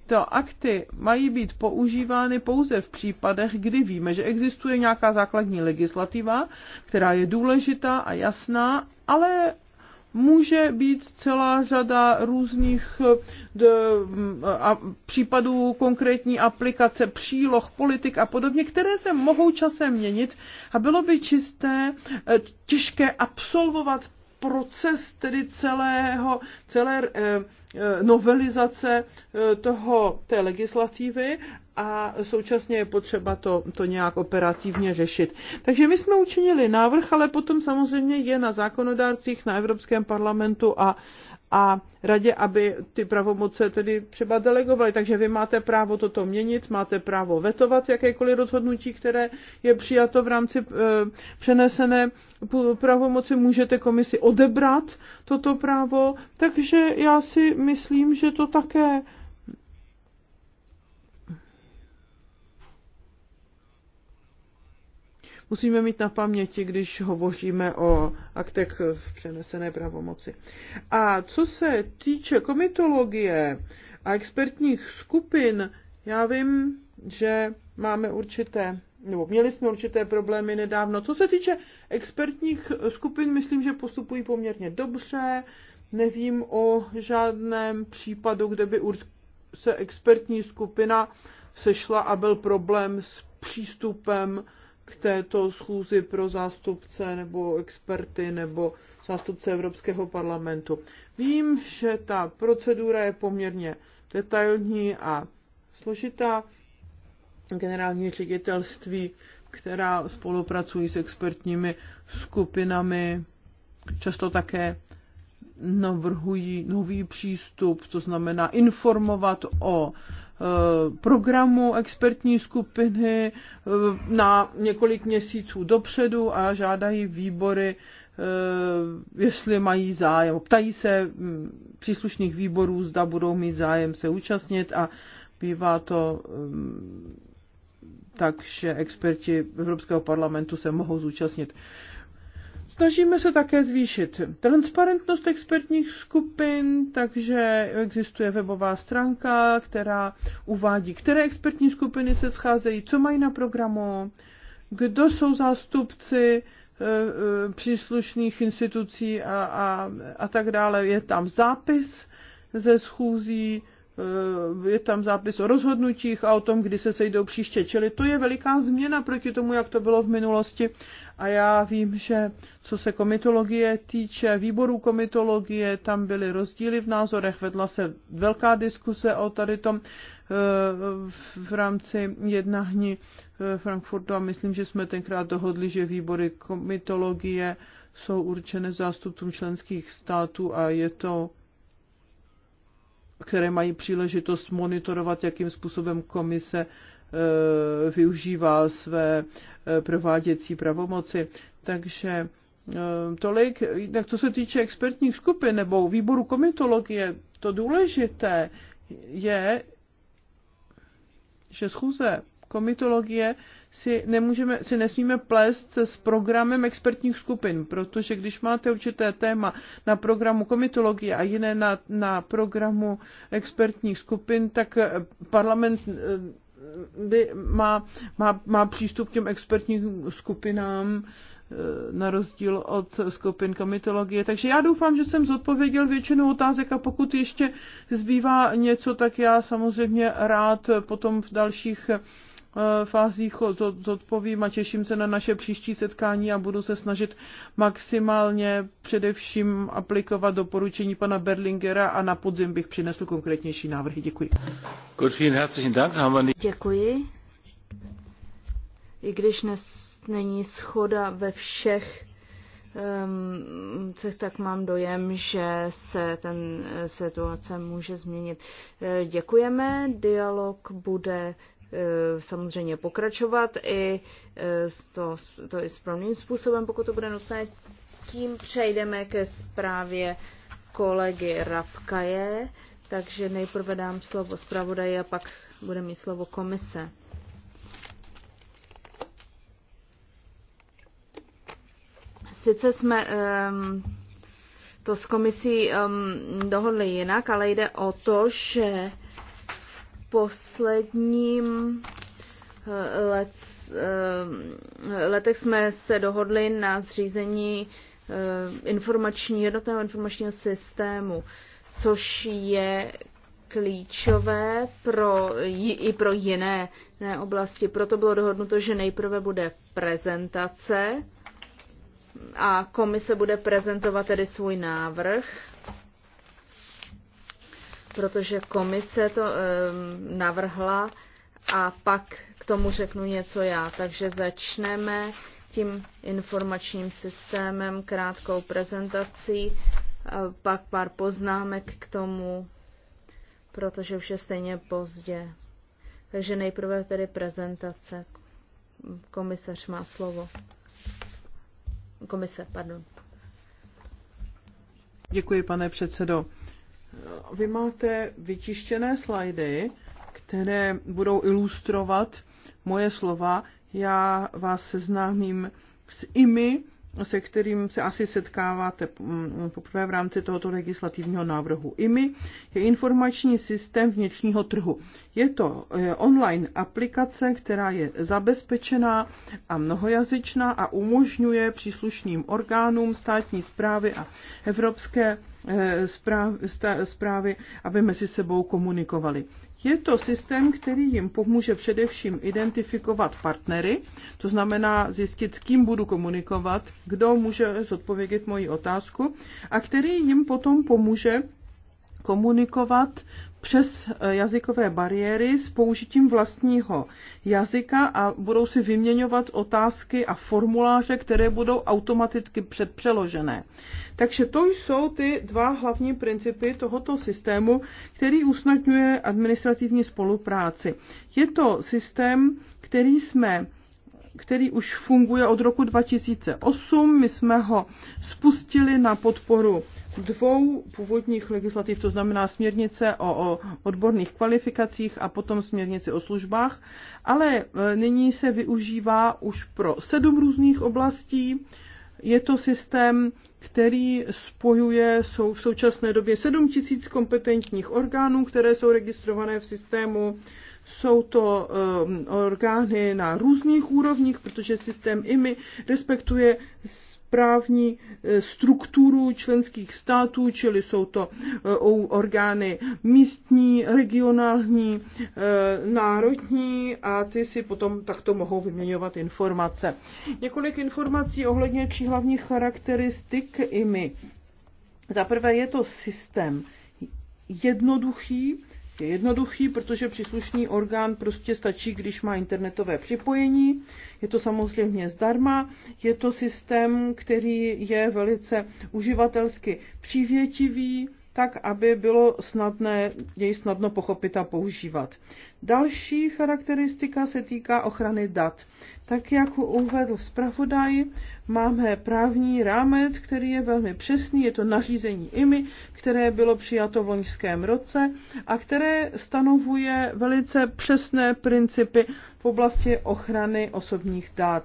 tyto akty mají být používány pouze v případech, kdy víme, že existuje nějaká základní legislativa, která je důležitá a jasná, ale může být celá řada různých a, případů konkrétní aplikace, příloh, politik a podobně, které se mohou časem měnit a bylo by čisté e, těžké absolvovat proces tedy celého, celé eh, eh, novelizace eh, toho, té legislativy a současně je potřeba to, to nějak operativně řešit. Takže my jsme učinili návrh, ale potom samozřejmě je na zákonodárcích, na Evropském parlamentu a a radě, aby ty pravomoce tedy třeba delegovaly. Takže vy máte právo toto měnit, máte právo vetovat jakékoliv rozhodnutí, které je přijato v rámci e, přenesené pravomoci, můžete komisi odebrat toto právo. Takže já si myslím, že to také musíme mít na paměti, když hovoříme o aktech v přenesené pravomoci. A co se týče komitologie a expertních skupin, já vím, že máme určité, nebo měli jsme určité problémy nedávno. Co se týče expertních skupin, myslím, že postupují poměrně dobře. Nevím o žádném případu, kde by se expertní skupina sešla a byl problém s přístupem k této schůzi pro zástupce nebo experty nebo zástupce Evropského parlamentu. Vím, že ta procedura je poměrně detailní a složitá. Generální ředitelství, která spolupracují s expertními skupinami, často také navrhují nový přístup, to znamená informovat o Eh, programu expertní skupiny eh, na několik měsíců dopředu a žádají výbory, eh, jestli mají zájem. Ptají se mm, příslušných výborů, zda budou mít zájem se účastnit a bývá to mm, tak, že experti Evropského parlamentu se mohou zúčastnit. Snažíme se také zvýšit transparentnost expertních skupin, takže existuje webová stránka, která uvádí, které expertní skupiny se scházejí, co mají na programu, kdo jsou zástupci eh, eh, příslušných institucí a, a, a tak dále. Je tam zápis ze schůzí, eh, je tam zápis o rozhodnutích a o tom, kdy se sejdou příště. Čili to je veliká změna proti tomu, jak to bylo v minulosti a já vím, že co se komitologie týče, výborů komitologie, tam byly rozdíly v názorech, vedla se velká diskuse o tady tom eh, v rámci jednání eh, Frankfurtu a myslím, že jsme tenkrát dohodli, že výbory komitologie jsou určené zástupcům členských států a je to které mají příležitost monitorovat, jakým způsobem komise Eh, využívá své eh, prováděcí pravomoci. Takže eh, tolik, tak co se týče expertních skupin nebo výboru komitologie, to důležité je, že schůze komitologie si, nemůžeme, si nesmíme plést s programem expertních skupin, protože když máte určité téma na programu komitologie a jiné na, na programu expertních skupin, tak parlament by, má, má, má přístup k těm expertním skupinám e, na rozdíl od skupin komitologie. Takže já doufám, že jsem zodpověděl většinu otázek a pokud ještě zbývá něco, tak já samozřejmě rád potom v dalších Eh, fázích zodpovím a těším se na naše příští setkání a budu se snažit maximálně především aplikovat doporučení pana Berlingera a na podzim bych přinesl konkrétnější návrhy. Děkuji. Děkuji. I když nes není schoda ve všech um, tak mám dojem, že se ten eh, situace může změnit. Eh, děkujeme, dialog bude Eh, samozřejmě pokračovat i eh, to, to i správným způsobem, pokud to bude nutné. Tím přejdeme ke zprávě kolegy Rabkaje, takže nejprve dám slovo zpravodaji a pak bude mít slovo komise. Sice jsme um, to s komisí um, dohodli jinak, ale jde o to, že posledním eh, let, eh, letech jsme se dohodli na zřízení eh, informační, jednotného informačního systému, což je klíčové pro, i pro jiné, jiné oblasti. Proto bylo dohodnuto, že nejprve bude prezentace a komise bude prezentovat tedy svůj návrh protože komise to um, navrhla a pak k tomu řeknu něco já. Takže začneme tím informačním systémem, krátkou prezentací, pak pár poznámek k tomu, protože už je stejně pozdě. Takže nejprve tedy prezentace. Komisař má slovo. Komise, pardon. Děkuji, pane předsedo. Vy máte vyčištěné slajdy, které budou ilustrovat moje slova. Já vás seznámím s IMI, se kterým se asi setkáváte mm, poprvé v rámci tohoto legislativního návrhu IMI, je informační systém vnitřního trhu. Je to eh, online aplikace, která je zabezpečená a mnohojazyčná a umožňuje příslušným orgánům státní zprávy a evropské zprávy, eh, aby mezi sebou komunikovali. Je to systém, který jim pomůže především identifikovat partnery, to znamená zjistit, s kým budu komunikovat, kdo může zodpovědět moji otázku a který jim potom pomůže komunikovat přes eh, jazykové bariéry s použitím vlastního jazyka a budou si vyměňovat otázky a formuláře, které budou automaticky předpřeložené. Takže to jsou ty dva hlavní principy tohoto systému, který usnadňuje administrativní spolupráci. Je to systém, který jsme který už funguje od roku 2008. My jsme ho spustili na podporu dvou původních legislativ, to znamená směrnice o, o odborných kvalifikacích a potom směrnice o službách, ale e, nyní se využívá už pro sedm různých oblastí. Je to systém, který spojuje jsou v současné době 7 tisíc kompetentních orgánů, které jsou registrované v systému jsou to um, orgány na různých úrovních, protože systém IMI respektuje správní eh, strukturu členských států, čili jsou to eh, orgány místní, regionální, eh, národní a ty si potom takto mohou vyměňovat informace. Několik informací ohledně tří hlavních charakteristik IMI. Za prvé je to systém jednoduchý, je prostě jednoduchý, protože příslušný orgán prostě stačí, když má internetové připojení. Je to samozřejmě zdarma, je to systém, který je velice uživatelsky přívětivý, tak aby bylo snadné, jej snadno pochopit a používat. Další charakteristika se týká ochrany dat. Tak, jak uvedl zpravodaj, máme právní rámec, který je velmi přesný, je to nařízení IMI, které bylo přijato v loňském roce a které stanovuje velice přesné principy v oblasti ochrany osobních dat.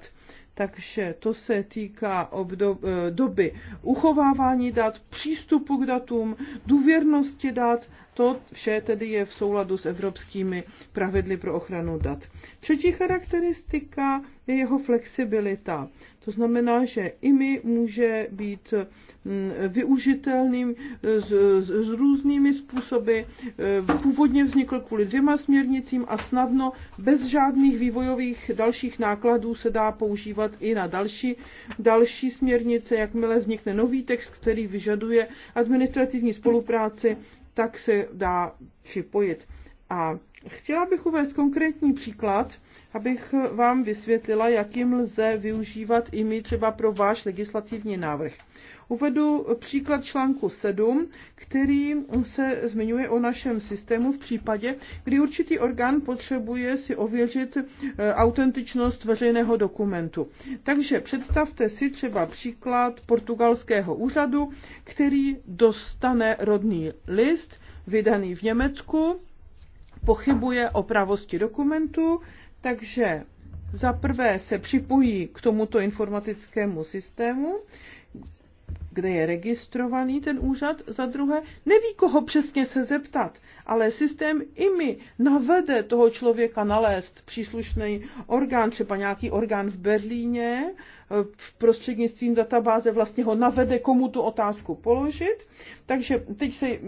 Takže to se týká obdob, eh, doby uchovávání dat, přístupu k datům, důvěrnosti dat to vše tedy je v souladu s evropskými pravidly pro ochranu dat. Třetí charakteristika je jeho flexibilita. To znamená, že IMI může být mm, využitelným s, s, s různými způsoby. E, původně vznikl kvůli dvěma směrnicím a snadno bez žádných vývojových dalších nákladů se dá používat i na další, další směrnice, jakmile vznikne nový text, který vyžaduje administrativní spolupráci tak se dá připojit. A chtěla bych uvést konkrétní příklad, abych vám vysvětlila, jakým lze využívat IMI třeba pro váš legislativní návrh. Uvedu příklad článku 7, který se zmiňuje o našem systému v případě, kdy určitý orgán potřebuje si ověřit eh, autentičnost veřejného dokumentu. Takže představte si třeba příklad portugalského úřadu, který dostane rodný list vydaný v Německu, pochybuje o pravosti dokumentu, takže za prvé se připojí k tomuto informatickému systému, kde je registrovaný ten úřad, za druhé neví, koho přesně se zeptat, ale systém IMI navede toho člověka nalézt příslušný orgán, třeba nějaký orgán v Berlíně, v prostřednictvím databáze vlastně ho navede, komu tu otázku položit. Takže teď se eh,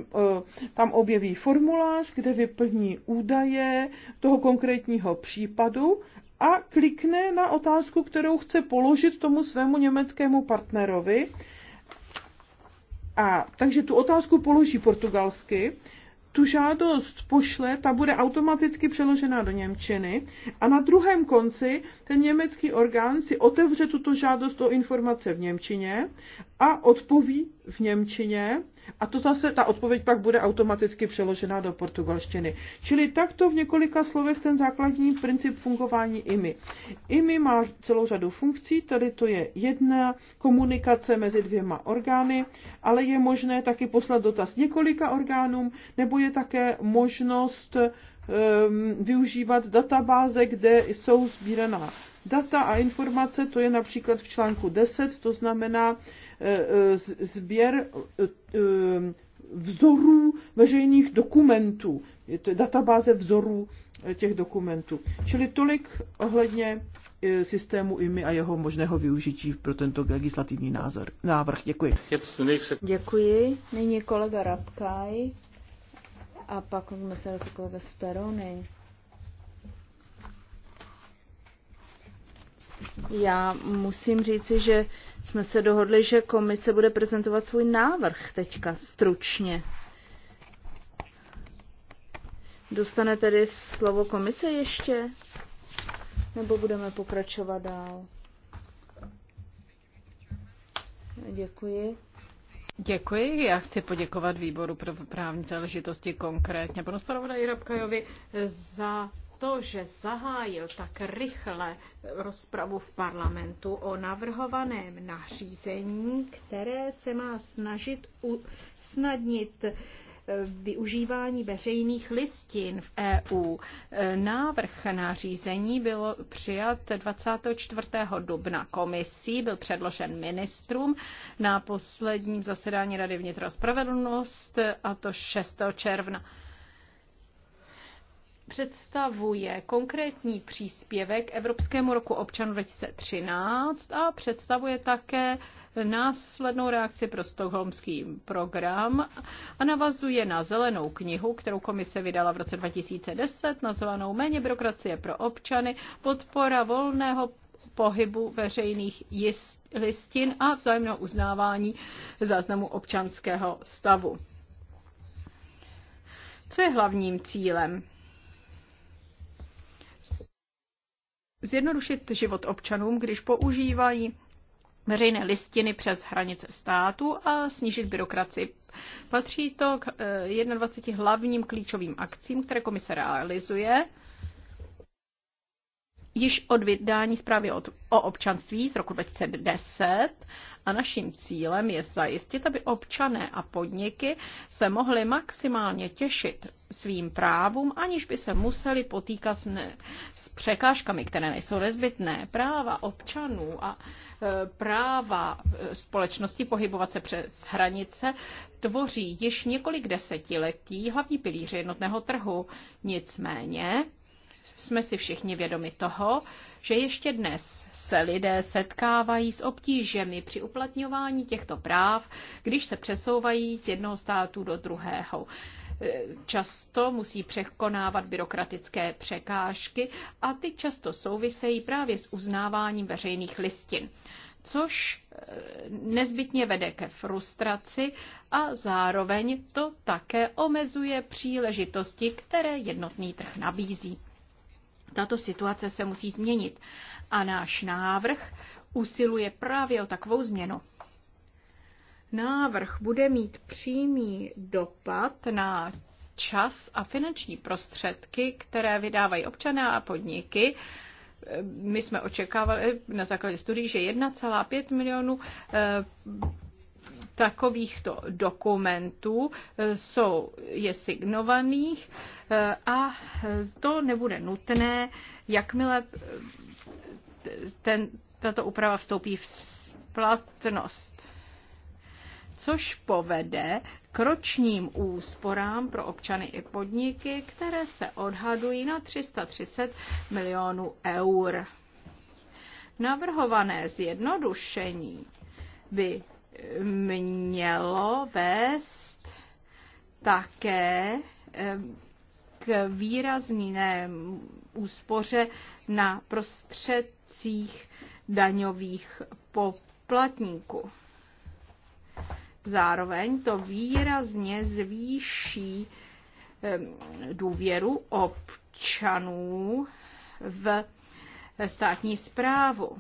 tam objeví formulář, kde vyplní údaje toho konkrétního případu a klikne na otázku, kterou chce položit tomu svému německému partnerovi a takže tu otázku položí portugalsky, tu žádost pošle, ta bude automaticky přeložena do Němčiny a na druhém konci ten německý orgán si otevře tuto žádost o informace v Němčině a odpoví v Němčině a to zase, ta odpověď pak bude automaticky přeložena do portugalštiny. Čili takto v několika slovech ten základní princip fungování IMI. IMI má celou řadu funkcí, tady to je jedna komunikace mezi dvěma orgány, ale je možné taky poslat dotaz několika orgánům, nebo je také možnost um, využívat databáze, kde jsou sbíraná Data a informace, to je například v článku 10, to znamená e, e, sběr e, vzorů veřejných dokumentů, je to databáze vzorů těch dokumentů. Čili tolik ohledně systému IMI a jeho možného využití pro tento legislativní názor, návrh. Děkuji. Děkuji. Nyní kolega Rabkaj a pak kolega Sperony. Já musím říci, že jsme se dohodli, že komise bude prezentovat svůj návrh teďka stručně. Dostane tedy slovo komise ještě? Nebo budeme pokračovat dál? Děkuji. Děkuji. Já chci poděkovat výboru pro právní záležitosti konkrétně panu zpravodaji Rabkajovi za to, že zahájil tak rychle rozpravu v parlamentu o navrhovaném nařízení, které se má snažit usnadnit eh, využívání veřejných listin v EU. Eh, návrh nařízení byl přijat 24. dubna komisí, byl předložen ministrům na posledním zasedání Rady vnitra spravedlnost, a to 6. června představuje konkrétní příspěvek Evropskému roku občanů 2013 a představuje také následnou reakci pro stokholmský program a navazuje na zelenou knihu, kterou komise vydala v roce 2010, nazvanou Méně byrokracie pro občany, podpora volného pohybu veřejných listin a vzájemného uznávání záznamu občanského stavu. Co je hlavním cílem? zjednodušit život občanům, když používají veřejné listiny přes hranice státu a snížit byrokraci. Patří to k 21 eh, hlavním klíčovým akcím, které komise realizuje již od vydání zprávy o občanství z roku 2010 a naším cílem je zajistit, aby občané a podniky se mohly maximálně těšit svým právům, aniž by se museli potýkat s, překážkami, které nejsou nezbytné. Práva občanů a e, práva e, společnosti pohybovat se přes hranice tvoří již několik desetiletí hlavní pilíře jednotného trhu. Nicméně jsme si všichni vědomi toho, že ještě dnes se lidé setkávají s obtížemi při uplatňování těchto práv, když se přesouvají z jednoho státu do druhého. Často musí překonávat byrokratické překážky a ty často souvisejí právě s uznáváním veřejných listin což eh, nezbytně vede ke frustraci a zároveň to také omezuje příležitosti, které jednotný trh nabízí. Tato situace se musí změnit a náš návrh usiluje právě o takovou změnu. Návrh bude mít přímý dopad na čas a finanční prostředky, které vydávají občané a podniky. My jsme očekávali na základě studií, že 1,5 milionů eh, takovýchto dokumentů eh, jsou, je signovaných eh, a eh, to nebude nutné, jakmile ten, tato úprava vstoupí v platnost což povede k ročním úsporám pro občany i podniky, které se odhadují na 330 milionů eur. Navrhované zjednodušení by mělo vést také k výrazné úspoře na prostředcích daňových poplatníků. Zároveň to výrazně zvýší důvěru občanů v státní zprávu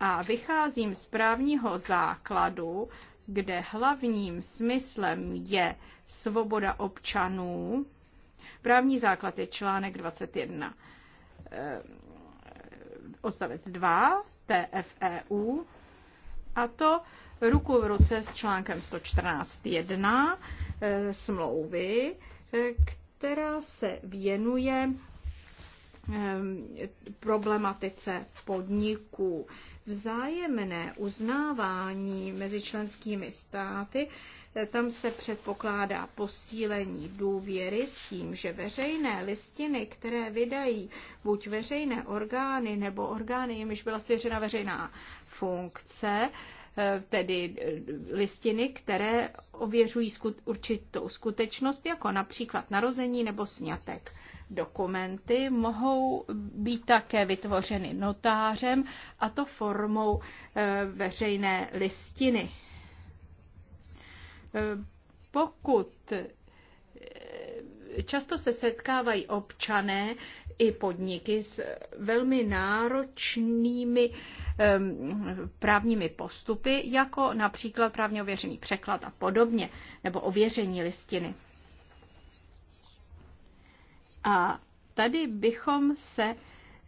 a vycházím z právního základu, kde hlavním smyslem je svoboda občanů. Právní základ je článek 21. Eh, odstavec 2 TFEU a to ruku v ruce s článkem 114.1 eh, smlouvy, eh, která se věnuje Ehm, problematice podniků. Vzájemné uznávání mezi členskými státy, eh, tam se předpokládá posílení důvěry s tím, že veřejné listiny, které vydají buď veřejné orgány nebo orgány, jimž byla svěřena veřejná funkce, eh, tedy eh, listiny, které ověřují určitou skutečnost, jako například narození nebo snětek dokumenty mohou být také vytvořeny notářem a to formou eh, veřejné listiny. Eh, pokud eh, často se setkávají občané i podniky s velmi náročnými ehm, právními postupy, jako například právně ověřený překlad a podobně, nebo ověření listiny. A tady bychom se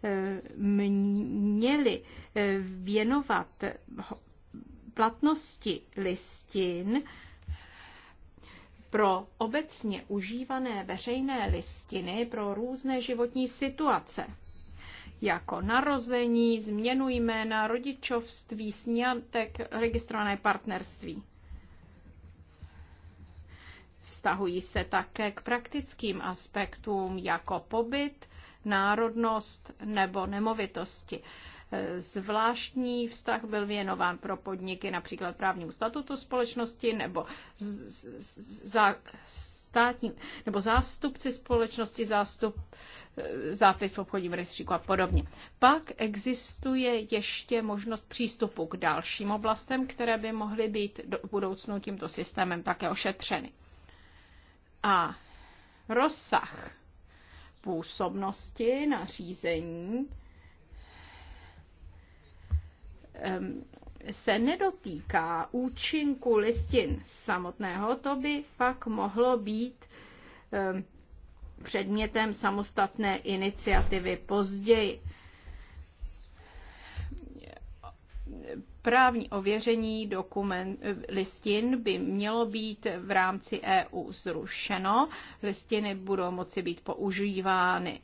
eh, měli eh, věnovat platnosti listin pro obecně užívané veřejné listiny pro různé životní situace, jako narození, změnu jména, rodičovství, snětek, registrované partnerství. Vztahují se také k praktickým aspektům jako pobyt, národnost nebo nemovitosti. Zvláštní vztah byl věnován pro podniky například právnímu statutu společnosti nebo za státní, nebo zástupci společnosti, zástup, zápis v obchodním rejstříku a podobně. Pak existuje ještě možnost přístupu k dalším oblastem, které by mohly být do budoucnu tímto systémem také ošetřeny. A rozsah působnosti nařízení se nedotýká účinku listin samotného, to by pak mohlo být předmětem samostatné iniciativy později. Právní ověření dokument, listin by mělo být v rámci EU zrušeno. Listiny budou moci být používány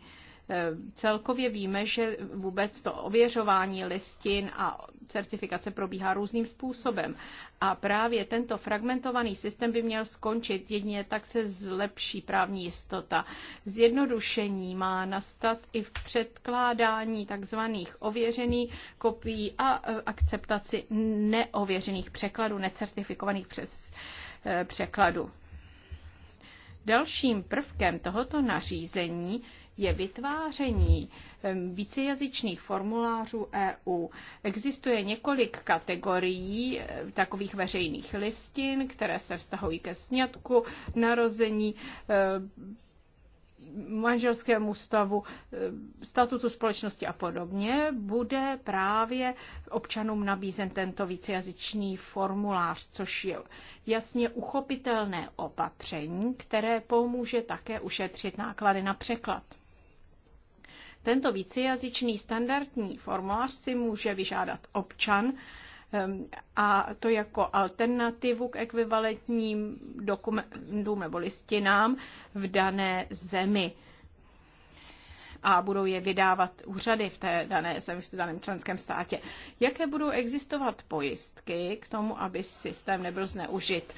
Celkově víme, že vůbec to ověřování listin a certifikace probíhá různým způsobem. A právě tento fragmentovaný systém by měl skončit, jedině tak se zlepší právní jistota. Zjednodušení má nastat i v předkládání tzv. ověřených kopií a e, akceptaci neověřených překladů, necertifikovaných přes, e, překladů. Dalším prvkem tohoto nařízení je vytváření vícejazyčných formulářů EU. Existuje několik kategorií takových veřejných listin, které se vztahují ke sňatku, narození, manželskému stavu, statutu společnosti a podobně, bude právě občanům nabízen tento vícejazyčný formulář, což je jasně uchopitelné opatření, které pomůže také ušetřit náklady na překlad. Tento vícejazyčný standardní formulář si může vyžádat občan ehm, a to jako alternativu k ekvivalentním dokumentům nebo listinám v dané zemi a budou je vydávat úřady v té dané zemi, v té daném členském státě. Jaké budou existovat pojistky k tomu, aby systém nebyl zneužit?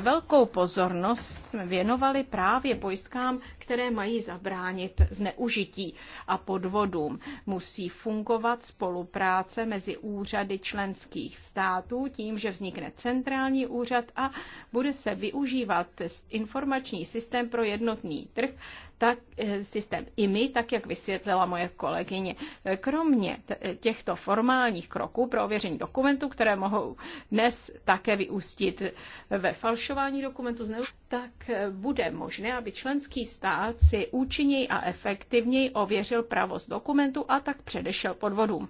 Velkou pozornost jsme věnovali právě pojistkám, které mají zabránit zneužití a podvodům. Musí fungovat spolupráce mezi úřady členských států tím, že vznikne centrální úřad a bude se využívat informační systém pro jednotný trh tak, eh, systém IMI, tak jak vysvětlila moje kolegyně. Eh, kromě eh, těchto formálních kroků pro ověření dokumentů, které mohou dnes také vyústit ve falšování dokumentů, tak bude možné, aby členský stát si účinněji a efektivněji ověřil pravost dokumentu a tak předešel podvodům.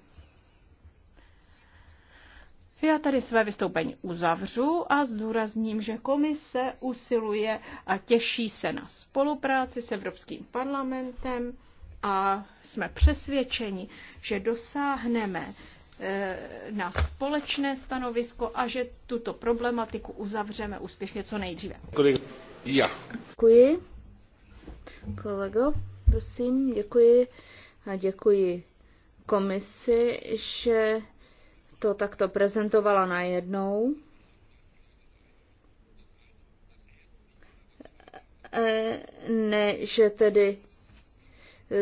Já tady své vystoupení uzavřu a zdůrazním, že komise usiluje a těší se na spolupráci s Evropským parlamentem a jsme přesvědčeni, že dosáhneme eh, na společné stanovisko a že tuto problematiku uzavřeme úspěšně co nejdříve. Já. Děkuji. Kolego, prosím, děkuji. A děkuji komisi, že to takto prezentovala najednou. E, ne, že tedy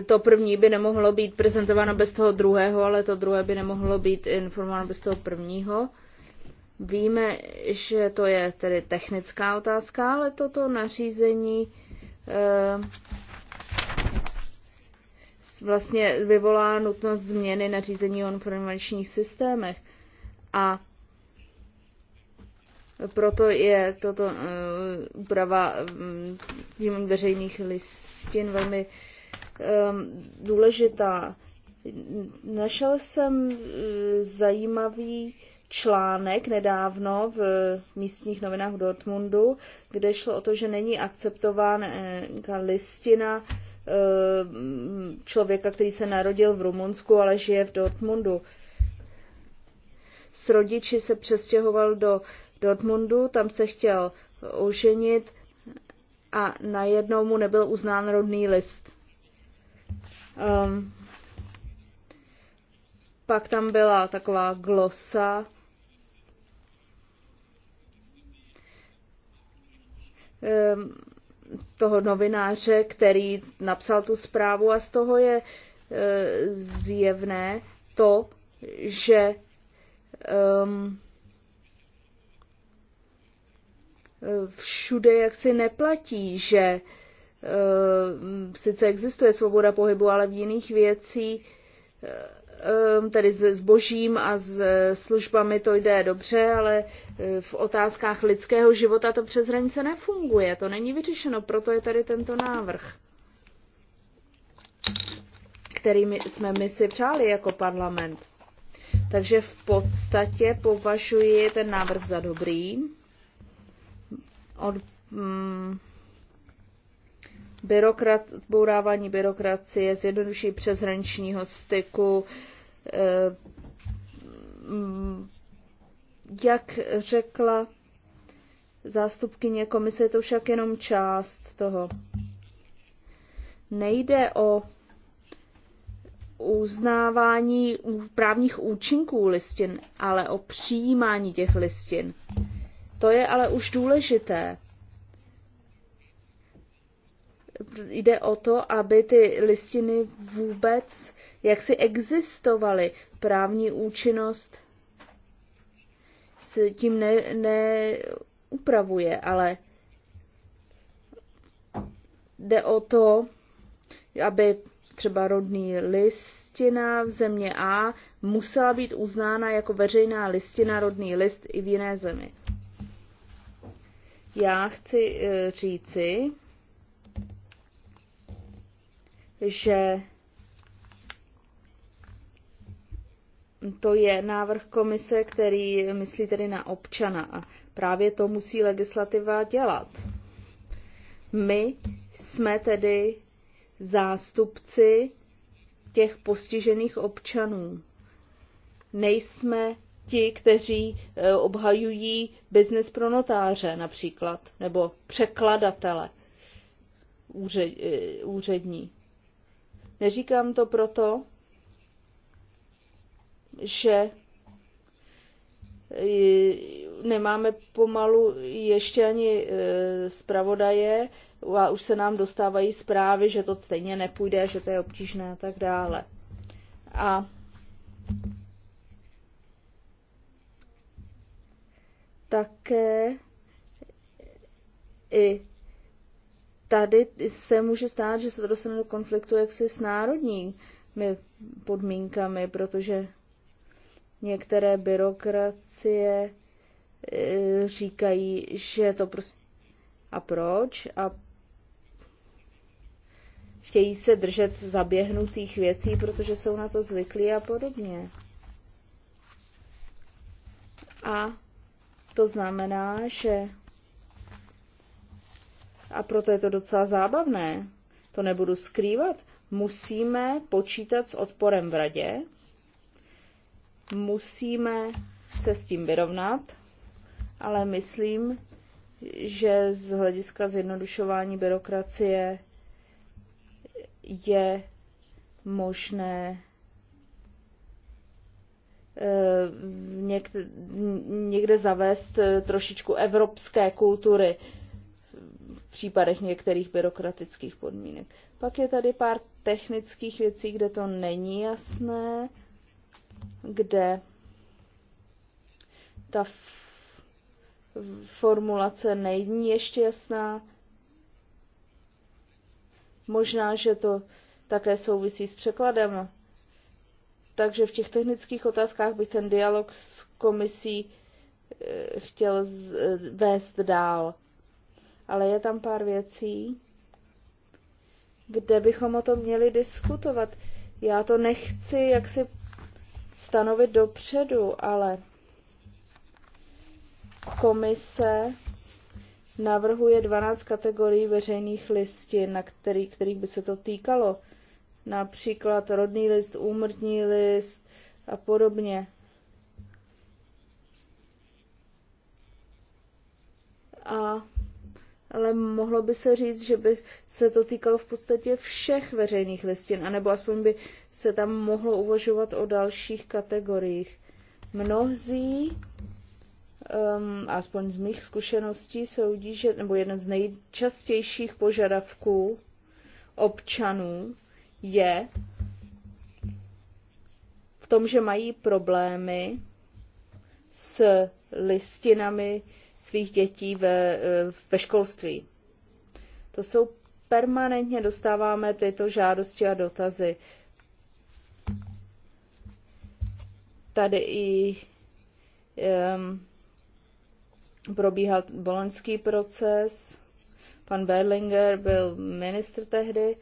to první by nemohlo být prezentováno bez toho druhého, ale to druhé by nemohlo být informováno bez toho prvního. Víme, že to je tedy technická otázka, ale toto nařízení e, vlastně vyvolá nutnost změny na řízení o informačních systémech. A proto je toto uh, úprava um, veřejných listin velmi um, důležitá. Našel jsem uh, zajímavý článek nedávno v eh, místních novinách v Dortmundu, kde šlo o to, že není akceptována listina Eh, člověka, který se narodil v Rumunsku, ale žije v Dortmundu. S rodiči se přestěhoval do Dortmundu, tam se chtěl oženit a najednou mu nebyl uznán rodný list. Um, pak tam byla taková glosa. Um, toho novináře, který napsal tu zprávu a z toho je e, zjevné to, že um, všude jaksi neplatí, že e, sice existuje svoboda pohybu, ale v jiných věcí Ehm, tedy s zbožím a s e, službami to jde dobře, ale e, v otázkách lidského života to přes hranice nefunguje. To není vyřešeno, proto je tady tento návrh, který my, jsme my si přáli jako parlament. Takže v podstatě považuji ten návrh za dobrý. Od, mm, byrokrat, bourávání byrokracie, zjednodušení přeshraničního styku, eh, mm, jak řekla zástupkyně komise, je to však jenom část toho. Nejde o uznávání právních účinků listin, ale o přijímání těch listin. To je ale už důležité jde o to, aby ty listiny vůbec jaksi existovaly. Právní účinnost se tím neupravuje, ne, ale jde o to, aby třeba rodný listina v země A musela být uznána jako veřejná listina, rodný list i v jiné zemi. Já chci eh, říci, že to je návrh komise, který myslí tedy na občana a právě to musí legislativa dělat. My jsme tedy zástupci těch postižených občanů. Nejsme ti, kteří eh, obhajují biznis pro notáře například, nebo překladatele eh, úřední. Neříkám to proto, že e, nemáme pomalu ještě ani e, zpravodaje a už se nám dostávají zprávy, že to stejně nepůjde, že to je obtížné a tak dále. A také i tady se může stát, že se to dostane do konfliktu jaksi s národními podmínkami, protože některé byrokracie e, říkají, že to prostě a proč a chtějí se držet zaběhnutých věcí, protože jsou na to zvyklí a podobně. A to znamená, že a proto je to docela zábavné. To nebudu skrývat. Musíme počítat s odporem v radě. Musíme se s tím vyrovnat, ale myslím, že z hlediska zjednodušování byrokracie je možné eh, někde, někde zavést eh, trošičku evropské kultury v případech některých byrokratických podmínek. Pak je tady pár technických věcí, kde to není jasné, kde ta formulace není ještě jasná. Možná, že to také souvisí s překladem. Takže v těch technických otázkách bych ten dialog s komisí eh, chtěl vést dál ale je tam pár věcí, kde bychom o tom měli diskutovat. Já to nechci jak si stanovit dopředu, ale komise navrhuje 12 kategorií veřejných listin, na který, kterých by se to týkalo. Například rodný list, úmrtní list a podobně. A ale mohlo by se říct, že by se to týkalo v podstatě všech veřejných listin, anebo aspoň by se tam mohlo uvažovat o dalších kategoriích. Mnozí, um, aspoň z mých zkušeností, soudí, že, nebo jeden z nejčastějších požadavků občanů je v tom, že mají problémy s listinami, svých dětí ve, eh, ve školství. To jsou permanentně dostáváme tyto žádosti a dotazy. Tady i um, probíhal bolenský proces. Pan Berlinger byl ministr tehdy.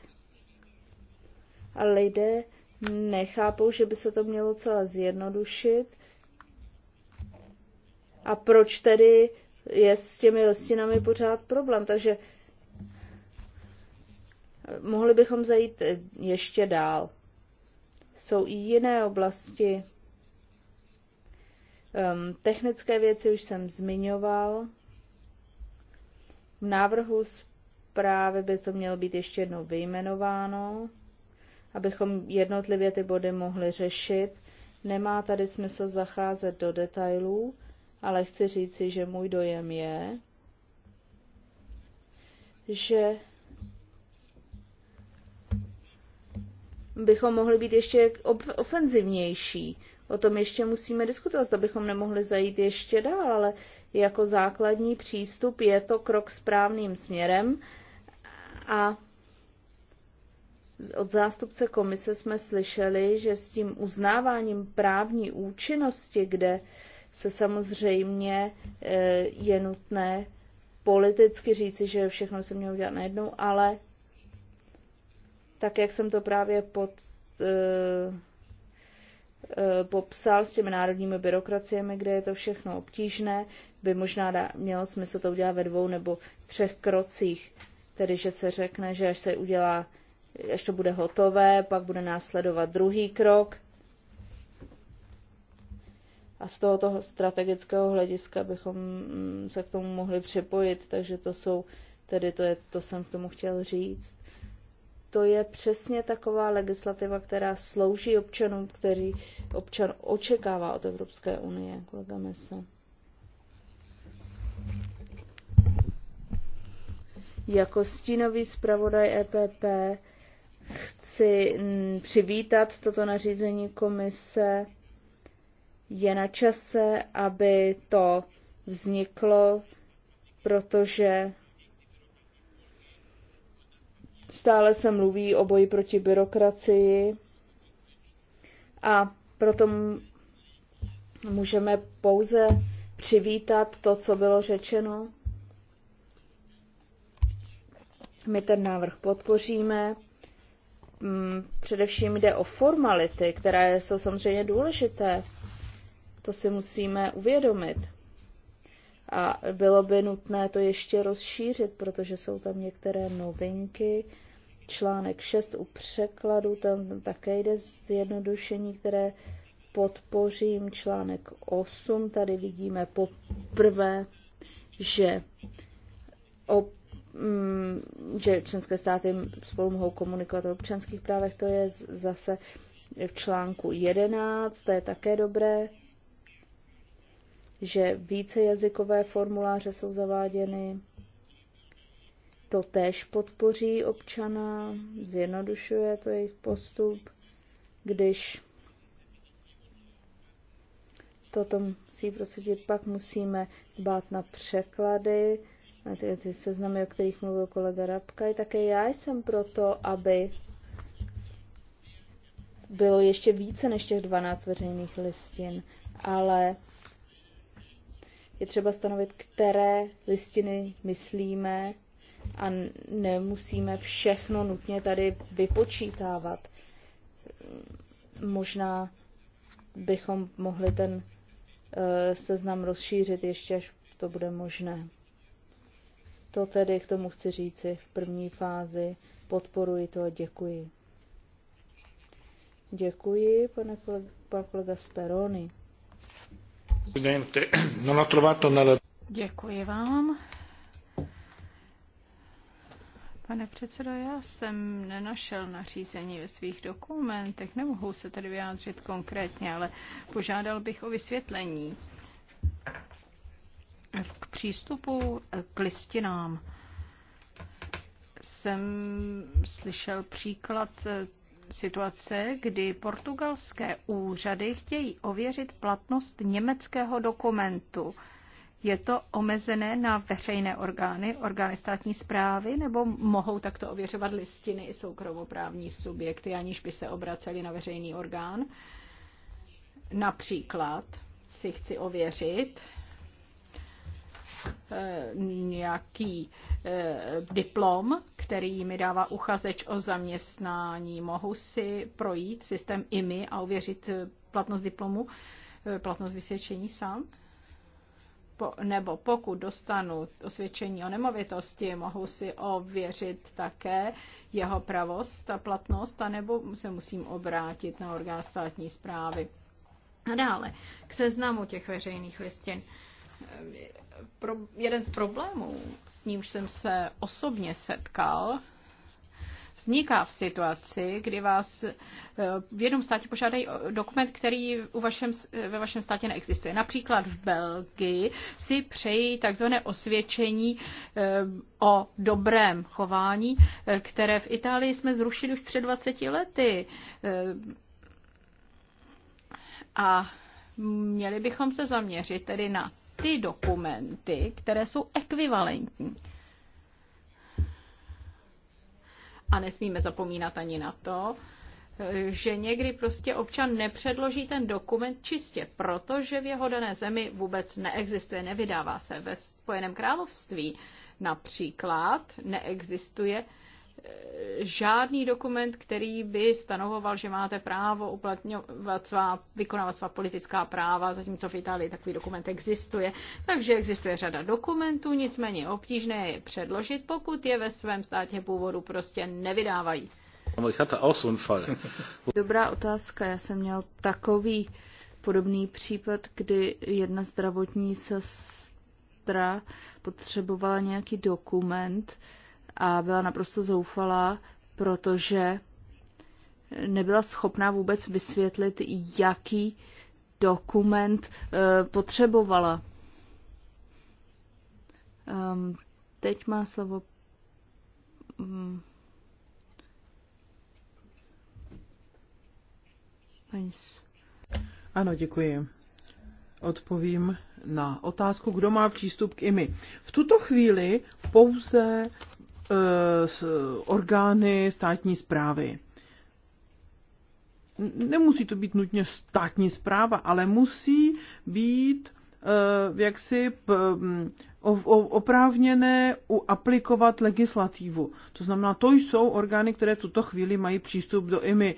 A lidé nechápou, že by se to mělo celé zjednodušit. A proč tedy je s těmi listinami pořád problém. Takže mohli bychom zajít ještě dál. Jsou i jiné oblasti. Um, technické věci už jsem zmiňoval. V návrhu zprávy by to mělo být ještě jednou vyjmenováno, abychom jednotlivě ty body mohli řešit. Nemá tady smysl zacházet do detailů ale chci říci, že můj dojem je, že bychom mohli být ještě ofenzivnější. O tom ještě musíme diskutovat, zda bychom nemohli zajít ještě dál, ale jako základní přístup je to krok správným směrem a od zástupce komise jsme slyšeli, že s tím uznáváním právní účinnosti, kde uh, se samozřejmě eh, je nutné politicky říci, že všechno se mělo udělat najednou, ale tak, jak jsem to právě pod, eh, eh, popsal s těmi národními byrokraciemi, kde je to všechno obtížné, by možná dá, mělo smysl to udělat ve dvou nebo třech krocích. Tedy, že se řekne, že až se udělá, až to bude hotové, pak bude následovat druhý krok, a z tohoto strategického hlediska bychom mm, se k tomu mohli připojit, takže to jsou, tedy to, je, to jsem k tomu chtěl říct. To je přesně taková legislativa, která slouží občanům, který občan očekává od Evropské unie, kolega Mesa. Jako stínový zpravodaj EPP chci mm, přivítat toto nařízení komise je na čase, aby to vzniklo, protože stále se mluví o boji proti byrokracii a proto můžeme pouze přivítat to, co bylo řečeno. My ten návrh podpoříme. Mm, především jde o formality, které jsou samozřejmě důležité to si musíme uvědomit. A bylo by nutné to ještě rozšířit, protože jsou tam některé novinky. Článek 6 u překladu, tam také jde zjednodušení, které podpořím. Článek 8, tady vidíme poprvé, že o mm, že členské státy spolu mohou komunikovat o občanských právech, to je zase v článku 11, to je také dobré, že vícejazykové formuláře jsou zaváděny. To též podpoří občana, zjednodušuje to jejich postup, když toto musí prosadit, pak musíme dbát na překlady, na ty, ty seznamy, o kterých mluvil kolega Rabka. I také já jsem proto, aby bylo ještě více než těch 12 veřejných listin, ale je třeba stanovit, které listiny myslíme a nemusíme všechno nutně tady vypočítávat. Možná bychom mohli ten eh, seznam rozšířit ještě, až to bude možné. To tedy k tomu chci říci v první fázi. Podporuji to a děkuji. Děkuji, pane kolega, kolega Speroni. Děkuji vám. Pane předsedo, já jsem nenašel nařízení ve svých dokumentech, nemohu se tedy vyjádřit konkrétně, ale požádal bych o vysvětlení k přístupu k listinám. Jsem slyšel příklad situace, kdy portugalské úřady chtějí ověřit platnost německého dokumentu. Je to omezené na veřejné orgány, orgány státní zprávy, nebo mohou takto ověřovat listiny i soukromoprávní subjekty, aniž by se obraceli na veřejný orgán? Například si chci ověřit eh, nějaký eh, diplom který mi dává uchazeč o zaměstnání. Mohu si projít systém IMI a uvěřit eh, platnost diplomu, eh, platnost vysvědčení sám? po, nebo pokud dostanu osvědčení o nemovitosti, mohu si ověřit také jeho pravost a platnost, anebo se musím obrátit na orgán státní zprávy. A dále, k seznamu těch veřejných listin. Uh, pro, jeden z problémů, s nímž jsem se osobně setkal, vzniká v situaci, kdy vás eh, v jednom státě požádají dokument, který u vašem, ve vašem státě neexistuje. Například v Belgii si přejí takzvané osvědčení eh, o dobrém chování, eh, které v Itálii jsme zrušili už před 20 lety. A měli bychom se zaměřit tedy na ty dokumenty, které jsou ekvivalentní. A nesmíme zapomínat ani na to, že někdy prostě občan nepředloží ten dokument čistě, protože v jeho dané zemi vůbec neexistuje, nevydává se. Ve Spojeném království například neexistuje žádný dokument, který by stanovoval, že máte právo uplatňovat svá, vykonávat svá politická práva, zatímco v Itálii takový dokument existuje. Takže existuje řada dokumentů, nicméně obtížné je předložit, pokud je ve svém státě původu prostě nevydávají. Dobrá otázka. Já jsem měl takový podobný případ, kdy jedna zdravotní sestra potřebovala nějaký dokument, a byla naprosto zoufalá, protože nebyla schopná vůbec vysvětlit, jaký dokument eh, potřebovala. Ehm, teď má slovo mm, paní. Ano, děkuji. Odpovím na otázku, kdo má přístup k IMI. V tuto chvíli pouze Eh, orgány státní zprávy. Nemusí to být nutně státní zpráva, ale musí být eh, jaksi oprávněné aplikovat legislativu. To znamená, to jsou orgány, které v tuto chvíli mají přístup do IMI. E,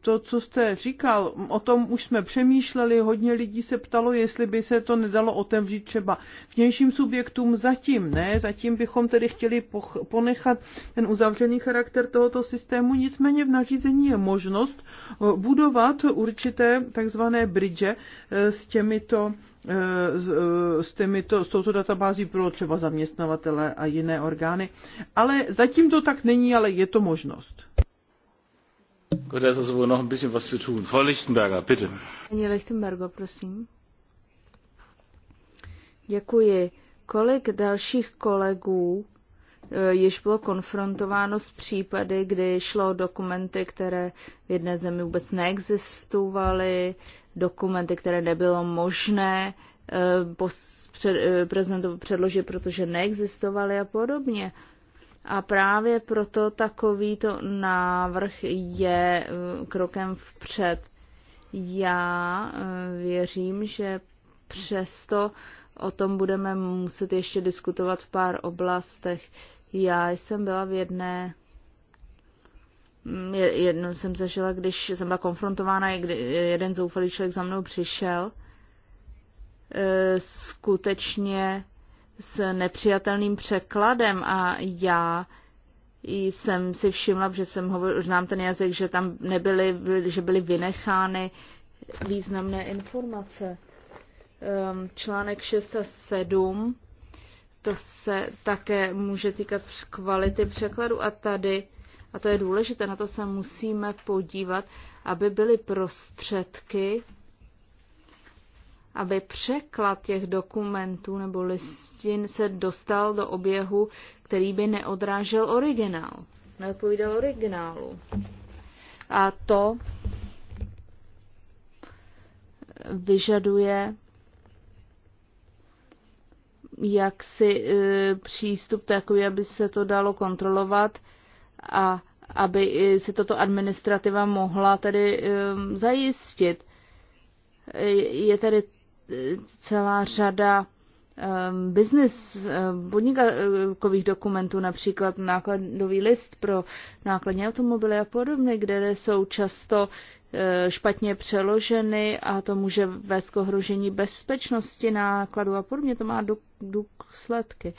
to, co jste říkal, o tom už jsme přemýšleli, hodně lidí se ptalo, jestli by se to nedalo otevřít třeba vnějším subjektům zatím. Ne, zatím bychom tedy chtěli ponechat ten uzavřený charakter tohoto systému, nicméně v nařízení je možnost e, budovat určité takzvané bridge e, s těmito s, těmito, s touto databází pro třeba zaměstnavatele a jiné orgány. Ale zatím to tak není, ale je to možnost. Gut, da ist also wohl noch ein bisschen was zu tun. Frau Lichtenberger, bitte. Paní Lichtenberger, prosím. Děkuji. Kolik dalších kolegů eh, již bylo konfrontováno s případy, kdy šlo o dokumenty, které v jedné zemi vůbec neexistovaly, dokumenty, které nebylo možné Eh, eh, předložit, protože neexistovaly a podobně. A právě proto takovýto návrh je eh, krokem vpřed. Já věřím, že přesto o tom budeme muset ještě diskutovat v pár oblastech. Já jsem byla v jedné mm, jednou jsem zažila, když jsem byla konfrontována, kdy jeden zoufalý člověk za mnou přišel Eh, skutečně s nepřijatelným překladem a já jsem si všimla, že jsem hovoril, znám ten jazyk, že tam nebyly, že byly vynechány významné informace. Ehm, článek 6 a 7, to se také může týkat kvality překladu a tady, a to je důležité, na to se musíme podívat, aby byly prostředky, aby překlad těch dokumentů nebo listin se dostal do oběhu, který by neodrážel originál, neodpovídal originálu. A to vyžaduje jaksi e, přístup takový, aby se to dalo kontrolovat a aby e, si toto administrativa mohla tedy e, zajistit. Je tedy celá řada ehm, business ehm, podnikových dokumentů, například nákladový list pro nákladní automobily a podobně, kde jsou často eh, špatně přeloženy a to může vést k ohrožení bezpečnosti nákladu a podobně. To má důsledky.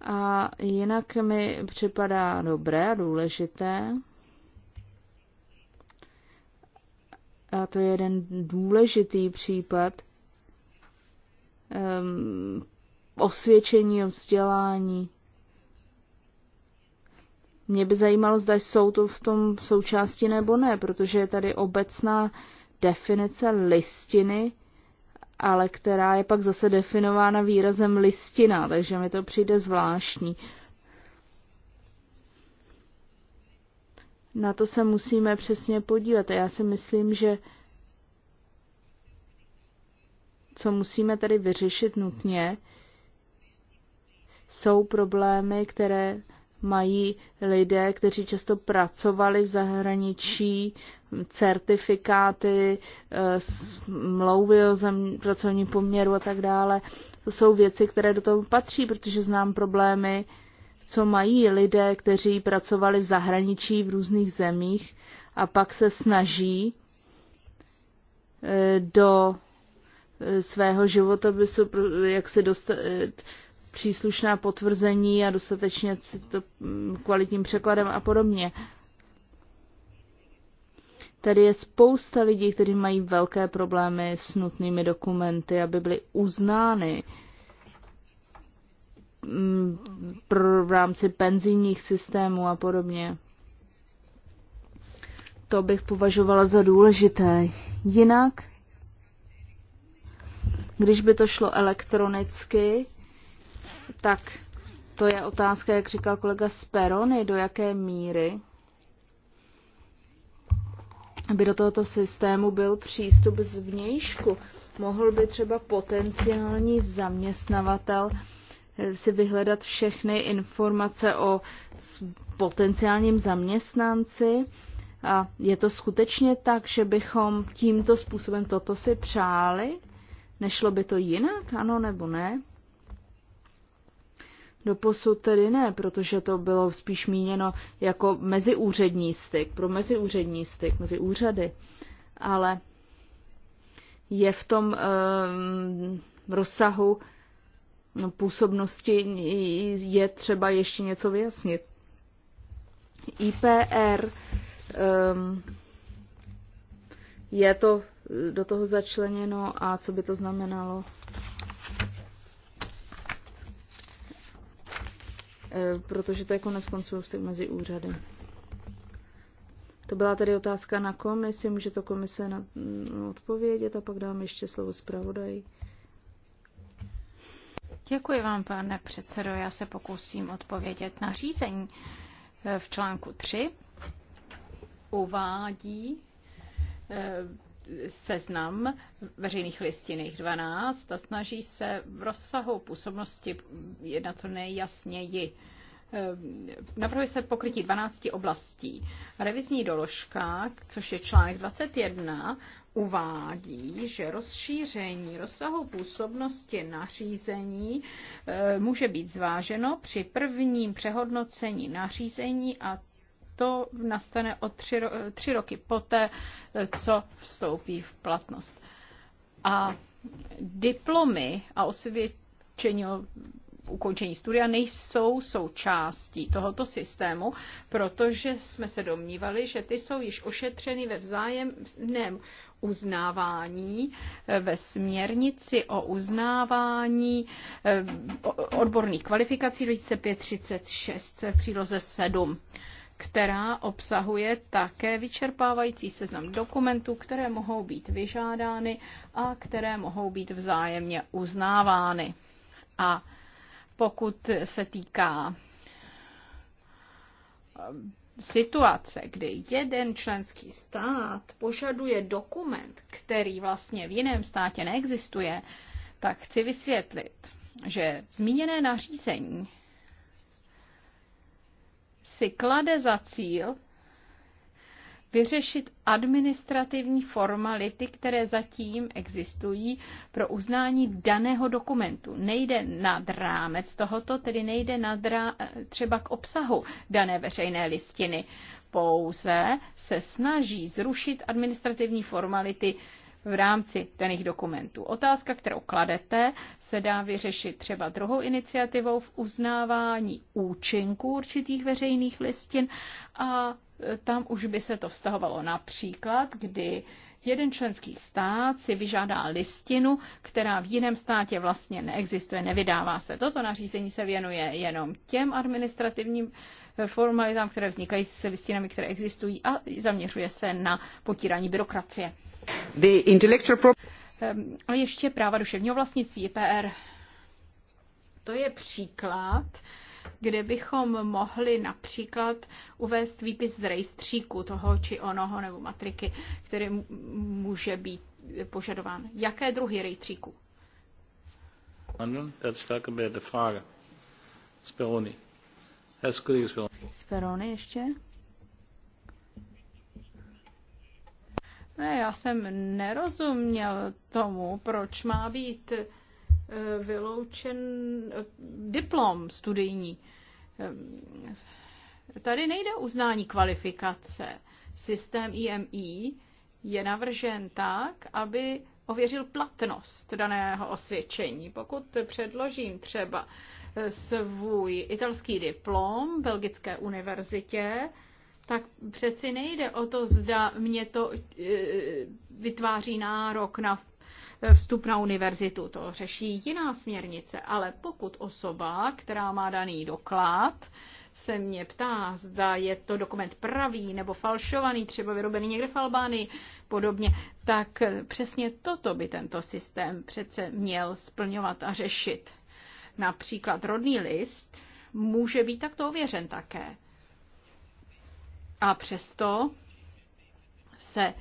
A jinak mi připadá dobré a důležité, a to je jeden důležitý případ um, osvědčení o vzdělání. Mě by zajímalo, zda jsou to v tom součásti nebo ne, protože je tady obecná definice listiny, ale která je pak zase definována výrazem listina, takže mi to přijde zvláštní. na to se musíme přesně podívat. A já si myslím, že co musíme tady vyřešit nutně, jsou problémy, které mají lidé, kteří často pracovali v zahraničí, certifikáty, eh, mlouvy o zem, pracovním poměru a tak dále. To jsou věci, které do toho patří, protože znám problémy co mají lidé, kteří pracovali v zahraničí v různých zemích a pak se snaží eh, do eh, svého života, se jak se dostat eh, příslušná potvrzení a dostatečně to mm, kvalitním překladem a podobně. Tady je spousta lidí, kteří mají velké problémy s nutnými dokumenty, aby byly uznány. Eh, Mm, pro v rámci penzijních systémů a podobně. To bych považovala za důležité. Jinak, když by to šlo elektronicky, tak to je otázka, jak říkal kolega Sperony, do jaké míry aby do tohoto systému byl přístup zvnějšku. Mohl by třeba potenciální zaměstnavatel si vyhledat všechny informace o potenciálním zaměstnanci. A je to skutečně tak, že bychom tímto způsobem toto si přáli? Nešlo by to jinak, ano nebo ne? Doposud tedy ne, protože to bylo spíš míněno jako meziúřední styk, pro meziúřední styk, mezi úřady. Ale je v tom um, rozsahu působnosti je třeba ještě něco vyjasnit. IPR um, ehm, je to do toho začleněno a co by to znamenalo? Ehm, protože to je konec konců mezi úřady. To byla tedy otázka na komisi, může to komise na, odpovědět a pak dám ještě slovo zpravodaji. Děkuji vám, pane předsedo. Já se pokusím odpovědět na řízení. V článku 3 uvádí eh, seznam veřejných listin, 12, a snaží se v rozsahu působnosti jednat co nejjasněji Ehm, navrhuje se pokrytí 12 oblastí. Revizní doložka, což je článek 21, uvádí, že rozšíření rozsahu působnosti nařízení ehm, může být zváženo při prvním přehodnocení nařízení a to nastane o tři, tři roky poté, co vstoupí v platnost. A diplomy a osvědčení ukončení studia nejsou součástí tohoto systému, protože jsme se domnívali, že ty jsou již ošetřeny ve vzájemném uznávání eh, ve směrnici o uznávání eh, odborných kvalifikací 2536 v příloze 7 která obsahuje také vyčerpávající seznam dokumentů, které mohou být vyžádány a které mohou být vzájemně uznávány. A pokud se týká eh, situace, kdy jeden členský stát požaduje dokument, který vlastně v jiném státě neexistuje, tak chci vysvětlit, že zmíněné nařízení si klade za cíl vyřešit administrativní formality, které zatím existují pro uznání daného dokumentu. Nejde nad rámec tohoto, tedy nejde nad rá, třeba k obsahu dané veřejné listiny. Pouze se snaží zrušit administrativní formality v rámci daných dokumentů. Otázka, kterou kladete, se dá vyřešit třeba druhou iniciativou v uznávání účinků určitých veřejných listin a tam už by se to vztahovalo například, kdy jeden členský stát si vyžádá listinu, která v jiném státě vlastně neexistuje, nevydává se. Toto nařízení se věnuje jenom těm administrativním formalitám, které vznikají s listinami, které existují a zaměřuje se na potírání byrokracie. The intellectual pro- ehm, a ještě práva duševního vlastnictví, PR. To je příklad kde bychom mohli například uvést výpis z rejstříku toho či onoho nebo matriky, který může být požadován. Jaké druhy rejstříků? Handeln, Speroni. Speroni. Speroni ještě? Ne, já jsem nerozuměl tomu, proč má být Eh, vyloučen eh, diplom studijní. Eh, tady nejde uznání kvalifikace. Systém IMI je navržen tak, aby ověřil platnost daného osvědčení. Pokud předložím třeba svůj italský diplom Belgické univerzitě, tak přeci nejde o to, zda mě to vytváří nárok na vstup na univerzitu. To řeší jiná směrnice, ale pokud osoba, která má daný doklad, se mě ptá, zda je to dokument pravý nebo falšovaný, třeba vyrobený někde v Albánii, podobně, tak přesně toto by tento systém přece měl splňovat a řešit. Například rodný list může být takto ověřen také. A přesto se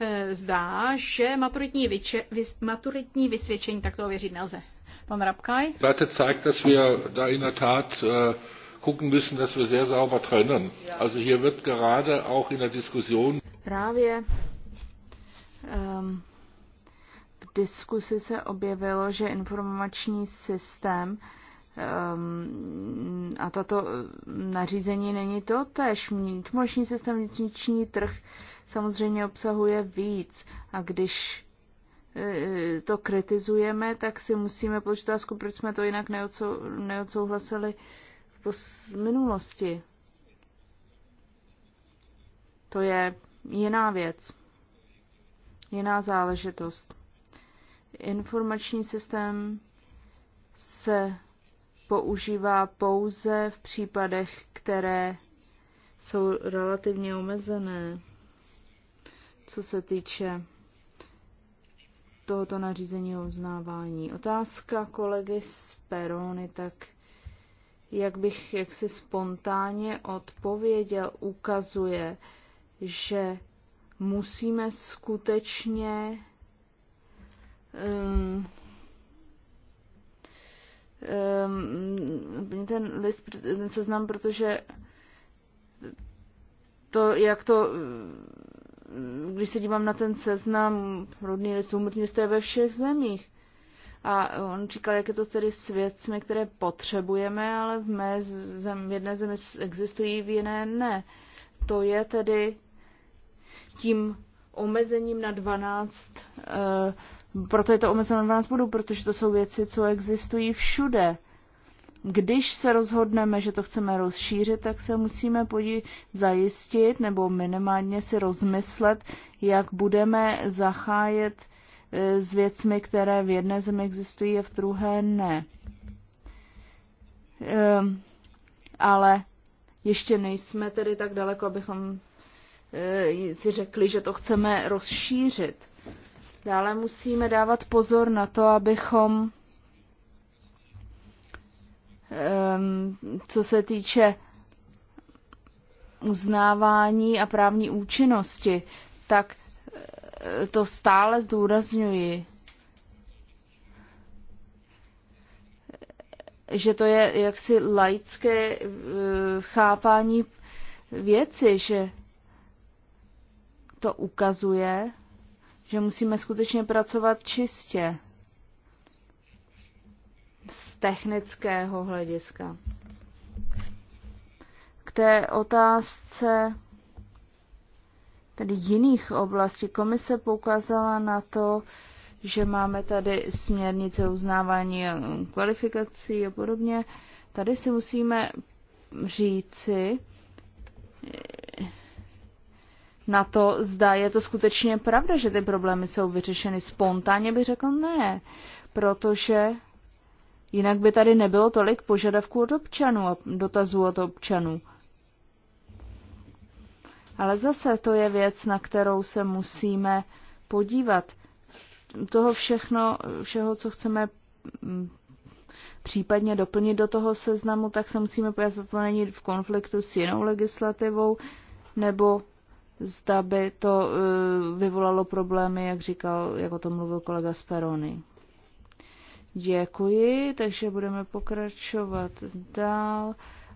Eh, zdá, že maturitní, vyče, vys, maturitní vysvědčení takto věřit nelze. Pan Rabkaj? Debatte zeigt, dass wir da in der Tat uh, gucken müssen, dass wir sehr sauber trennen. Also hier wird gerade auch in der Diskussion Právě um, v diskusi se objevilo, že informační systém um, a tato ehm, nařízení není to tež. Vnitřní systém vnitřní trh uh, samozřejmě obsahuje víc. A když e, to kritizujeme, tak si musíme položit otázku, proč jsme to jinak neodsouhlasili v minulosti. To je jiná věc, jiná záležitost. Informační systém se používá pouze v případech, které jsou relativně omezené co se týče tohoto nařízení o uznávání. Otázka kolegy z Perony, tak jak bych jaksi spontánně odpověděl, ukazuje, že musíme skutečně um, um, ten list, ten seznam, protože to, jak to když se dívám na ten seznam rodný list, umrtní list, to je ve všech zemích. A on říkal, jak je to tedy s věcmi, které potřebujeme, ale v mé zem, v jedné zemi existují, v jiné ne. To je tedy tím omezením na 12, uh, eh, proto je to omezeno na 12 bodů, protože to jsou věci, co existují všude. Když se rozhodneme, že to chceme rozšířit, tak se musíme podí- zajistit nebo minimálně si rozmyslet, jak budeme zachájet e, s věcmi, které v jedné zemi existují a v druhé ne. Ehm, ale ještě nejsme tedy tak daleko, abychom e, si řekli, že to chceme rozšířit. Dále musíme dávat pozor na to, abychom Ehm, co se týče uznávání a právní účinnosti, tak eh, to stále zdůrazňuji, že to je jaksi laické eh, chápání věci, že to ukazuje, že musíme skutečně pracovat čistě z technického hlediska. K té otázce tedy jiných oblastí. Komise poukázala na to, že máme tady směrnice uznávání kvalifikací a podobně. Tady si musíme říci na to, zda je to skutečně pravda, že ty problémy jsou vyřešeny spontánně, bych řekl ne, protože Jinak by tady nebylo tolik požadavků od občanů a dotazů od občanů. Ale zase to je věc, na kterou se musíme podívat. Toho všechno, všeho, co chceme mm, případně doplnit do toho seznamu, tak se musíme pojat, zda to není v konfliktu s jinou legislativou, nebo zda by to eh, vyvolalo problémy, jak říkal, jak o tom mluvil kolega Speroni. Děkuji, takže budeme pokračovat dál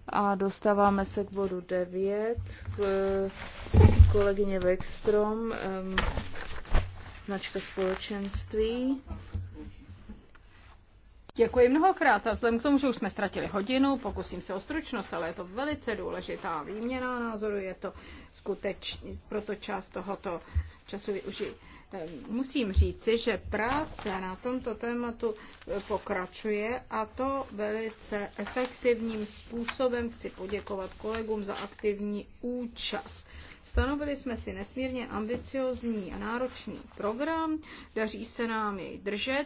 a dostáváme se k bodu 9. K, kolegyně Vekstrom, značka společenství. Děkuji mnohokrát a vzhledem k tomu, že už jsme ztratili hodinu, pokusím se o stručnost, ale je to velice důležitá výměna názoru, je to skutečně, proto část tohoto času využiji. Musím říci, že práce na tomto tématu e, pokračuje a to velice efektivním způsobem. Chci poděkovat kolegům za aktivní účast. Stanovili jsme si nesmírně ambiciozní a náročný program, daří se nám jej držet,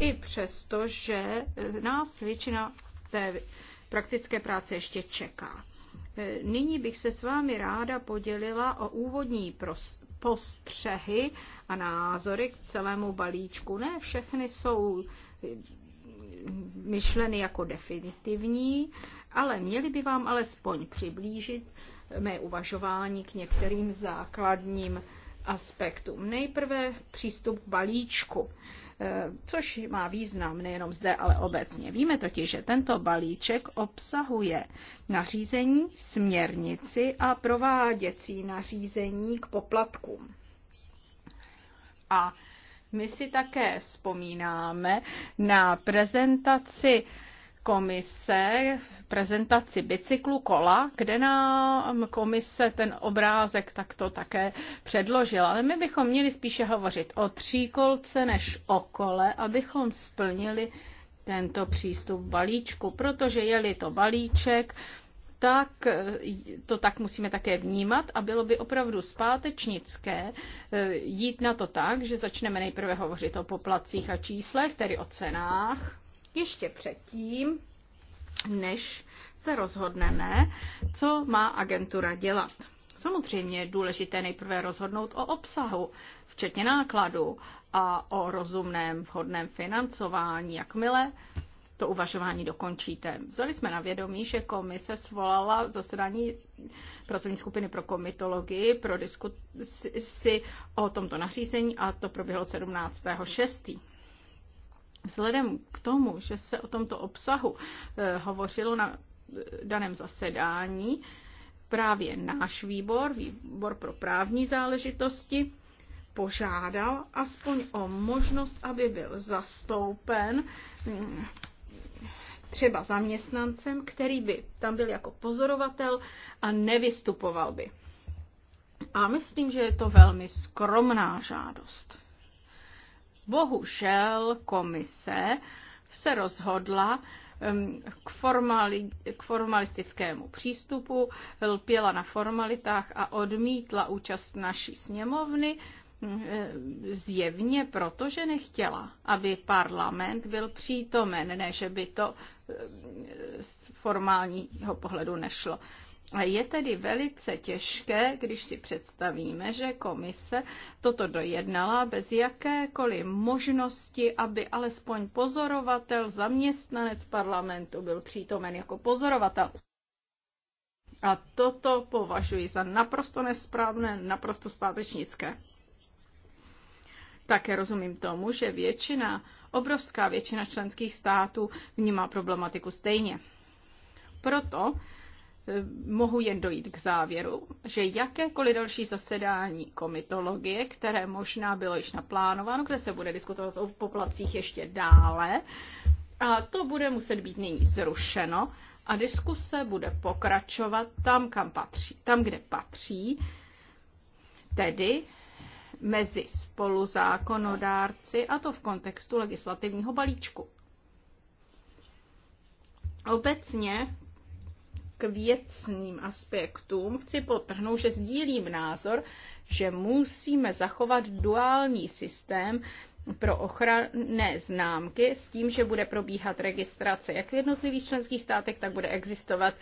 i přesto, že e, nás většina té praktické práce ještě čeká. E, nyní bych se s vámi ráda podělila o úvodní postřehy a názory k celému balíčku. Ne všechny jsou myšleny jako definitivní, ale měli by vám alespoň přiblížit mé uvažování k některým základním aspektům. Nejprve přístup k balíčku eh, což má význam nejenom zde, ale obecně. Víme totiž, že tento balíček obsahuje nařízení, směrnici a prováděcí nařízení k poplatkům. A my si také vzpomínáme na prezentaci komise prezentaci bicyklu kola, kde nám komise ten obrázek takto také předložila. Ale my bychom měli spíše hovořit o tříkolce než o kole, abychom splnili tento přístup balíčku, protože je-li to balíček, tak eh, to tak musíme také vnímat a bylo by opravdu zpátečnické eh, jít na to tak, že začneme nejprve hovořit o poplacích a číslech, tedy o cenách, ještě předtím, než se rozhodneme, co má agentura dělat. Samozřejmě je důležité nejprve rozhodnout o obsahu, včetně nákladu a o rozumném vhodném financování, jakmile to uvažování dokončíte. Vzali jsme na vědomí, že komise svolala zasedání pracovní skupiny pro komitologii pro diskusi o tomto nařízení a to proběhlo 17.6. Vzhledem k tomu, že se o tomto obsahu eh, hovořilo na eh, daném zasedání, právě náš výbor, výbor pro právní záležitosti, požádal aspoň o možnost, aby byl zastoupen mm, třeba zaměstnancem, který by tam byl jako pozorovatel a nevystupoval by. A myslím, že je to velmi skromná žádost. Bohužel komise se rozhodla k, formali, k formalistickému přístupu, lpěla na formalitách a odmítla účast naší sněmovny, zjevně proto, že nechtěla, aby parlament byl přítomen, ne že by to z formálního pohledu nešlo. Je tedy velice těžké, když si představíme, že komise toto dojednala bez jakékoliv možnosti, aby alespoň pozorovatel, zaměstnanec parlamentu byl přítomen jako pozorovatel. A toto považuji za naprosto nesprávné, naprosto zpátečnické. Také rozumím tomu, že většina, obrovská většina členských států vnímá problematiku stejně. Proto mohu jen dojít k závěru, že jakékoliv další zasedání komitologie, které možná bylo již naplánováno, kde se bude diskutovat o poplacích ještě dále, a to bude muset být nyní zrušeno a diskuse bude pokračovat tam, kam patří, tam kde patří, tedy mezi spoluzákonodárci, a to v kontextu legislativního balíčku. Obecně k věcným aspektům chci potrhnout, že sdílím názor, že musíme zachovat duální systém pro ochranné známky s tím, že bude probíhat registrace jak v jednotlivých členských státech, tak bude existovat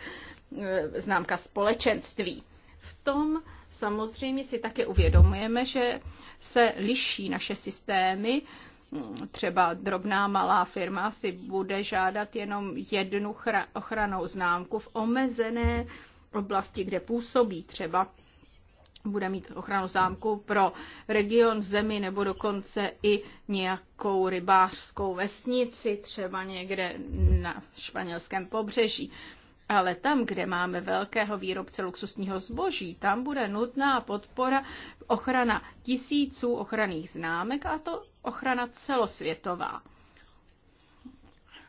e, známka společenství. V tom samozřejmě si také uvědomujeme, že se liší naše systémy třeba drobná malá firma si bude žádat jenom jednu ochranou známku v omezené oblasti, kde působí třeba bude mít ochranu zámku pro region, zemi nebo dokonce i nějakou rybářskou vesnici, třeba někde na španělském pobřeží. Ale tam, kde máme velkého výrobce luxusního zboží, tam bude nutná podpora ochrana tisíců ochranných známek a to ochrana celosvětová.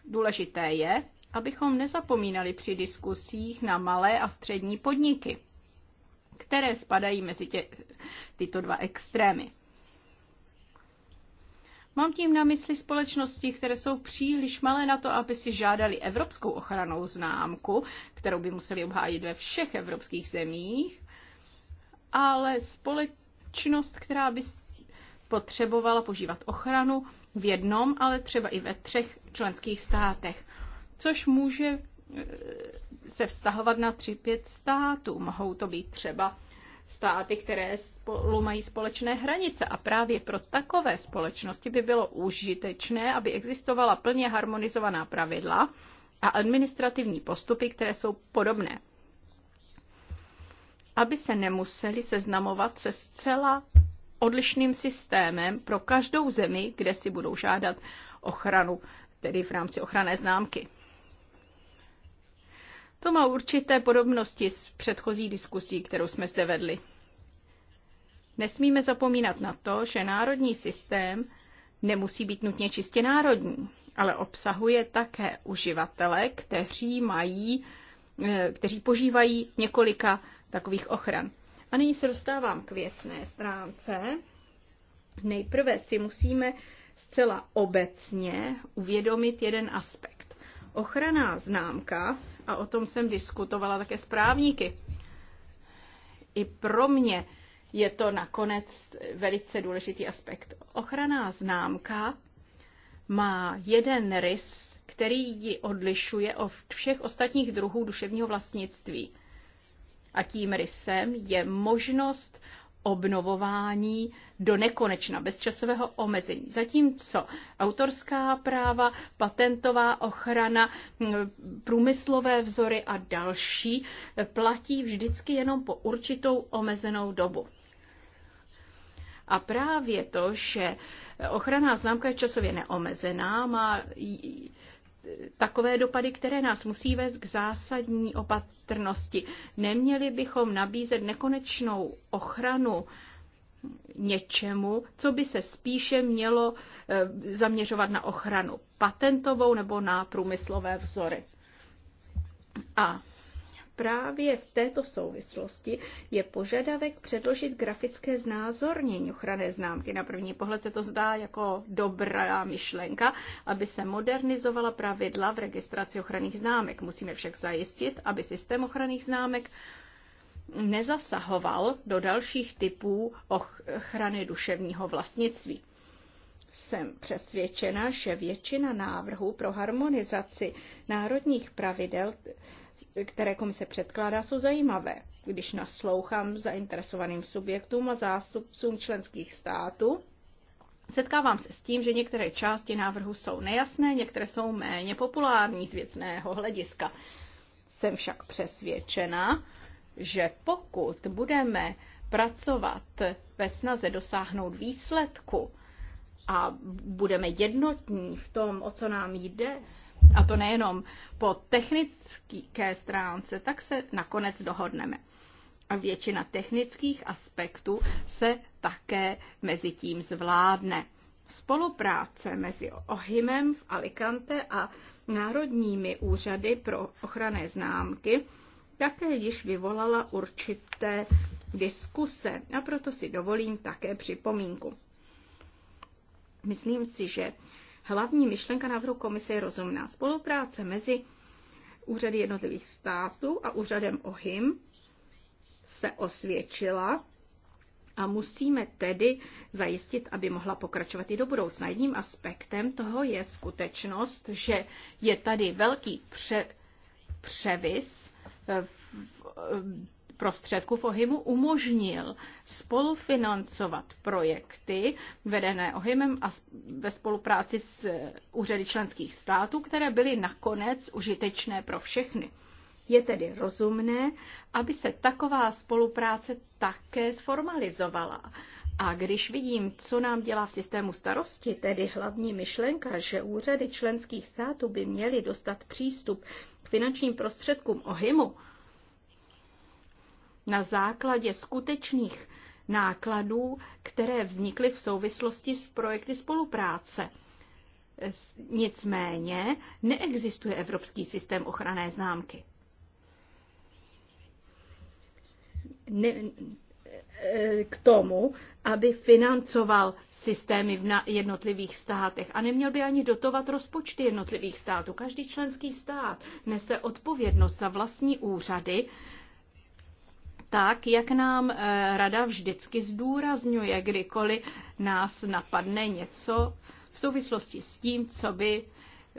Důležité je, abychom nezapomínali při diskusích na malé a střední podniky, které spadají mezi tě, tyto dva extrémy. Mám tím na mysli společnosti, které jsou příliš malé na to, aby si žádali evropskou ochranou známku, kterou by museli obhájit ve všech evropských zemích, ale společnost, která by potřebovala požívat ochranu v jednom, ale třeba i ve třech členských státech, což může e, se vztahovat na tři pět států. Mohou to být třeba státy, které spolu mají společné hranice. A právě pro takové společnosti by bylo užitečné, aby existovala plně harmonizovaná pravidla a administrativní postupy, které jsou podobné. Aby se nemuseli seznamovat se zcela odlišným systémem pro každou zemi, kde si budou žádat ochranu, tedy v rámci ochranné známky. To má určité podobnosti s předchozí diskusí, kterou jsme zde vedli. Nesmíme zapomínat na to, že národní systém nemusí být nutně čistě národní, ale obsahuje také uživatele, kteří mají, eh, kteří požívají několika takových ochran. A nyní se dostávám k věcné stránce. Nejprve si musíme zcela obecně uvědomit jeden aspekt. Ochraná známka, a o tom jsem diskutovala také s právníky, i pro mě je to nakonec velice důležitý aspekt. Ochraná známka má jeden rys, který ji odlišuje od všech ostatních druhů duševního vlastnictví. A tím rysem je možnost obnovování do nekonečna, bez časového omezení. Zatímco autorská práva, patentová ochrana, průmyslové vzory a další platí vždycky jenom po určitou omezenou dobu. A právě to, že ochranná známka je časově neomezená, má takové dopady, které nás musí vést k zásadní opatrnosti. Neměli bychom nabízet nekonečnou ochranu něčemu, co by se spíše mělo eh, zaměřovat na ochranu patentovou nebo na průmyslové vzory. A Právě v této souvislosti je požadavek předložit grafické znázornění ochranné známky. Na první pohled se to zdá jako dobrá myšlenka, aby se modernizovala pravidla v registraci ochranných známek. Musíme však zajistit, aby systém ochranných známek nezasahoval do dalších typů ochrany duševního vlastnictví. Jsem přesvědčena, že většina návrhů pro harmonizaci národních pravidel které komise předkládá, jsou zajímavé, když naslouchám zainteresovaným subjektům a zástupcům členských států. Setkávám se s tím, že některé části návrhu jsou nejasné, některé jsou méně populární z věcného hlediska. Jsem však přesvědčena, že pokud budeme pracovat ve snaze dosáhnout výsledku a budeme jednotní v tom, o co nám jde, a to nejenom po technické stránce, tak se nakonec dohodneme. A většina technických aspektů se také mezi tím zvládne. Spolupráce mezi Ohymem v Alicante a národními úřady pro ochranné známky také již vyvolala určité diskuse a proto si dovolím také připomínku. Myslím si, že Hlavní myšlenka návrhu komise je rozumná. Spolupráce mezi úřady jednotlivých států a úřadem OHIM se osvědčila a musíme tedy zajistit, aby mohla pokračovat i do budoucna. Jedním aspektem toho je skutečnost, že je tady velký pře- převis v, v, prostředků OHIMu umožnil spolufinancovat projekty vedené OHIMem a ve spolupráci s úřady členských států, které byly nakonec užitečné pro všechny. Je tedy rozumné, aby se taková spolupráce také sformalizovala. A když vidím, co nám dělá v systému starosti, tedy hlavní myšlenka, že úřady členských států by měly dostat přístup k finančním prostředkům OHIMu, na základě skutečných nákladů, které vznikly v souvislosti s projekty spolupráce. Nicméně neexistuje evropský systém ochranné známky. Ne, eh, k tomu, aby financoval systémy v jednotlivých státech a neměl by ani dotovat rozpočty jednotlivých států. Každý členský stát nese odpovědnost za vlastní úřady tak, jak nám eh, rada vždycky zdůrazňuje, kdykoliv nás napadne něco v souvislosti s tím, co by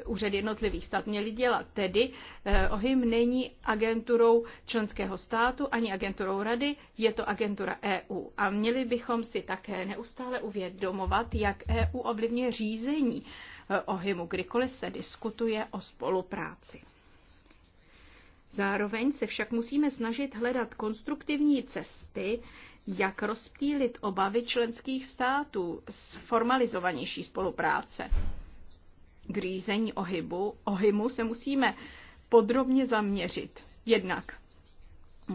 úřad jednotlivých stát měli dělat. Tedy eh, OHIM není agenturou členského státu ani agenturou rady, je to agentura EU. A měli bychom si také neustále uvědomovat, jak EU ovlivňuje řízení eh, OHIMu, kdykoliv se diskutuje o spolupráci. Zároveň se však musíme snažit hledat konstruktivní cesty, jak rozptýlit obavy členských států z formalizovanější spolupráce. K řízení ohybu, ohymu se musíme podrobně zaměřit. Jednak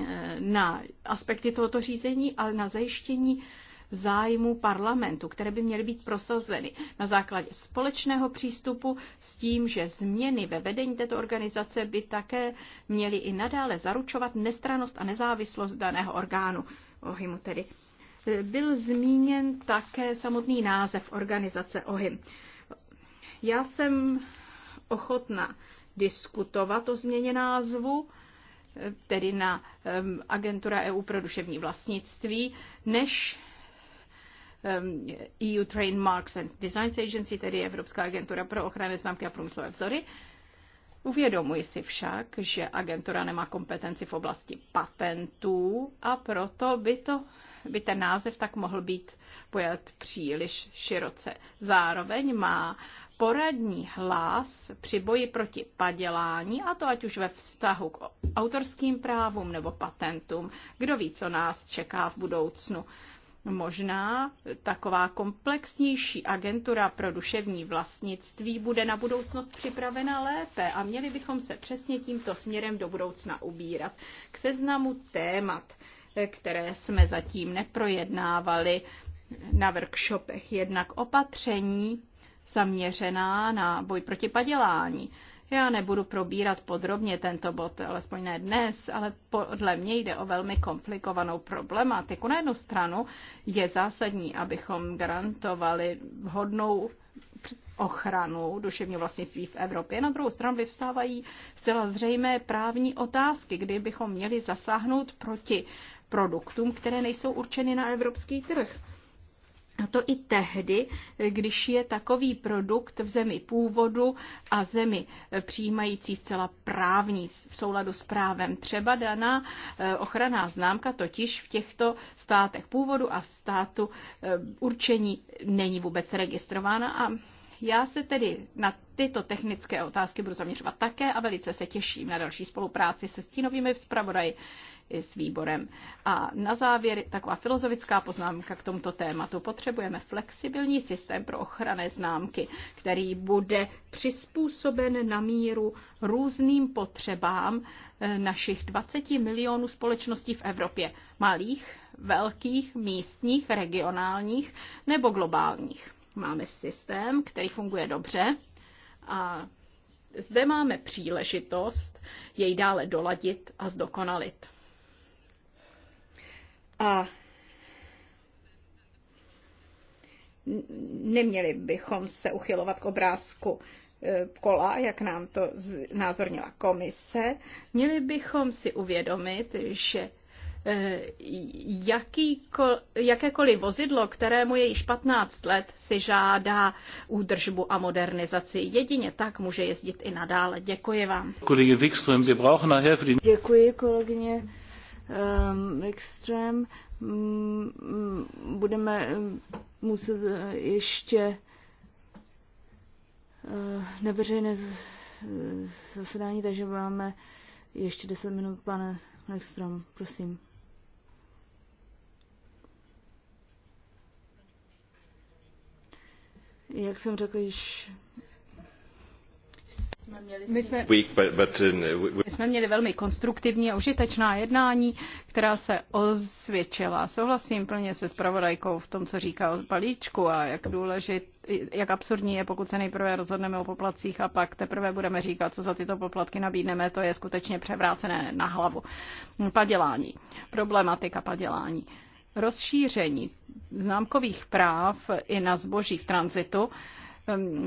eh, na aspekty tohoto řízení, ale na zajištění zájmů parlamentu, které by měly být prosazeny na základě společného přístupu s tím, že změny ve vedení této organizace by také měly i nadále zaručovat nestranost a nezávislost daného orgánu. Ohimu tedy. Byl zmíněn také samotný název organizace OHIM. Já jsem ochotna diskutovat o změně názvu, tedy na agentura EU pro duševní vlastnictví, než EU ehm, e Trademarks and Designs Agency, tedy Evropská agentura pro ochranu známky a průmyslové vzory. Uvědomuji si však, že agentura nemá kompetenci v oblasti patentů a proto by, to, by ten název tak mohl být pojat příliš široce. Zároveň má poradní hlas při boji proti padělání, a to ať už ve vztahu k autorským právům nebo patentům. Kdo ví, co nás čeká v budoucnu. Možná taková komplexnější agentura pro duševní vlastnictví bude na budoucnost připravena lépe a měli bychom se přesně tímto směrem do budoucna ubírat. K seznamu témat, které jsme zatím neprojednávali na workshopech, jednak opatření zaměřená na boj proti padělání já nebudu probírat podrobně tento bod, alespoň ne dnes, ale podle mě jde o velmi komplikovanou problematiku. Na jednu stranu je zásadní, abychom garantovali vhodnou ochranu duševního vlastnictví v Evropě. Na druhou stranu vyvstávají zcela zřejmé právní otázky, kdy bychom měli zasáhnout proti produktům, které nejsou určeny na evropský trh. A to i tehdy, když je takový produkt v zemi původu a zemi eh, přijímající zcela právní v souladu s právem. Třeba daná eh, ochranná známka totiž v těchto státech původu a státu eh, určení není vůbec registrována a já se tedy na tyto technické otázky budu zaměřovat také a velice se těším na další spolupráci se stínovými zpravodaji s výborem. A na závěr taková filozofická poznámka k tomuto tématu. Potřebujeme flexibilní systém pro ochranné známky, který bude přizpůsoben na míru různým potřebám eh, našich 20 milionů společností v Evropě. Malých, velkých, místních, regionálních nebo globálních. Máme systém, který funguje dobře a zde máme příležitost jej dále doladit a zdokonalit. A neměli bychom se uchylovat k obrázku e, kola, jak nám to názornila komise, měli bychom si uvědomit, že e, jakýkol, jakékoliv vozidlo, kterému je již 15 let, si žádá údržbu a modernizaci. Jedině tak může jezdit i nadále. Děkuji vám. Děkuji, kolegyně um, extrém. Um, budeme mm, muset eh, ještě uh, neveřejné zasedání, takže máme ještě 10 minut, pane Ekstrom, prosím. Jak jsem řekl již my jsme, uh, jsme měli velmi konstruktivní a užitečná jednání, která se osvědčila. Souhlasím plně se spravodajkou v tom, co říká o a jak důležit, jak absurdní je, pokud se nejprve rozhodneme o poplatcích a pak teprve budeme říkat, co za tyto poplatky nabídneme, to je skutečně převrácené na hlavu. Padělání. Problematika padělání rozšíření známkových práv i na zboží v tranzitu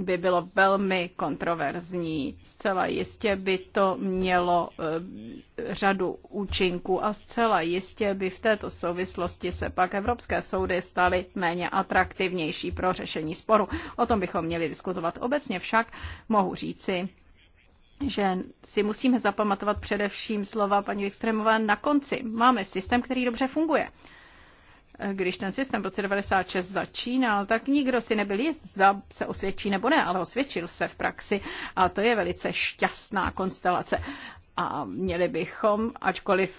by bylo velmi kontroverzní. Zcela jistě by to mělo eh, řadu účinků a zcela jistě by v této souvislosti se pak evropské soudy staly méně atraktivnější pro řešení sporu. O tom bychom měli diskutovat. Obecně však mohu říci, že si musíme zapamatovat především slova paní Extremové na konci. Máme systém, který dobře funguje když ten systém v roce 96 začínal, tak nikdo si nebyl jist, zda se osvědčí nebo ne, ale osvědčil se v praxi a to je velice šťastná konstelace. A měli bychom, ačkoliv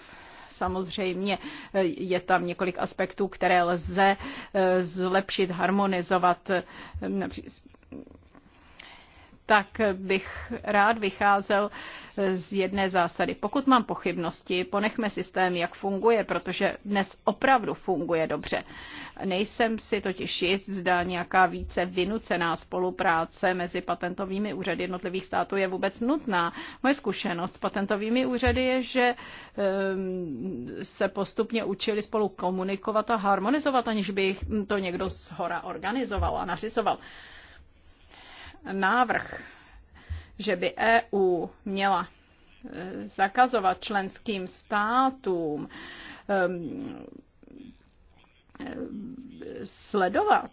samozřejmě je tam několik aspektů, které lze eh, zlepšit, harmonizovat, eh, tak bych rád vycházel z jedné zásady. Pokud mám pochybnosti, ponechme systém, jak funguje, protože dnes opravdu funguje dobře. Nejsem si totiž jist, zda nějaká více vynucená spolupráce mezi patentovými úřady jednotlivých států je vůbec nutná. Moje zkušenost s patentovými úřady je, že ehm, se postupně učili spolu komunikovat a harmonizovat, aniž by to někdo z hora organizoval a nařizoval návrh, že by EU měla e, zakazovat členským státům ehm, e, sledovat,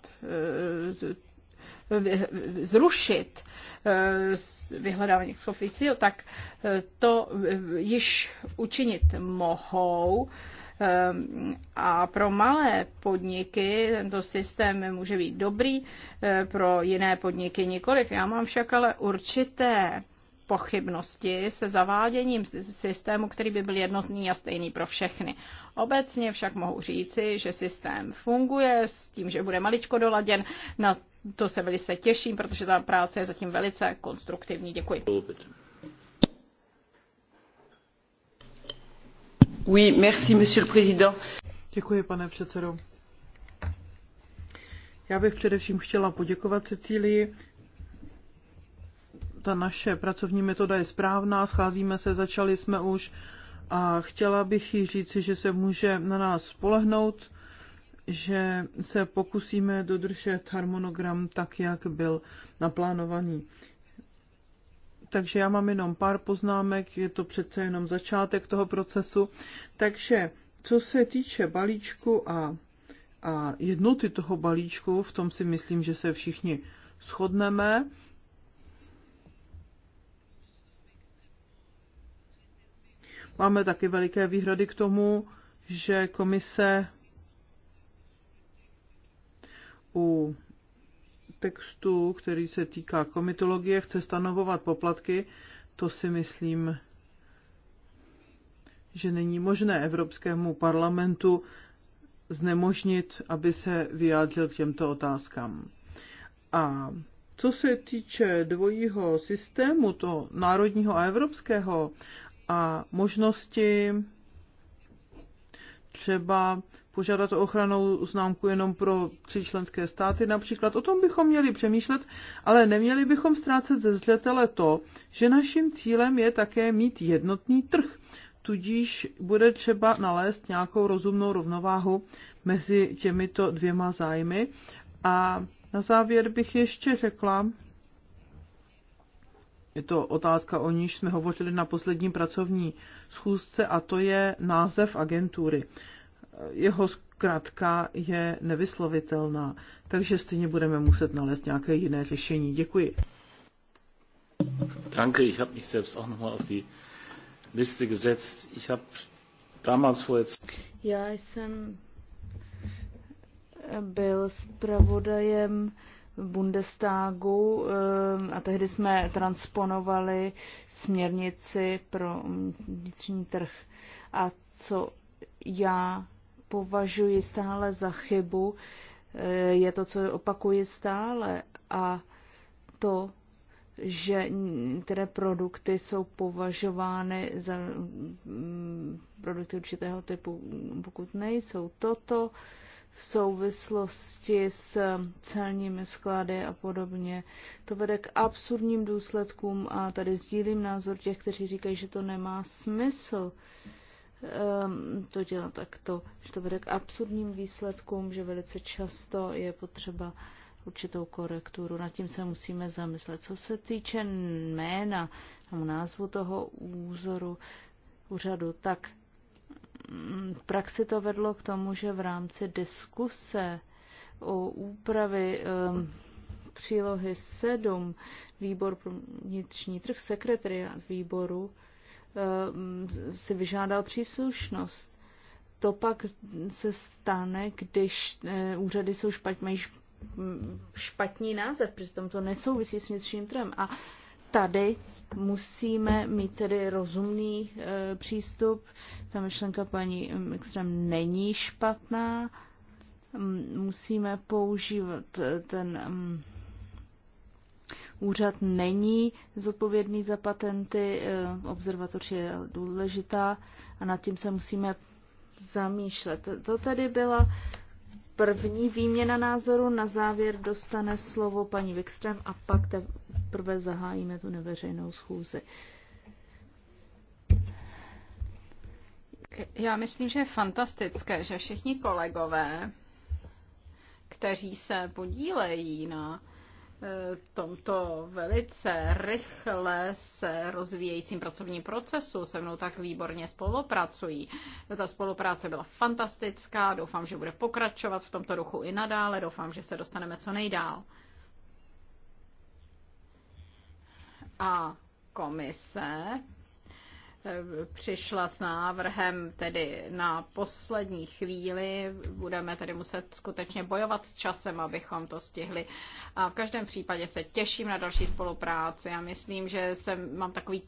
e, zrušit vyhledávání exoficiu, tak to již učinit mohou Ehm, a pro malé podniky tento systém může být dobrý, eh, pro jiné podniky nikoliv. Já mám však ale určité pochybnosti se zaváděním systému, který by byl jednotný a stejný pro všechny. Obecně však mohu říci, že systém funguje s tím, že bude maličko doladěn. Na to se velice těším, protože ta práce je zatím velice konstruktivní. Děkuji. Děkuji, pane předsedající Já bych především chtěla poděkovat cecilii Ta naše pracovní metoda je správná, scházíme se, začali jsme už a chtěla bych jí říci, že se může na nás spolehnout, že se pokusíme dodržet harmonogram tak, jak byl naplánovaný takže já mám jenom pár poznámek, je to přece jenom začátek toho procesu. Takže co se týče balíčku a, a jednoty toho balíčku, v tom si myslím, že se všichni shodneme. Máme taky veliké výhrady k tomu, že komise u textu, který se týká komitologie, chce stanovovat poplatky, to si myslím, že není možné Evropskému parlamentu znemožnit, aby se vyjádřil k těmto otázkám. A co se týče dvojího systému, to národního a evropského, a možnosti třeba požádat o ochranou známku jenom pro tři členské státy například. O tom bychom měli přemýšlet, ale neměli bychom ztrácet ze zřetele to, že naším cílem je také mít jednotný trh. Tudíž bude třeba nalézt nějakou rozumnou rovnováhu mezi těmito dvěma zájmy. A na závěr bych ještě řekla, je to otázka, o níž jsme hovořili na poslední pracovní schůzce, a to je název agentury. Jeho zkrátka je nevyslovitelná, takže stejně budeme muset nalézt nějaké jiné řešení. Děkuji. Danke, ich habe mich selbst auch nochmal auf die Liste gesetzt. Ich habe damals vorher... ich bin... byl zpravodajem v Bundestagu eh, a tehdy jsme transponovali směrnici pro vnitřní trh. A co já považuji stále za chybu, eh, je to, co opakuji stále a to, že některé produkty jsou považovány za mm, produkty určitého typu, pokud nejsou toto, v souvislosti s um, celními sklady a podobně. To vede k absurdním důsledkům a tady sdílím názor těch, kteří říkají, že to nemá smysl um, to dělá takto, že to vede k absurdním výsledkům, že velice často je potřeba určitou korekturu. Nad tím se musíme zamyslet. Co se týče jména, názvu toho úzoru, úřadu, tak Mm, v praxi to vedlo k tomu, že v rámci diskuse o úpravy přílohy 7 výbor pro vnitřní trh, sekretariát výboru si vyžádal příslušnost. To pak se stane, když e, úřady jsou špatně, mají špatný název, přitom to nesouvisí s vnitřním trhem. A tady Musíme mít tedy rozumný e, přístup. Ta myšlenka paní Extrem není špatná. Musíme používat e, ten um, úřad není zodpovědný za patenty, e, observatoř je důležitá a nad tím se musíme zamýšlet. To tady byla první výměna názoru. Na závěr dostane slovo paní Wikström a pak teprve zahájíme tu neveřejnou schůzi. Já myslím, že je fantastické, že všichni kolegové, kteří se podílejí na Eh, tomto velice rychle se rozvíjejícím pracovním procesu se mnou tak výborně spolupracují. Ta spolupráce byla fantastická, doufám, že bude pokračovat v tomto duchu i nadále, doufám, že se dostaneme co nejdál. A komise přišla s návrhem tedy na poslední chvíli. Budeme tedy muset skutečně bojovat s časem, abychom to stihli. A v každém případě se těším na další spolupráci. Já myslím, že jsem, mám takový,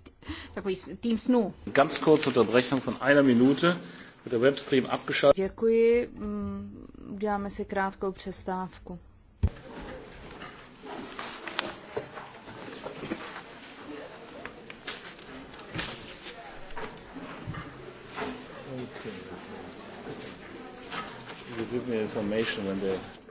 takový tým snů. Ganz kurze Unterbrechung von einer Minute. Děkuji, mm, uděláme si krátkou přestávku. give me information when they